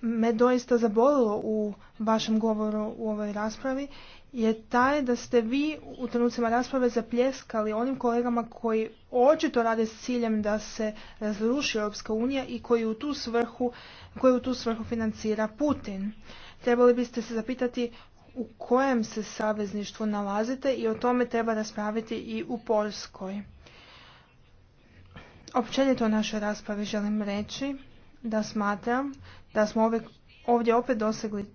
me doista zabolilo u vašem govoru u ovoj raspravi je taj da ste vi u trenucima rasprave zapljeskali onim kolegama koji očito rade s ciljem da se razruši Europska unija i koji u tu svrhu, koji u tu svrhu financira Putin. Trebali biste se zapitati u kojem se savezništvu nalazite i o tome treba raspraviti i u Poljskoj. Općenito u našoj raspravi želim reći da smatram da smo ovdje opet dosegli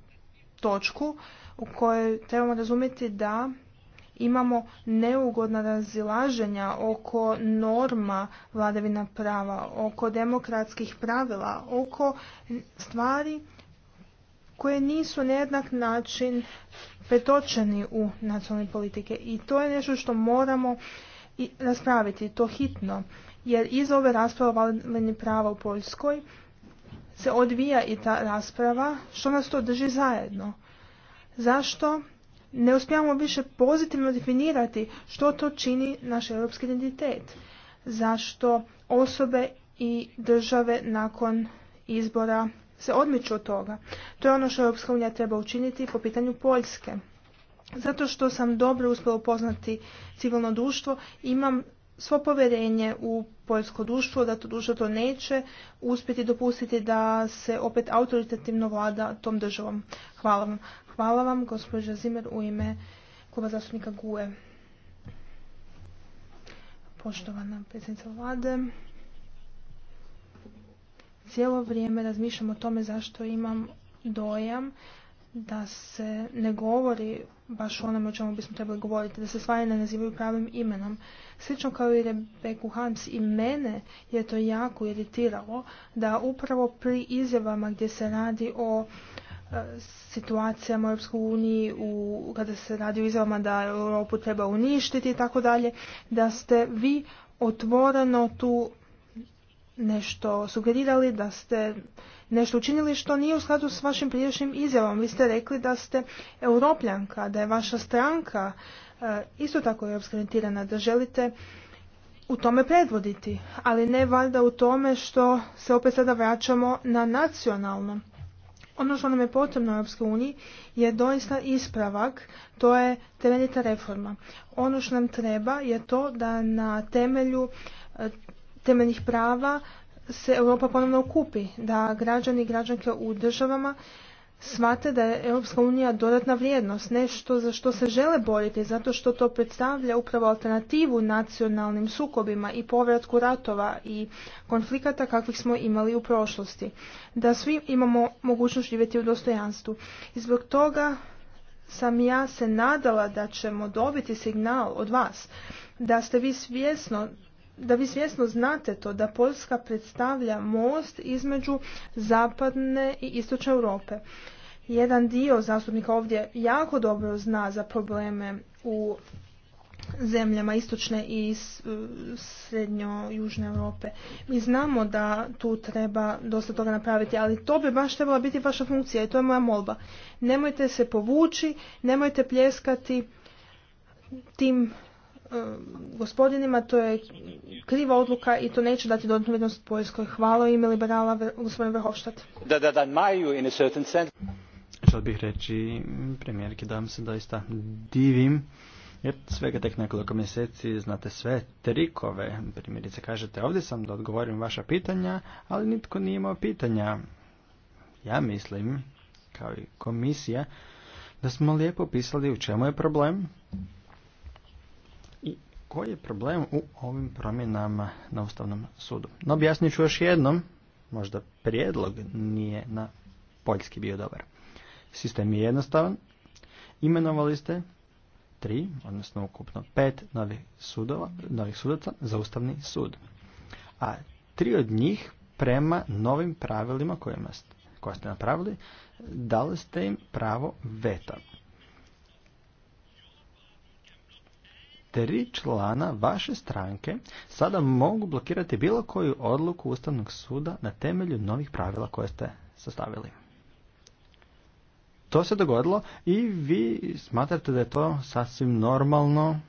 točku u kojoj trebamo razumjeti da imamo neugodna razilaženja oko norma vladavina prava, oko demokratskih pravila, oko stvari koje nisu na jednak način pretočeni u nacionalne politike. I to je nešto što moramo i raspraviti, to hitno. Jer iz ove rasprave o prava u Poljskoj se odvija i ta rasprava što nas to drži zajedno. Zašto ne uspijamo više pozitivno definirati što to čini naš europski identitet? Zašto osobe i države nakon izbora se odmiču od toga. To je ono što Europska unija treba učiniti po pitanju Poljske. Zato što sam dobro uspjela upoznati civilno društvo, imam svo povjerenje u poljsko društvo, da to društvo to neće uspjeti dopustiti da se opet autoritativno vlada tom državom. Hvala vam. Hvala vam, gospođa Zimer, u ime kluba zastupnika GUE. Poštovana predsjednica vlade, cijelo vrijeme razmišljam o tome zašto imam dojam da se ne govori baš onome o čemu bismo trebali govoriti, da se stvari ne nazivaju pravim imenom. Slično kao i Rebeku Harms i mene je to jako iritiralo da upravo pri izjavama gdje se radi o e, situacijama u Europskoj uniji, u, kada se radi o izjavama da Europu treba uništiti i tako dalje, da ste vi otvoreno tu nešto sugerirali, da ste nešto učinili što nije u skladu s vašim prijašnjim izjavom. Vi ste rekli da ste europljanka, da je vaša stranka eh, isto tako je orijentirana, da želite u tome predvoditi, ali ne valjda u tome što se opet sada vraćamo na nacionalno. Ono što nam je potrebno u Europskoj uniji je doista ispravak, to je temeljita reforma. Ono što nam treba je to da na temelju eh, temeljnih prava se Europa ponovno okupi, da građani i građanke u državama shvate da je Europska unija dodatna vrijednost, nešto za što se žele boriti, zato što to predstavlja upravo alternativu nacionalnim sukobima i povratku ratova i konflikata kakvih smo imali u prošlosti. Da svi imamo mogućnost živjeti u dostojanstvu. I zbog toga sam ja se nadala da ćemo dobiti signal od vas da ste vi svjesno da vi svjesno znate to da Poljska predstavlja most između zapadne i istočne Europe. Jedan dio zastupnika ovdje jako dobro zna za probleme u zemljama istočne i e, srednjo-južne Europe. Mi znamo da tu treba dosta toga napraviti, ali to bi baš trebala biti vaša funkcija i to je moja molba. Nemojte se povući, nemojte pljeskati tim E, gospodinima, to je kriva odluka i to neće dati dodatnu vrijednost Poljskoj. Hvala ime liberala gospodin Verhofstadt. Žel bih reći premijerki da vam se doista divim. Jer svega tek nekoliko mjeseci znate sve trikove. Primjerice kažete ovdje sam da odgovorim vaša pitanja, ali nitko nije imao pitanja. Ja mislim, kao i komisija, da smo lijepo pisali u čemu je problem koji je problem u ovim promjenama na Ustavnom sudu. No objasnit ću još jednom, možda prijedlog nije na poljski bio dobar. Sistem je jednostavan, imenovali ste tri, odnosno ukupno pet novih, sudova, novih sudaca za Ustavni sud. A tri od njih prema novim pravilima koje ste, koja ste napravili, dali ste im pravo veta. tri člana vaše stranke sada mogu blokirati bilo koju odluku Ustavnog suda na temelju novih pravila koje ste sastavili. To se dogodilo i vi smatrate da je to sasvim normalno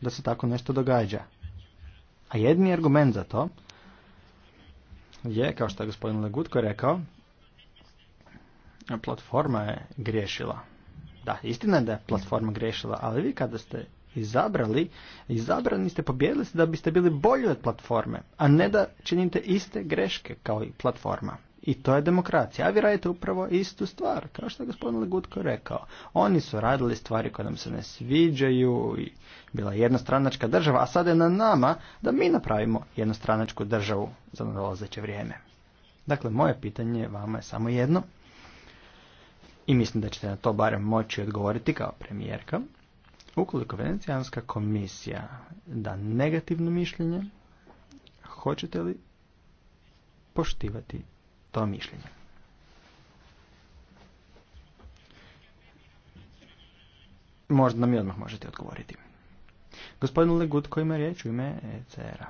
da se tako nešto događa. A jedni argument za to je, kao što je gospodin Legutko rekao, platforma je griješila. Da, istina je da je platforma griješila, ali vi kada ste izabrali, izabrani ste, pobjedili ste da biste bili bolji od platforme, a ne da činite iste greške kao i platforma. I to je demokracija. A vi radite upravo istu stvar, kao što je gospodin Legutko rekao. Oni su radili stvari koje nam se ne sviđaju i bila je jednostranačka država, a sada je na nama da mi napravimo jednostranačku državu za nadolazeće vrijeme. Dakle, moje pitanje vama je samo jedno i mislim da ćete na to barem moći odgovoriti kao premijerka. Ukoliko Venecijanska komisija da negativno mišljenje, hoćete li poštivati to mišljenje? Možda nam i odmah možete odgovoriti. Gospodin Legutko ima riječ u ime ECR-a.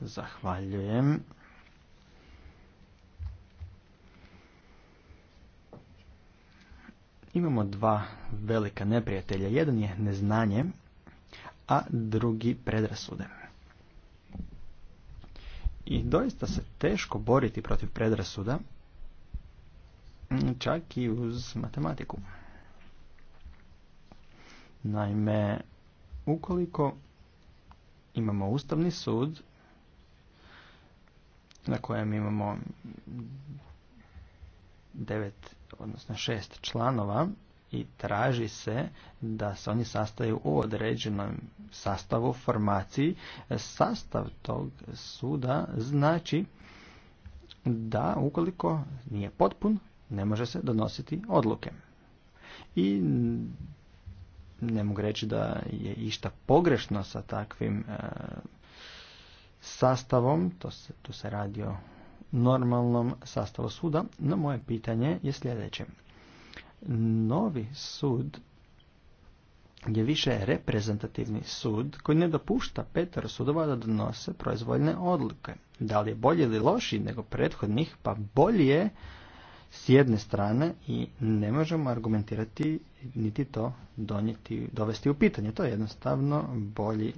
Zahvaljujem. Imamo dva velika neprijatelja. Jedan je neznanje, a drugi predrasude. I doista se teško boriti protiv predrasuda, čak i uz matematiku. Naime, ukoliko imamo Ustavni sud, na kojem imamo devet, odnosno šest članova i traži se da se oni sastaju u određenom sastavu, formaciji. Sastav tog suda znači da ukoliko nije potpun, ne može se donositi odluke. I ne mogu reći da je išta pogrešno sa takvim e, sastavom, to se, tu se radi o normalnom sastavu suda, no moje pitanje je sljedeće. Novi sud je više reprezentativni sud koji ne dopušta petero sudova da donose proizvoljne odluke. Da li je bolji ili loši nego prethodnih, pa bolje je s jedne strane i ne možemo argumentirati niti to donijeti, dovesti u pitanje. To je jednostavno bolji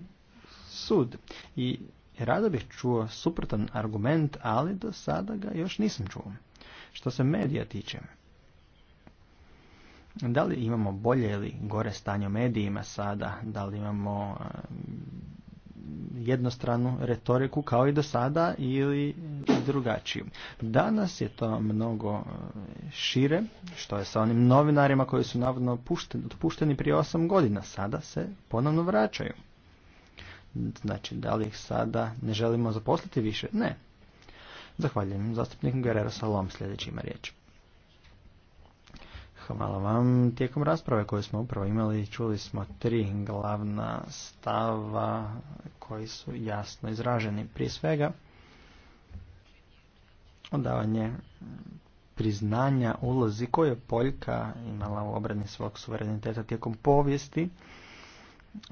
sud. I Rado bih čuo suprotan argument, ali do sada ga još nisam čuo. Što se medija tiče, da li imamo bolje ili gore stanje u medijima sada, da li imamo eh, jednostranu retoriku kao i do sada ili eh, drugačiju. Danas je to mnogo eh, šire, što je sa onim novinarima koji su navodno pušteni, pušteni prije 8 godina, sada se ponovno vraćaju. Znači, da li ih sada ne želimo zaposliti više? Ne. Zahvaljujem. Zastupnik Guerrero Salom sljedećima riječ. Hvala vam. Tijekom rasprave koju smo upravo imali čuli smo tri glavna stava koji su jasno izraženi. Prije svega, odavanje priznanja ulozi koju je Poljka imala u obrani svog suvereniteta tijekom povijesti,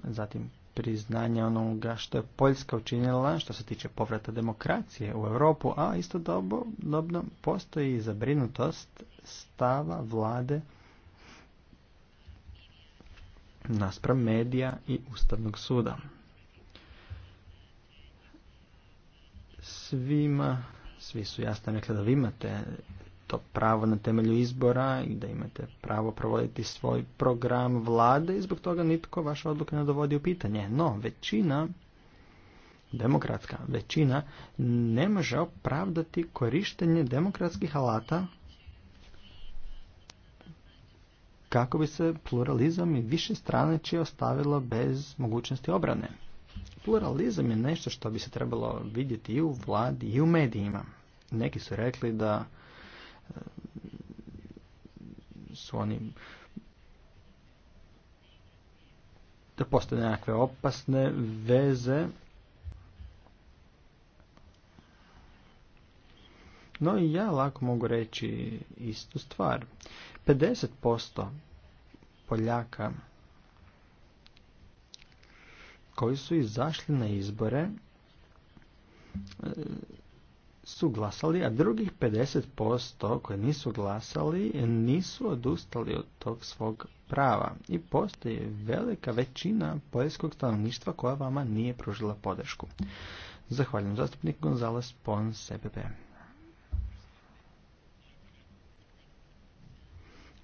zatim priznanje onoga što je Poljska učinila što se tiče povrata demokracije u Europu, a isto dobno postoji i zabrinutost stava vlade naspram medija i Ustavnog suda. Svima, svi su jasno rekli da vi imate to pravo na temelju izbora i da imate pravo provoditi svoj program vlade i zbog toga nitko vaše odluke ne dovodi u pitanje. No, većina, demokratska većina, ne može opravdati korištenje demokratskih alata kako bi se pluralizam i više straneći ostavilo bez mogućnosti obrane. Pluralizam je nešto što bi se trebalo vidjeti i u vladi i u medijima. Neki su rekli da su oni da postane nekakve opasne veze No i ja lako mogu reći istu stvar. 50% Poljaka koji su izašli na izbore su glasali, a drugih 50% koji nisu glasali nisu odustali od tog svog prava. I postoji velika većina poljskog stanovništva koja vama nije pružila podršku. Zahvaljujem zastupnik Gonzales Pons, EPP.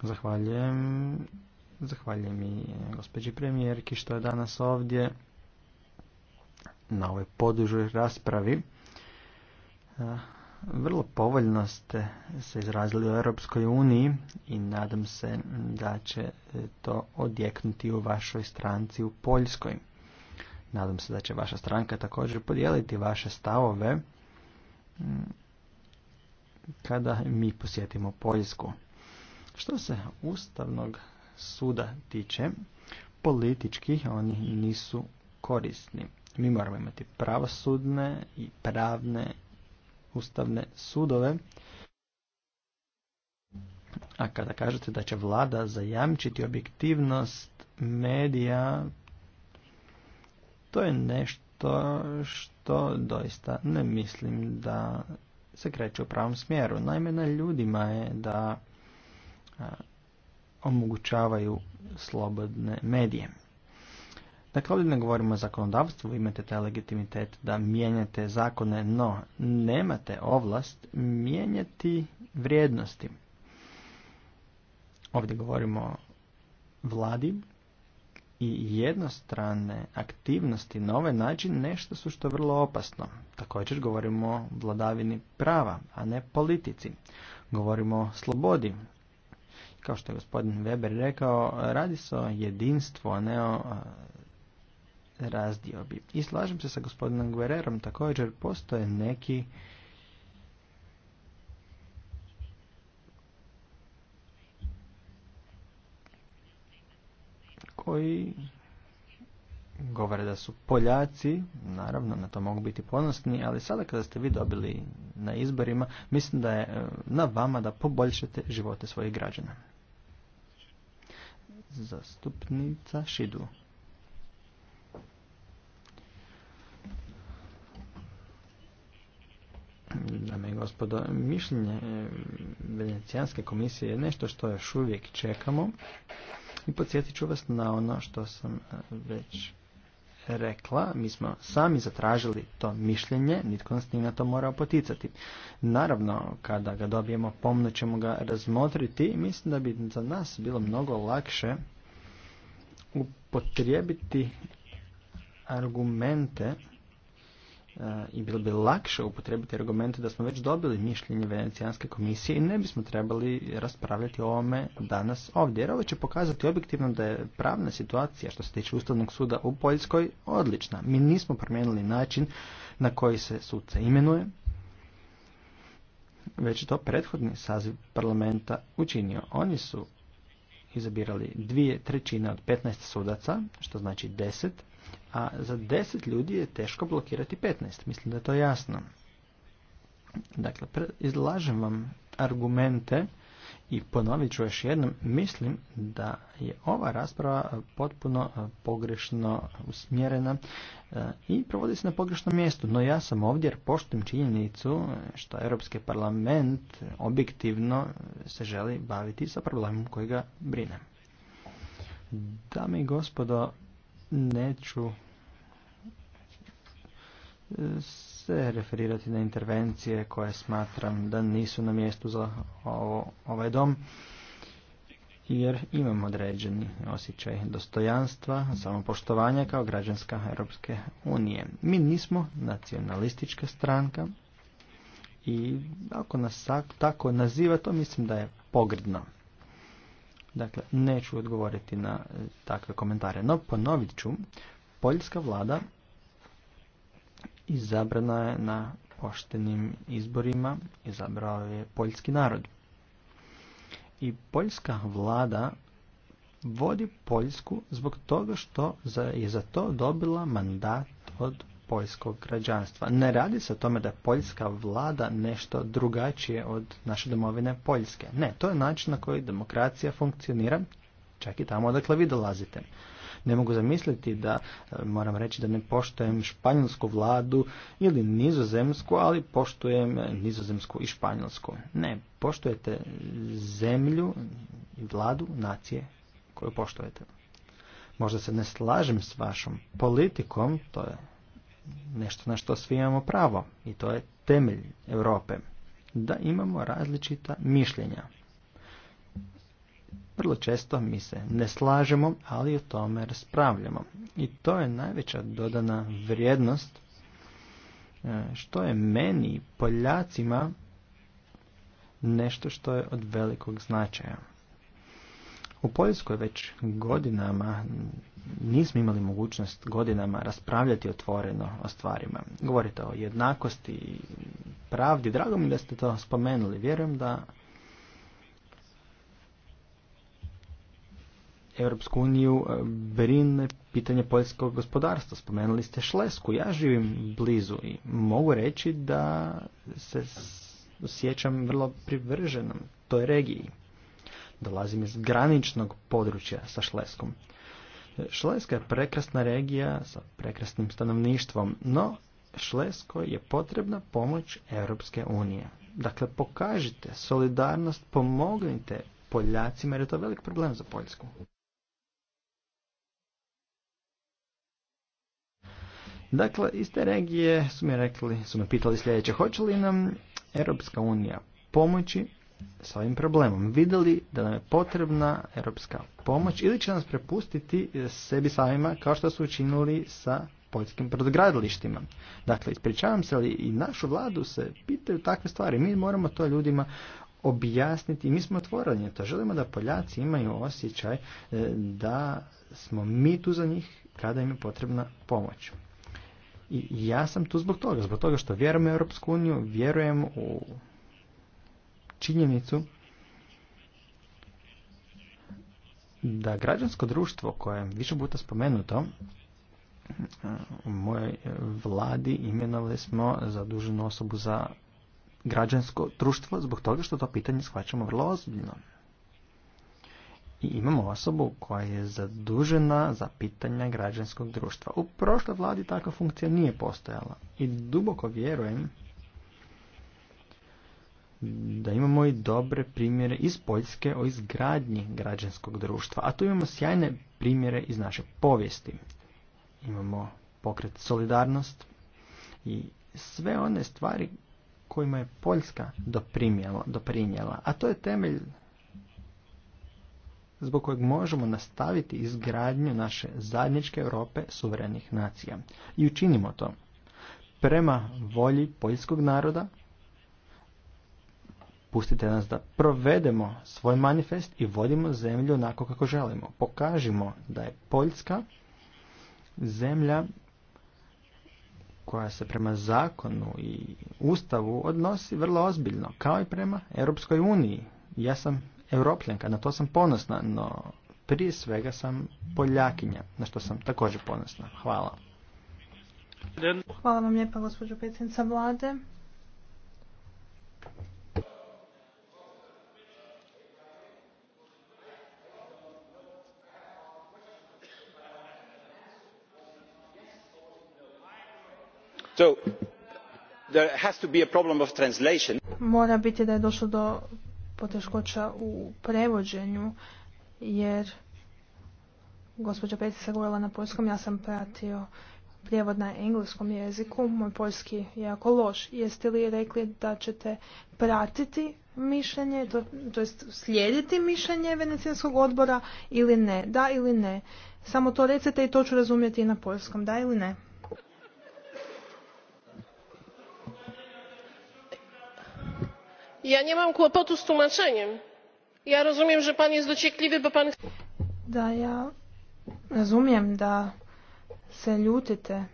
Zahvaljujem. Zahvaljujem i e, gospođi premijerki što je danas ovdje na ovoj podužoj raspravi vrlo povoljno ste se izrazili u Europskoj uniji i nadam se da će to odjeknuti u vašoj stranci u Poljskoj. Nadam se da će vaša stranka također podijeliti vaše stavove kada mi posjetimo Poljsku. Što se Ustavnog suda tiče, politički oni nisu korisni. Mi moramo imati pravosudne i pravne ustavne sudove. A kada kažete da će vlada zajamčiti objektivnost medija, to je nešto što doista ne mislim da se kreće u pravom smjeru. Naime, na ljudima je da omogućavaju slobodne medije. Dakle, ovdje ne govorimo o zakonodavstvu, imate taj legitimitet da mijenjate zakone, no nemate ovlast mijenjati vrijednosti. Ovdje govorimo o vladi i jednostrane aktivnosti na ovaj način nešto su što je vrlo opasno. Također govorimo o vladavini prava, a ne politici. Govorimo o slobodi. Kao što je gospodin Weber rekao, radi se o jedinstvu, a ne o razdiobi. I slažem se sa gospodinom Guerrerom također postoje neki koji govore da su Poljaci, naravno na to mogu biti ponosni, ali sada kada ste vi dobili na izborima, mislim da je e, na vama da poboljšate živote svojih građana. Zastupnica Šidu. Dame i gospodo, mišljenje e, Venecijanske komisije je nešto što još uvijek čekamo i podsjetit ću vas na ono što sam e, već rekla, mi smo sami zatražili to mišljenje, nitko nas nije na to morao poticati. Naravno, kada ga dobijemo pomno ćemo ga razmotriti i mislim da bi za nas bilo mnogo lakše upotrijebiti argumente i bilo bi lakše upotrebiti argumente da smo već dobili mišljenje Venecijanske komisije i ne bismo trebali raspravljati o ovome danas ovdje. Jer ovo će pokazati objektivno da je pravna situacija što se tiče Ustavnog suda u Poljskoj odlična. Mi nismo promijenili način na koji se sudca imenuje, već je to prethodni saziv parlamenta učinio. Oni su izabirali dvije trećine od 15 sudaca, što znači deset a za deset ljudi je teško blokirati petnaest. Mislim da je to jasno. Dakle, izlažem vam argumente i ponovit ću još jednom, mislim da je ova rasprava e, potpuno e, pogrešno e, usmjerena i provodi se na pogrešnom mjestu. No ja sam ovdje jer poštujem činjenicu što Europski parlament objektivno se želi baviti sa problemom kojega ga brine. Dame i gospodo, Neću e, se referirati na intervencije koje smatram da nisu na mjestu za ovo, ovaj dom jer imam određeni osjećaj dostojanstva, samopoštovanja kao građanska Europske unije. Mi nismo nacionalistička stranka i ako nas tako naziva to mislim da je pogredno. Dakle, neću odgovoriti na e, takve komentare. No, ponovit ću, poljska vlada izabrana je na poštenim izborima, izabrao je poljski narod. I poljska vlada vodi Poljsku zbog toga što je za to dobila mandat od poljskog građanstva. Ne radi se o tome da poljska vlada nešto drugačije od naše domovine Poljske. Ne, to je način na koji demokracija funkcionira, čak i tamo odakle vi dolazite. Ne mogu zamisliti da, e, moram reći da ne poštujem španjolsku vladu ili nizozemsku, ali poštujem nizozemsku i španjolsku. Ne, poštujete zemlju i vladu nacije koju poštujete. Možda se ne slažem s vašom politikom, to je nešto na što svi imamo pravo i to je temelj Europe da imamo različita mišljenja. Vrlo često mi se ne slažemo, ali o tome raspravljamo. I to je najveća dodana vrijednost e, što je meni Poljacima nešto što je od velikog značaja. U Poljskoj već godinama nismo imali mogućnost godinama raspravljati otvoreno o stvarima. Govorite o jednakosti i pravdi. Drago mi da ste to spomenuli. Vjerujem da Europsku uniju e, brine pitanje poljskog gospodarstva. Spomenuli ste Šlesku. Ja živim blizu i mogu reći da se osjećam vrlo privrženom toj regiji. Dolazim iz graničnog područja sa Šleskom. Šleska je prekrasna regija sa prekrasnim stanovništvom, no Šlesko je potrebna pomoć Europske unije. Dakle, pokažite solidarnost, pomognite Poljacima jer je to velik problem za Poljsku. Dakle, iz te regije su mi rekli, su me pitali sljedeće, hoće li nam Europska unija pomoći s ovim problemom? Vidjeli da nam je potrebna europska pomoć ili će nas prepustiti e, sebi samima kao što su učinili sa poljskim brodogradilištima. Dakle, ispričavam se, ali i našu vladu se pitaju takve stvari. Mi moramo to ljudima objasniti mi smo otvoreni to. Želimo da Poljaci imaju osjećaj e, da smo mi tu za njih kada im je potrebna pomoć. I ja sam tu zbog toga, zbog toga što vjerujem u Europsku uniju, vjerujem u činjenicu da građansko društvo koje je više puta spomenuto u mojoj vladi imenovali smo zaduženu osobu za građansko društvo zbog toga što to pitanje shvaćamo vrlo ozbiljno. I imamo osobu koja je zadužena za pitanja građanskog društva. U prošloj vladi takva funkcija nije postojala i duboko vjerujem da imamo i dobre primjere iz Poljske o izgradnji građanskog društva. A tu imamo sjajne primjere iz naše povijesti. Imamo pokret solidarnost i sve one stvari kojima je Poljska doprinjela. A to je temelj zbog kojeg možemo nastaviti izgradnju naše zajedničke Europe suverenih nacija. I učinimo to prema volji poljskog naroda, Pustite nas da provedemo svoj manifest i vodimo zemlju onako kako želimo. Pokažimo da je Poljska zemlja koja se prema zakonu i ustavu odnosi vrlo ozbiljno, kao i prema Europskoj uniji. Ja sam europljanka, na to sam ponosna, no prije svega sam poljakinja, na što sam također ponosna. Hvala. Hvala vam lijepa, gospođo predsjednica vlade. So, Mora biti da je došlo do poteškoća u prevođenju, jer gospođa Petica govorila na poljskom, ja sam pratio prijevod na engleskom jeziku, moj poljski je jako loš. Jeste li rekli da ćete pratiti mišljenje, to, jest slijediti mišljenje venecijanskog odbora ili ne? Da ili ne? Samo to recite i to ću razumjeti i na poljskom, da ili ne? ja nie mam kłopotu z tłumaczeniem ja rozumiem że pan jest dociekliwy bo pan da ja razumijem da se ljutite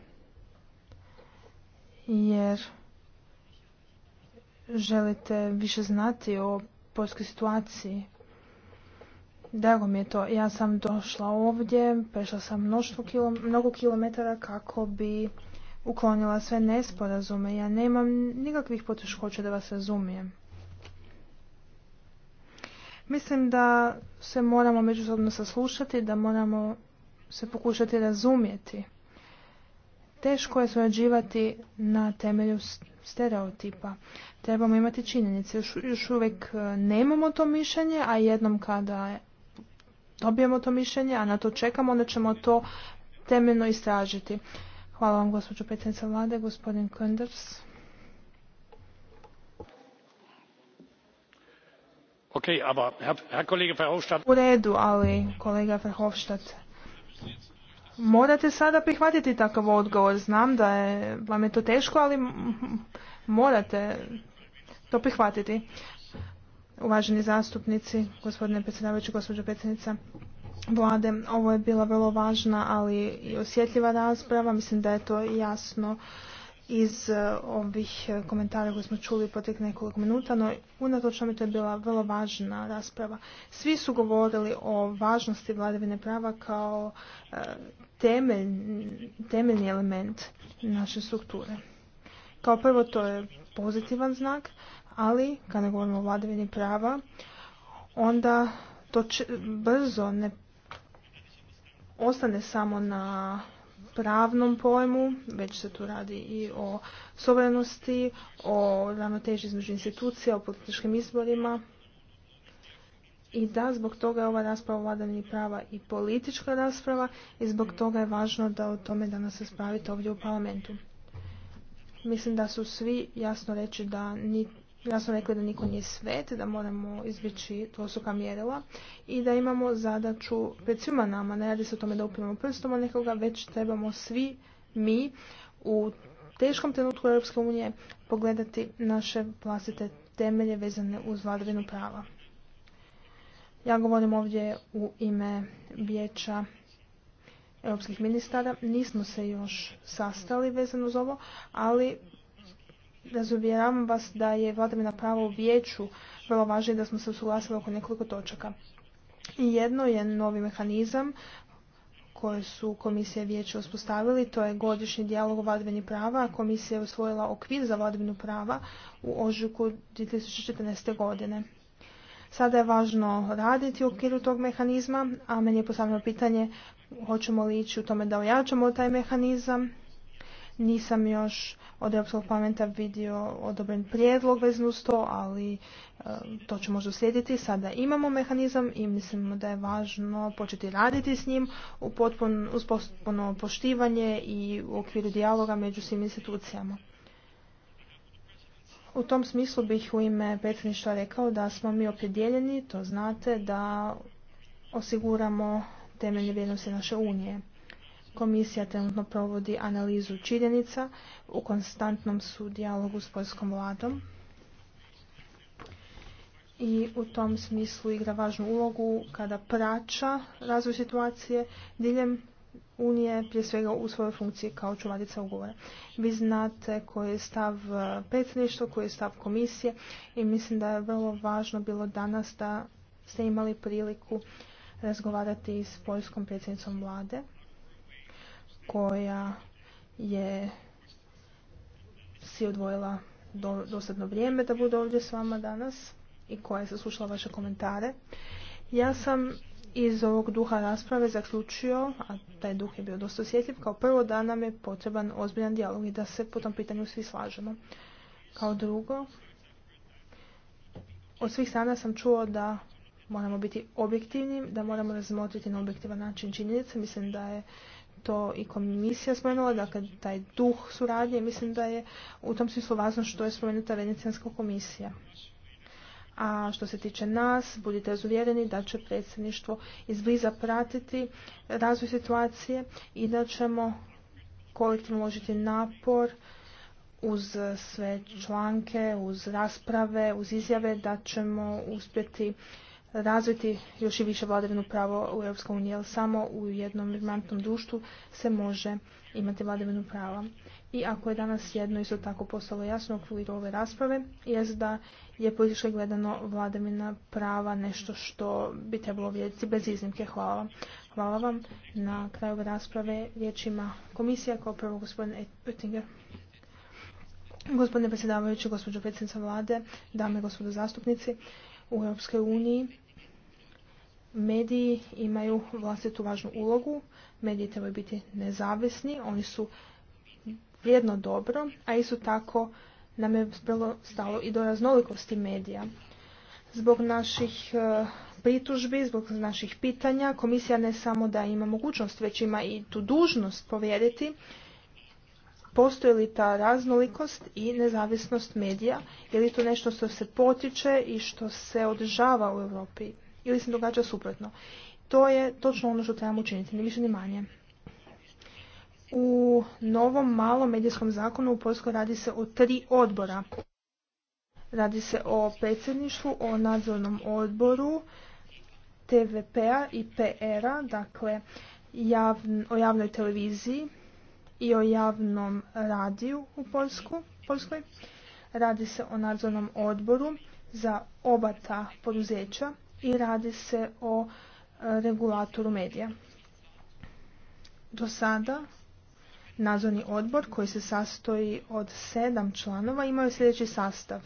jer želite više znati o poljskoj situaciji. Drago mi je to. Ja sam došla ovdje, prešla sam mnoštvo mnogo kilometara kako bi uklonila sve nesporazume. Ja nemam nikakvih poteškoća da vas razumijem. Mislim da se moramo međusobno saslušati, da moramo se pokušati razumjeti. Teško je surađivati na temelju stereotipa. Trebamo imati činjenice. Još, uvijek e, nemamo to mišljenje, a jednom kada dobijemo to mišljenje, a na to čekamo, onda ćemo to temeljno istražiti. Hvala vam, gospođo predsjednica vlade, gospodin Kunders. U redu, ali kolega Verhofstadt, morate sada prihvatiti takav odgovor. Znam da je, vam je to teško, ali morate to prihvatiti. Uvaženi zastupnici, gospodine predsjedavajući, gospođo predsjednica vlade, ovo je bila vrlo važna, ali i osjetljiva rasprava. Mislim da je to jasno iz e, ovih e, komentara koje smo čuli protek nekoliko minuta, no unatoč to je bila vrlo važna rasprava. Svi su govorili o važnosti vladavine prava kao e, temelj, temeljni element naše strukture. Kao prvo to je pozitivan znak, ali kada govorimo o vladavini prava, onda to brzo ne ostane samo na pravnom pojmu, već se tu radi i o sovrenosti, o ravnoteži između institucija, o političkim izborima. I da, zbog toga je ova rasprava o prava i politička rasprava i zbog toga je važno da o tome danas raspravite ovdje u parlamentu. Mislim da su svi jasno reći da ni ja sam rekla da niko nije svet, da moramo izbjeći dvostruka mjerila i da imamo zadaću pred svima nama. Ne radi se o tome da upiramo prstom od nekoga, već trebamo svi mi u teškom trenutku Europske unije pogledati naše vlastite temelje vezane uz vladavinu prava. Ja govorim ovdje u ime vijeća europskih ministara. Nismo se još sastali vezano uz ovo, ali razuvjeravam vas da je vladavina prava u vijeću vrlo važno i da smo se usuglasili oko nekoliko točaka. Jedno je novi mehanizam koje su komisije vijeće uspostavili, to je godišnji dijalog o vladavini prava. Komisija je usvojila okvir za vladavinu prava u ožujku 2014. godine. Sada je važno raditi u okviru tog mehanizma, a meni je postavljeno pitanje hoćemo li ići u tome da ojačamo taj mehanizam nisam još od Europskog parlamenta vidio odobren prijedlog vezno uz to, ali e, to će možda slijediti. Sada imamo mehanizam i mislimo da je važno početi raditi s njim u uz potpuno poštivanje i u okviru dijaloga među svim institucijama. U tom smislu bih u ime predsjedništva rekao da smo mi opredjeljeni, to znate, da osiguramo temeljne vrijednosti naše unije. Komisija trenutno provodi analizu činjenica u konstantnom su dijalogu s poljskom vladom i u tom smislu igra važnu ulogu kada praća razvoj situacije diljem Unije, prije svega u svojoj funkciji kao čuvarica ugovora. Vi znate koji je stav eh, predsjedništva, koji je stav komisije i mislim da je vrlo važno bilo danas da ste imali priliku razgovarati s poljskom predsjednicom vlade koja je si odvojila do, dosadno vrijeme da bude ovdje s vama danas i koja je saslušala vaše komentare. Ja sam iz ovog duha rasprave zaključio, a taj duh je bio dosta osjetljiv, kao prvo da nam je potreban ozbiljan dijalog i da se po tom pitanju svi slažemo. Kao drugo, od svih strana sam čuo da moramo biti objektivni, da moramo razmotriti na objektivan način činjenice. Mislim da je to i komisija spomenula, dakle taj duh suradnje, mislim da je u tom smislu važno što je spomenuta Venecijanska komisija. A što se tiče nas, budite razuvjereni da će predsjedništvo izbliza pratiti razvoj situacije i da ćemo kolektivno uložiti napor uz sve članke, uz rasprave, uz izjave da ćemo uspjeti razviti još i više vladavinu pravo u EU, jer samo u jednom migrantnom društvu se može imati vladavinu prava. I ako je danas jedno isto tako postalo jasno u okviru ove rasprave, je da je politički gledano vladavina prava nešto što bi trebalo vjeriti bez iznimke. Hvala. Hvala vam. Na kraju ove rasprave riječ ima komisija kao prvo gospodin Oettinger. Gospodine predsjedavajući, gospođo predsjednica vlade, dame i gospodo zastupnici, u Europskoj uniji mediji imaju vlastitu važnu ulogu, mediji trebaju biti nezavisni, oni su vrijedno dobro, a isto tako nam je vrlo stalo i do raznolikosti medija. Zbog naših e, pritužbi, zbog naših pitanja, komisija ne samo da ima mogućnost, već ima i tu dužnost povjeriti Postoji li ta raznolikost i nezavisnost medija? Je li to nešto što se potiče i što se održava u Europi? Ili se događa suprotno? To je točno ono što trebamo učiniti, ni više ni manje. U novom malom medijskom zakonu u Poljskoj radi se o tri odbora. Radi se o predsjedništvu, o nadzornom odboru TVP-a i PR-a, dakle o javnoj televiziji, i o javnom radiju u Polsku, Polskoj. Radi se o nadzornom odboru za oba ta poduzeća i radi se o e, regulatoru medija. Do sada nadzorni odbor koji se sastoji od sedam članova imao je sljedeći sastav.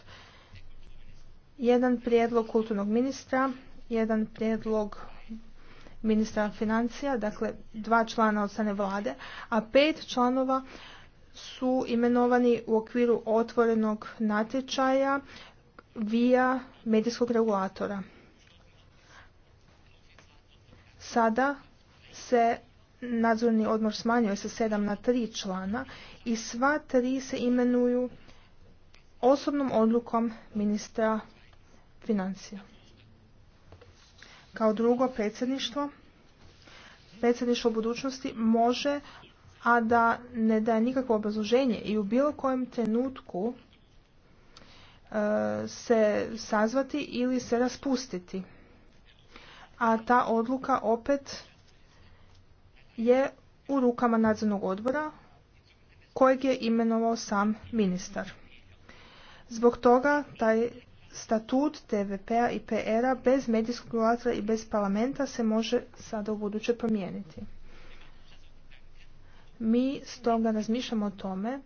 Jedan prijedlog kulturnog ministra, jedan prijedlog ministra financija, dakle dva člana od strane vlade, a pet članova su imenovani u okviru otvorenog natječaja via medijskog regulatora. Sada se nadzorni odmor smanjuje sa sedam na tri člana i sva tri se imenuju osobnom odlukom ministra financija. Kao drugo, predsjedništvo. Predsjedništvo budućnosti može, a da ne daje nikakvo obrazloženje i u bilo kojem trenutku e, se sazvati ili se raspustiti. A ta odluka opet je u rukama nadzornog odbora kojeg je imenovao sam ministar. Zbog toga taj statut TVP-a i PR-a bez medijskog regulatora i bez parlamenta se može sada u buduće promijeniti. Mi stoga razmišljamo o tome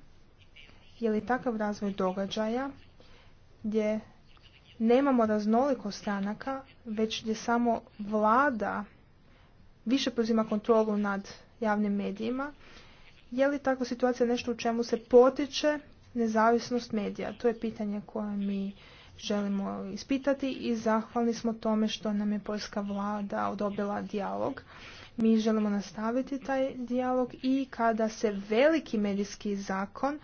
je li takav razvoj događaja gdje nemamo raznoliko stranaka, već gdje samo vlada više preuzima kontrolu nad javnim medijima, je li takva situacija nešto u čemu se potiče nezavisnost medija? To je pitanje koje mi želimo ispitati i zahvalni smo tome što nam je poljska vlada odobila dijalog. Mi želimo nastaviti taj dijalog i kada se veliki medijski zakon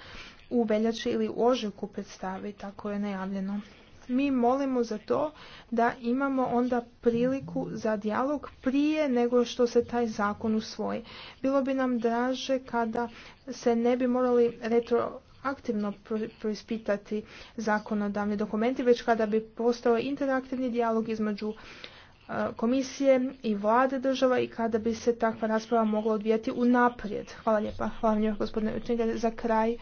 u veljači ili u ožujku predstavi, tako je najavljeno. Mi molimo za to da imamo onda priliku za dijalog prije nego što se taj zakon usvoji. Bilo bi nam draže kada se ne bi morali retro aktivno proispitati zakonodavni dokumenti, već kada bi postao interaktivni dijalog između e, komisije i vlade država i kada bi se takva rasprava mogla odvijati u naprijed. Hvala lijepa. Hvala vam gospodine Učenjelj. Za kraj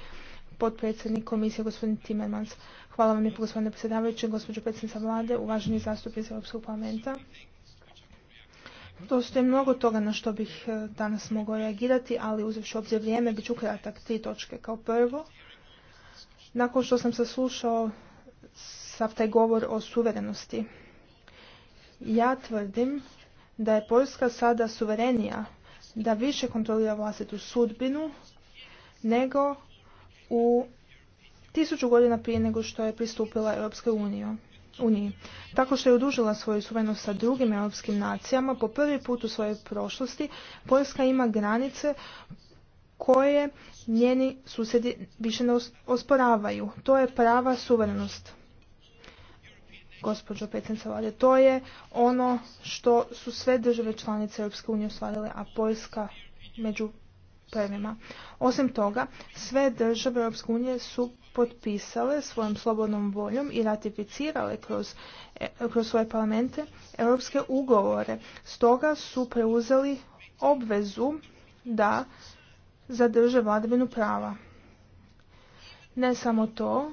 potpredsjednik komisije gospodin Timmermans. Hvala vam lijepo gospodine predsjedavajući, gospođo predsjednica vlade, uvaženi zastupnici Europskog parlamenta. Postoji mnogo toga na što bih e, danas mogao reagirati, ali uzevši obzir vrijeme, bit ću kratak. Tri točke. Kao prvo, nakon što sam saslušao sav taj govor o suverenosti. Ja tvrdim da je Poljska sada suverenija, da više kontrolira vlastitu sudbinu nego u tisuću godina prije nego što je pristupila Europskoj uniji. Tako što je odužila svoju suverenost sa drugim europskim nacijama, po prvi put u svojoj prošlosti Poljska ima granice koje njeni susjedi više ne osporavaju. To je prava suverenost. Gospođo predsjednice Vlade, to je ono što su sve države članice Europske unije ostvarile, a Poljska među prvima. Osim toga, sve države Europske unije su potpisale svojom slobodnom voljom i ratificirale kroz, e, kroz svoje parlamente europske ugovore. Stoga su preuzeli obvezu da zadrže vladavinu prava. Ne samo to,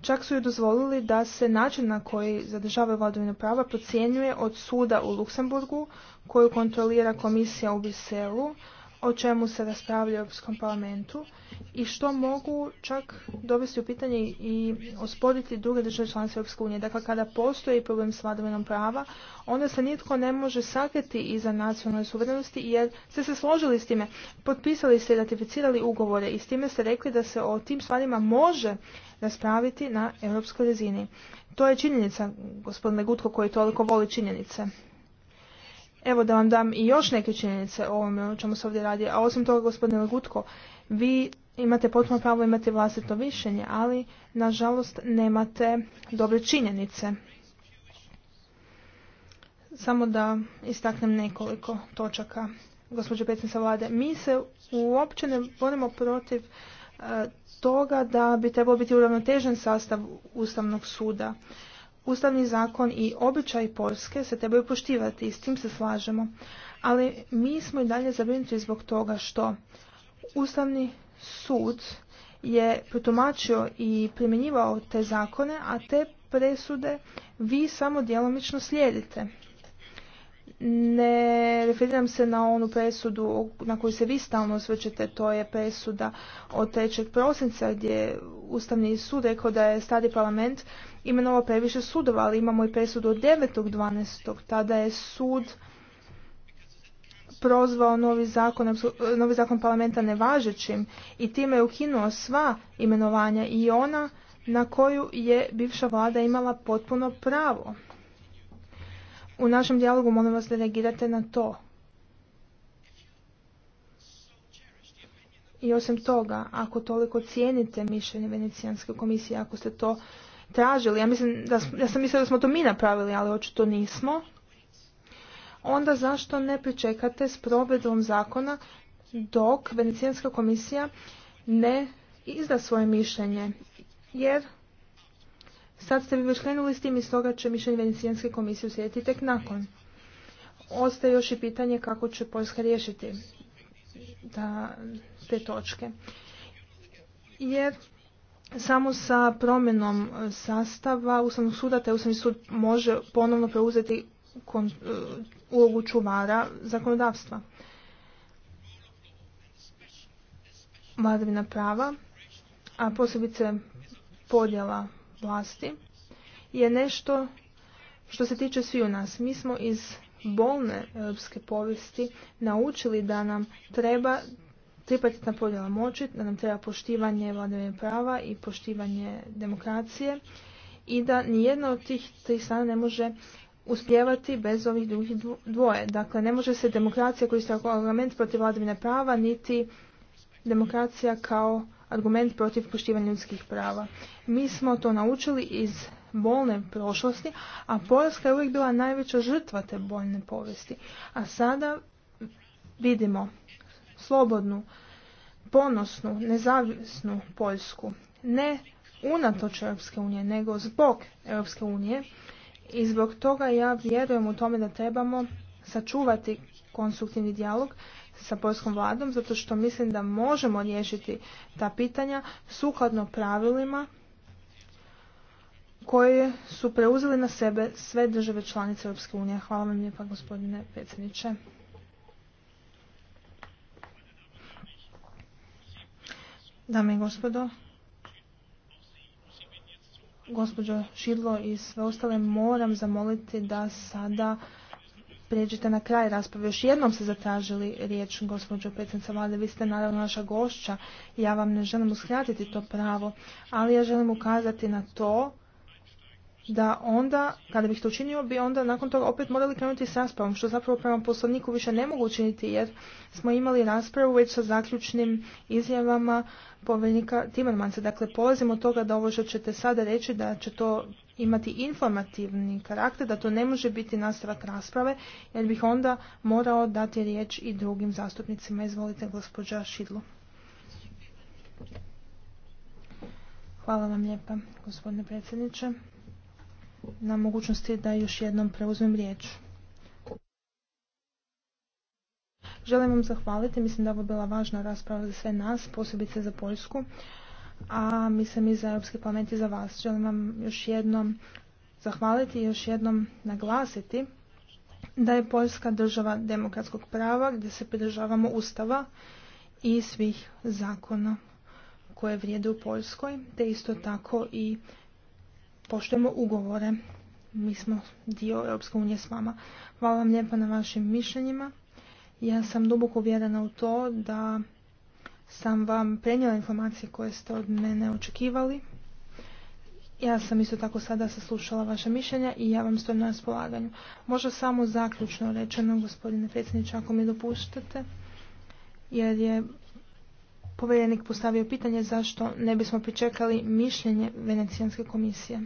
Čak su joj dozvolili da se način na koji zadržavaju vladavinu prava procjenjuje od suda u Luksemburgu koju kontrolira komisija u Briselu, o čemu se raspravlja u Europskom parlamentu i što mogu čak dovesti u pitanje i osporiti druge države članice Europske unije. Dakle, kada postoji problem s vladavinom prava, onda se nitko ne može sakriti iza nacionalne suverenosti jer ste se složili s time, potpisali ste i ratificirali ugovore i s time ste rekli da se o tim stvarima može raspraviti na europskoj razini. To je činjenica, gospodine Gutko, koji toliko voli činjenice. Evo da vam dam i još neke činjenice o ovome o čemu se ovdje radi. A osim toga, gospodine Legutko, vi imate potpuno pravo imati vlastito mišljenje, ali nažalost nemate dobre činjenice. Samo da istaknem nekoliko točaka. Gospođo predsjednica vlade, mi se uopće ne borimo protiv eh, toga da bi trebao biti uravnotežen sastav Ustavnog suda ustavni zakon i običaj Polske se trebaju poštivati i s tim se slažemo. Ali mi smo i dalje zabrinuti zbog toga što ustavni sud je protumačio i primjenjivao te zakone, a te presude vi samo djelomično slijedite. Ne referiram se na onu presudu na koju se vi stalno osvrćete, to je presuda od 3. prosinca gdje je Ustavni sud rekao da je stari parlament imenovao previše sudova, ali imamo i presudu od 9.12. Tada je sud prozvao novi zakon, novi zakon parlamenta nevažećim i time je ukinuo sva imenovanja i ona na koju je bivša vlada imala potpuno pravo. U našem dijalogu molim vas da reagirate na to. I osim toga, ako toliko cijenite mišljenje Venecijanske komisije, ako ste to tražili, ja, mislim da, ja sam mislila da smo to mi napravili, ali očito nismo, onda zašto ne pričekate s provedbom zakona dok Venecijanska komisija ne izda svoje mišljenje? Jer sad ste vi već krenuli s tim i stoga će mišljenje Venecijanske komisije uslijediti tek nakon. Ostaje još i pitanje kako će Poljska riješiti da, te točke. Jer samo sa promjenom e, sastava Ustavnog suda, te Ustavni sud može ponovno preuzeti e, ulogu čuvara zakonodavstva. Vladavina prava, a posebice podjela vlasti, je nešto što se tiče svi u nas. Mi smo iz bolne europske povijesti naučili da nam treba tripartitna podjela moći, da nam treba poštivanje vladavine prava i poštivanje demokracije i da nijedna od tih tri strana ne može uspjevati bez ovih drugih dvoje. Dakle, ne može se demokracija koristiti kao argument protiv vladavine prava, niti demokracija kao argument protiv poštivanja ljudskih prava. Mi smo to naučili iz bolne prošlosti, a Poljska je uvijek bila najveća žrtva te boljne povijesti. A sada vidimo slobodnu, ponosnu, nezavisnu Poljsku. Ne unatoč Europske unije, nego zbog Europske unije i zbog toga ja vjerujem u tome da trebamo sačuvati konstruktivni dijalog sa poljskom vladom, zato što mislim da možemo riješiti ta pitanja sukladno pravilima koje su preuzeli na sebe sve države članice Europske unije. Hvala vam lijepa gospodine predsjedniče. Dame i gospodo, gospođo Šidlo i sve ostale moram zamoliti da sada prijeđete na kraj rasprave. Još jednom ste zatražili riječ, gospođo predsjednica vlade. Vi ste naravno naša gošća. Ja vam ne želim uskratiti to pravo, ali ja želim ukazati na to da onda, kada bih to učinio, bi onda nakon toga opet morali krenuti s raspravom, što zapravo prema poslovniku više ne mogu učiniti jer smo imali raspravu već sa zaključnim izjavama povjerenika Timmermansa. Dakle, polazimo od toga da ovo što ćete sada reći da će to imati informativni karakter, da to ne može biti nastavak rasprave, jer bih onda morao dati riječ i drugim zastupnicima. Izvolite, gospođa Šidlu. Hvala vam lijepa, gospodine predsjedniče na mogućnosti da još jednom preuzmem riječ. Želim vam zahvaliti, mislim da ovo bila važna rasprava za sve nas, posebice za Poljsku, a mislim i za Europski parlament i za vas. Želim vam još jednom zahvaliti i još jednom naglasiti da je Poljska država demokratskog prava gdje se pridržavamo Ustava i svih zakona koje vrijede u Poljskoj, te isto tako i poštujemo ugovore. Mi smo dio Europske unije s vama. Hvala vam lijepa na vašim mišljenjima. Ja sam duboko uvjerena u to da sam vam prenijela informacije koje ste od mene očekivali. Ja sam isto tako sada saslušala vaše mišljenja i ja vam stojim na raspolaganju. Možda samo zaključno rečeno, gospodine predsjedniče, ako mi dopuštate, jer je povjerenik postavio pitanje zašto ne bismo pričekali mišljenje Venecijanske komisije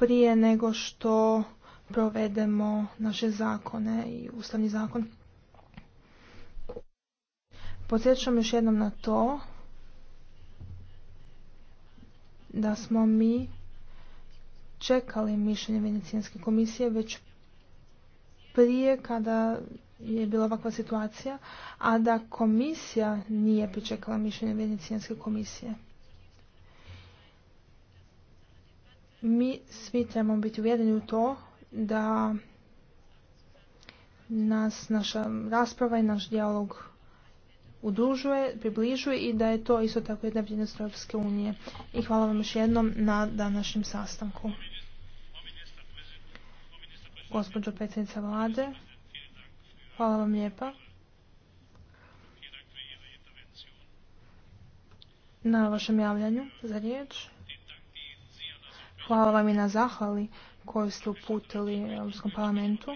prije nego što provedemo naše zakone i ustavni zakon. Podsjećam još jednom na to da smo mi čekali mišljenje medicinske komisije već prije kada je bila ovakva situacija, a da komisija nije pričekala mišljenje medicinske komisije. Mi svi trebamo biti uvjereni u to da nas naša rasprava i naš dijalog udružuje, približuje i da je to isto tako jedna vrijednost Europske unije. I hvala vam još jednom na današnjem sastanku. Gospođo predsjednica vlade, hvala vam lijepa. Na vašem javljanju za riječ. Hvala vam i na zahvali koju ste uputili Europskom parlamentu.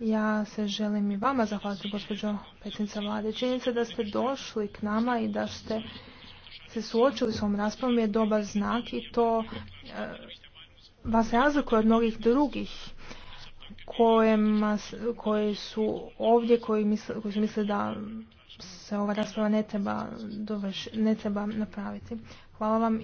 Ja se želim i vama zahvaliti, gospođo predsjednica vlade. Činjenica da ste došli k nama i da ste se suočili s ovom raspravom je dobar znak i to e, vas razlikuje od mnogih drugih koji su ovdje, koji, misle, su misle da se ova rasprava ne treba, ne treba napraviti. Hvala vam.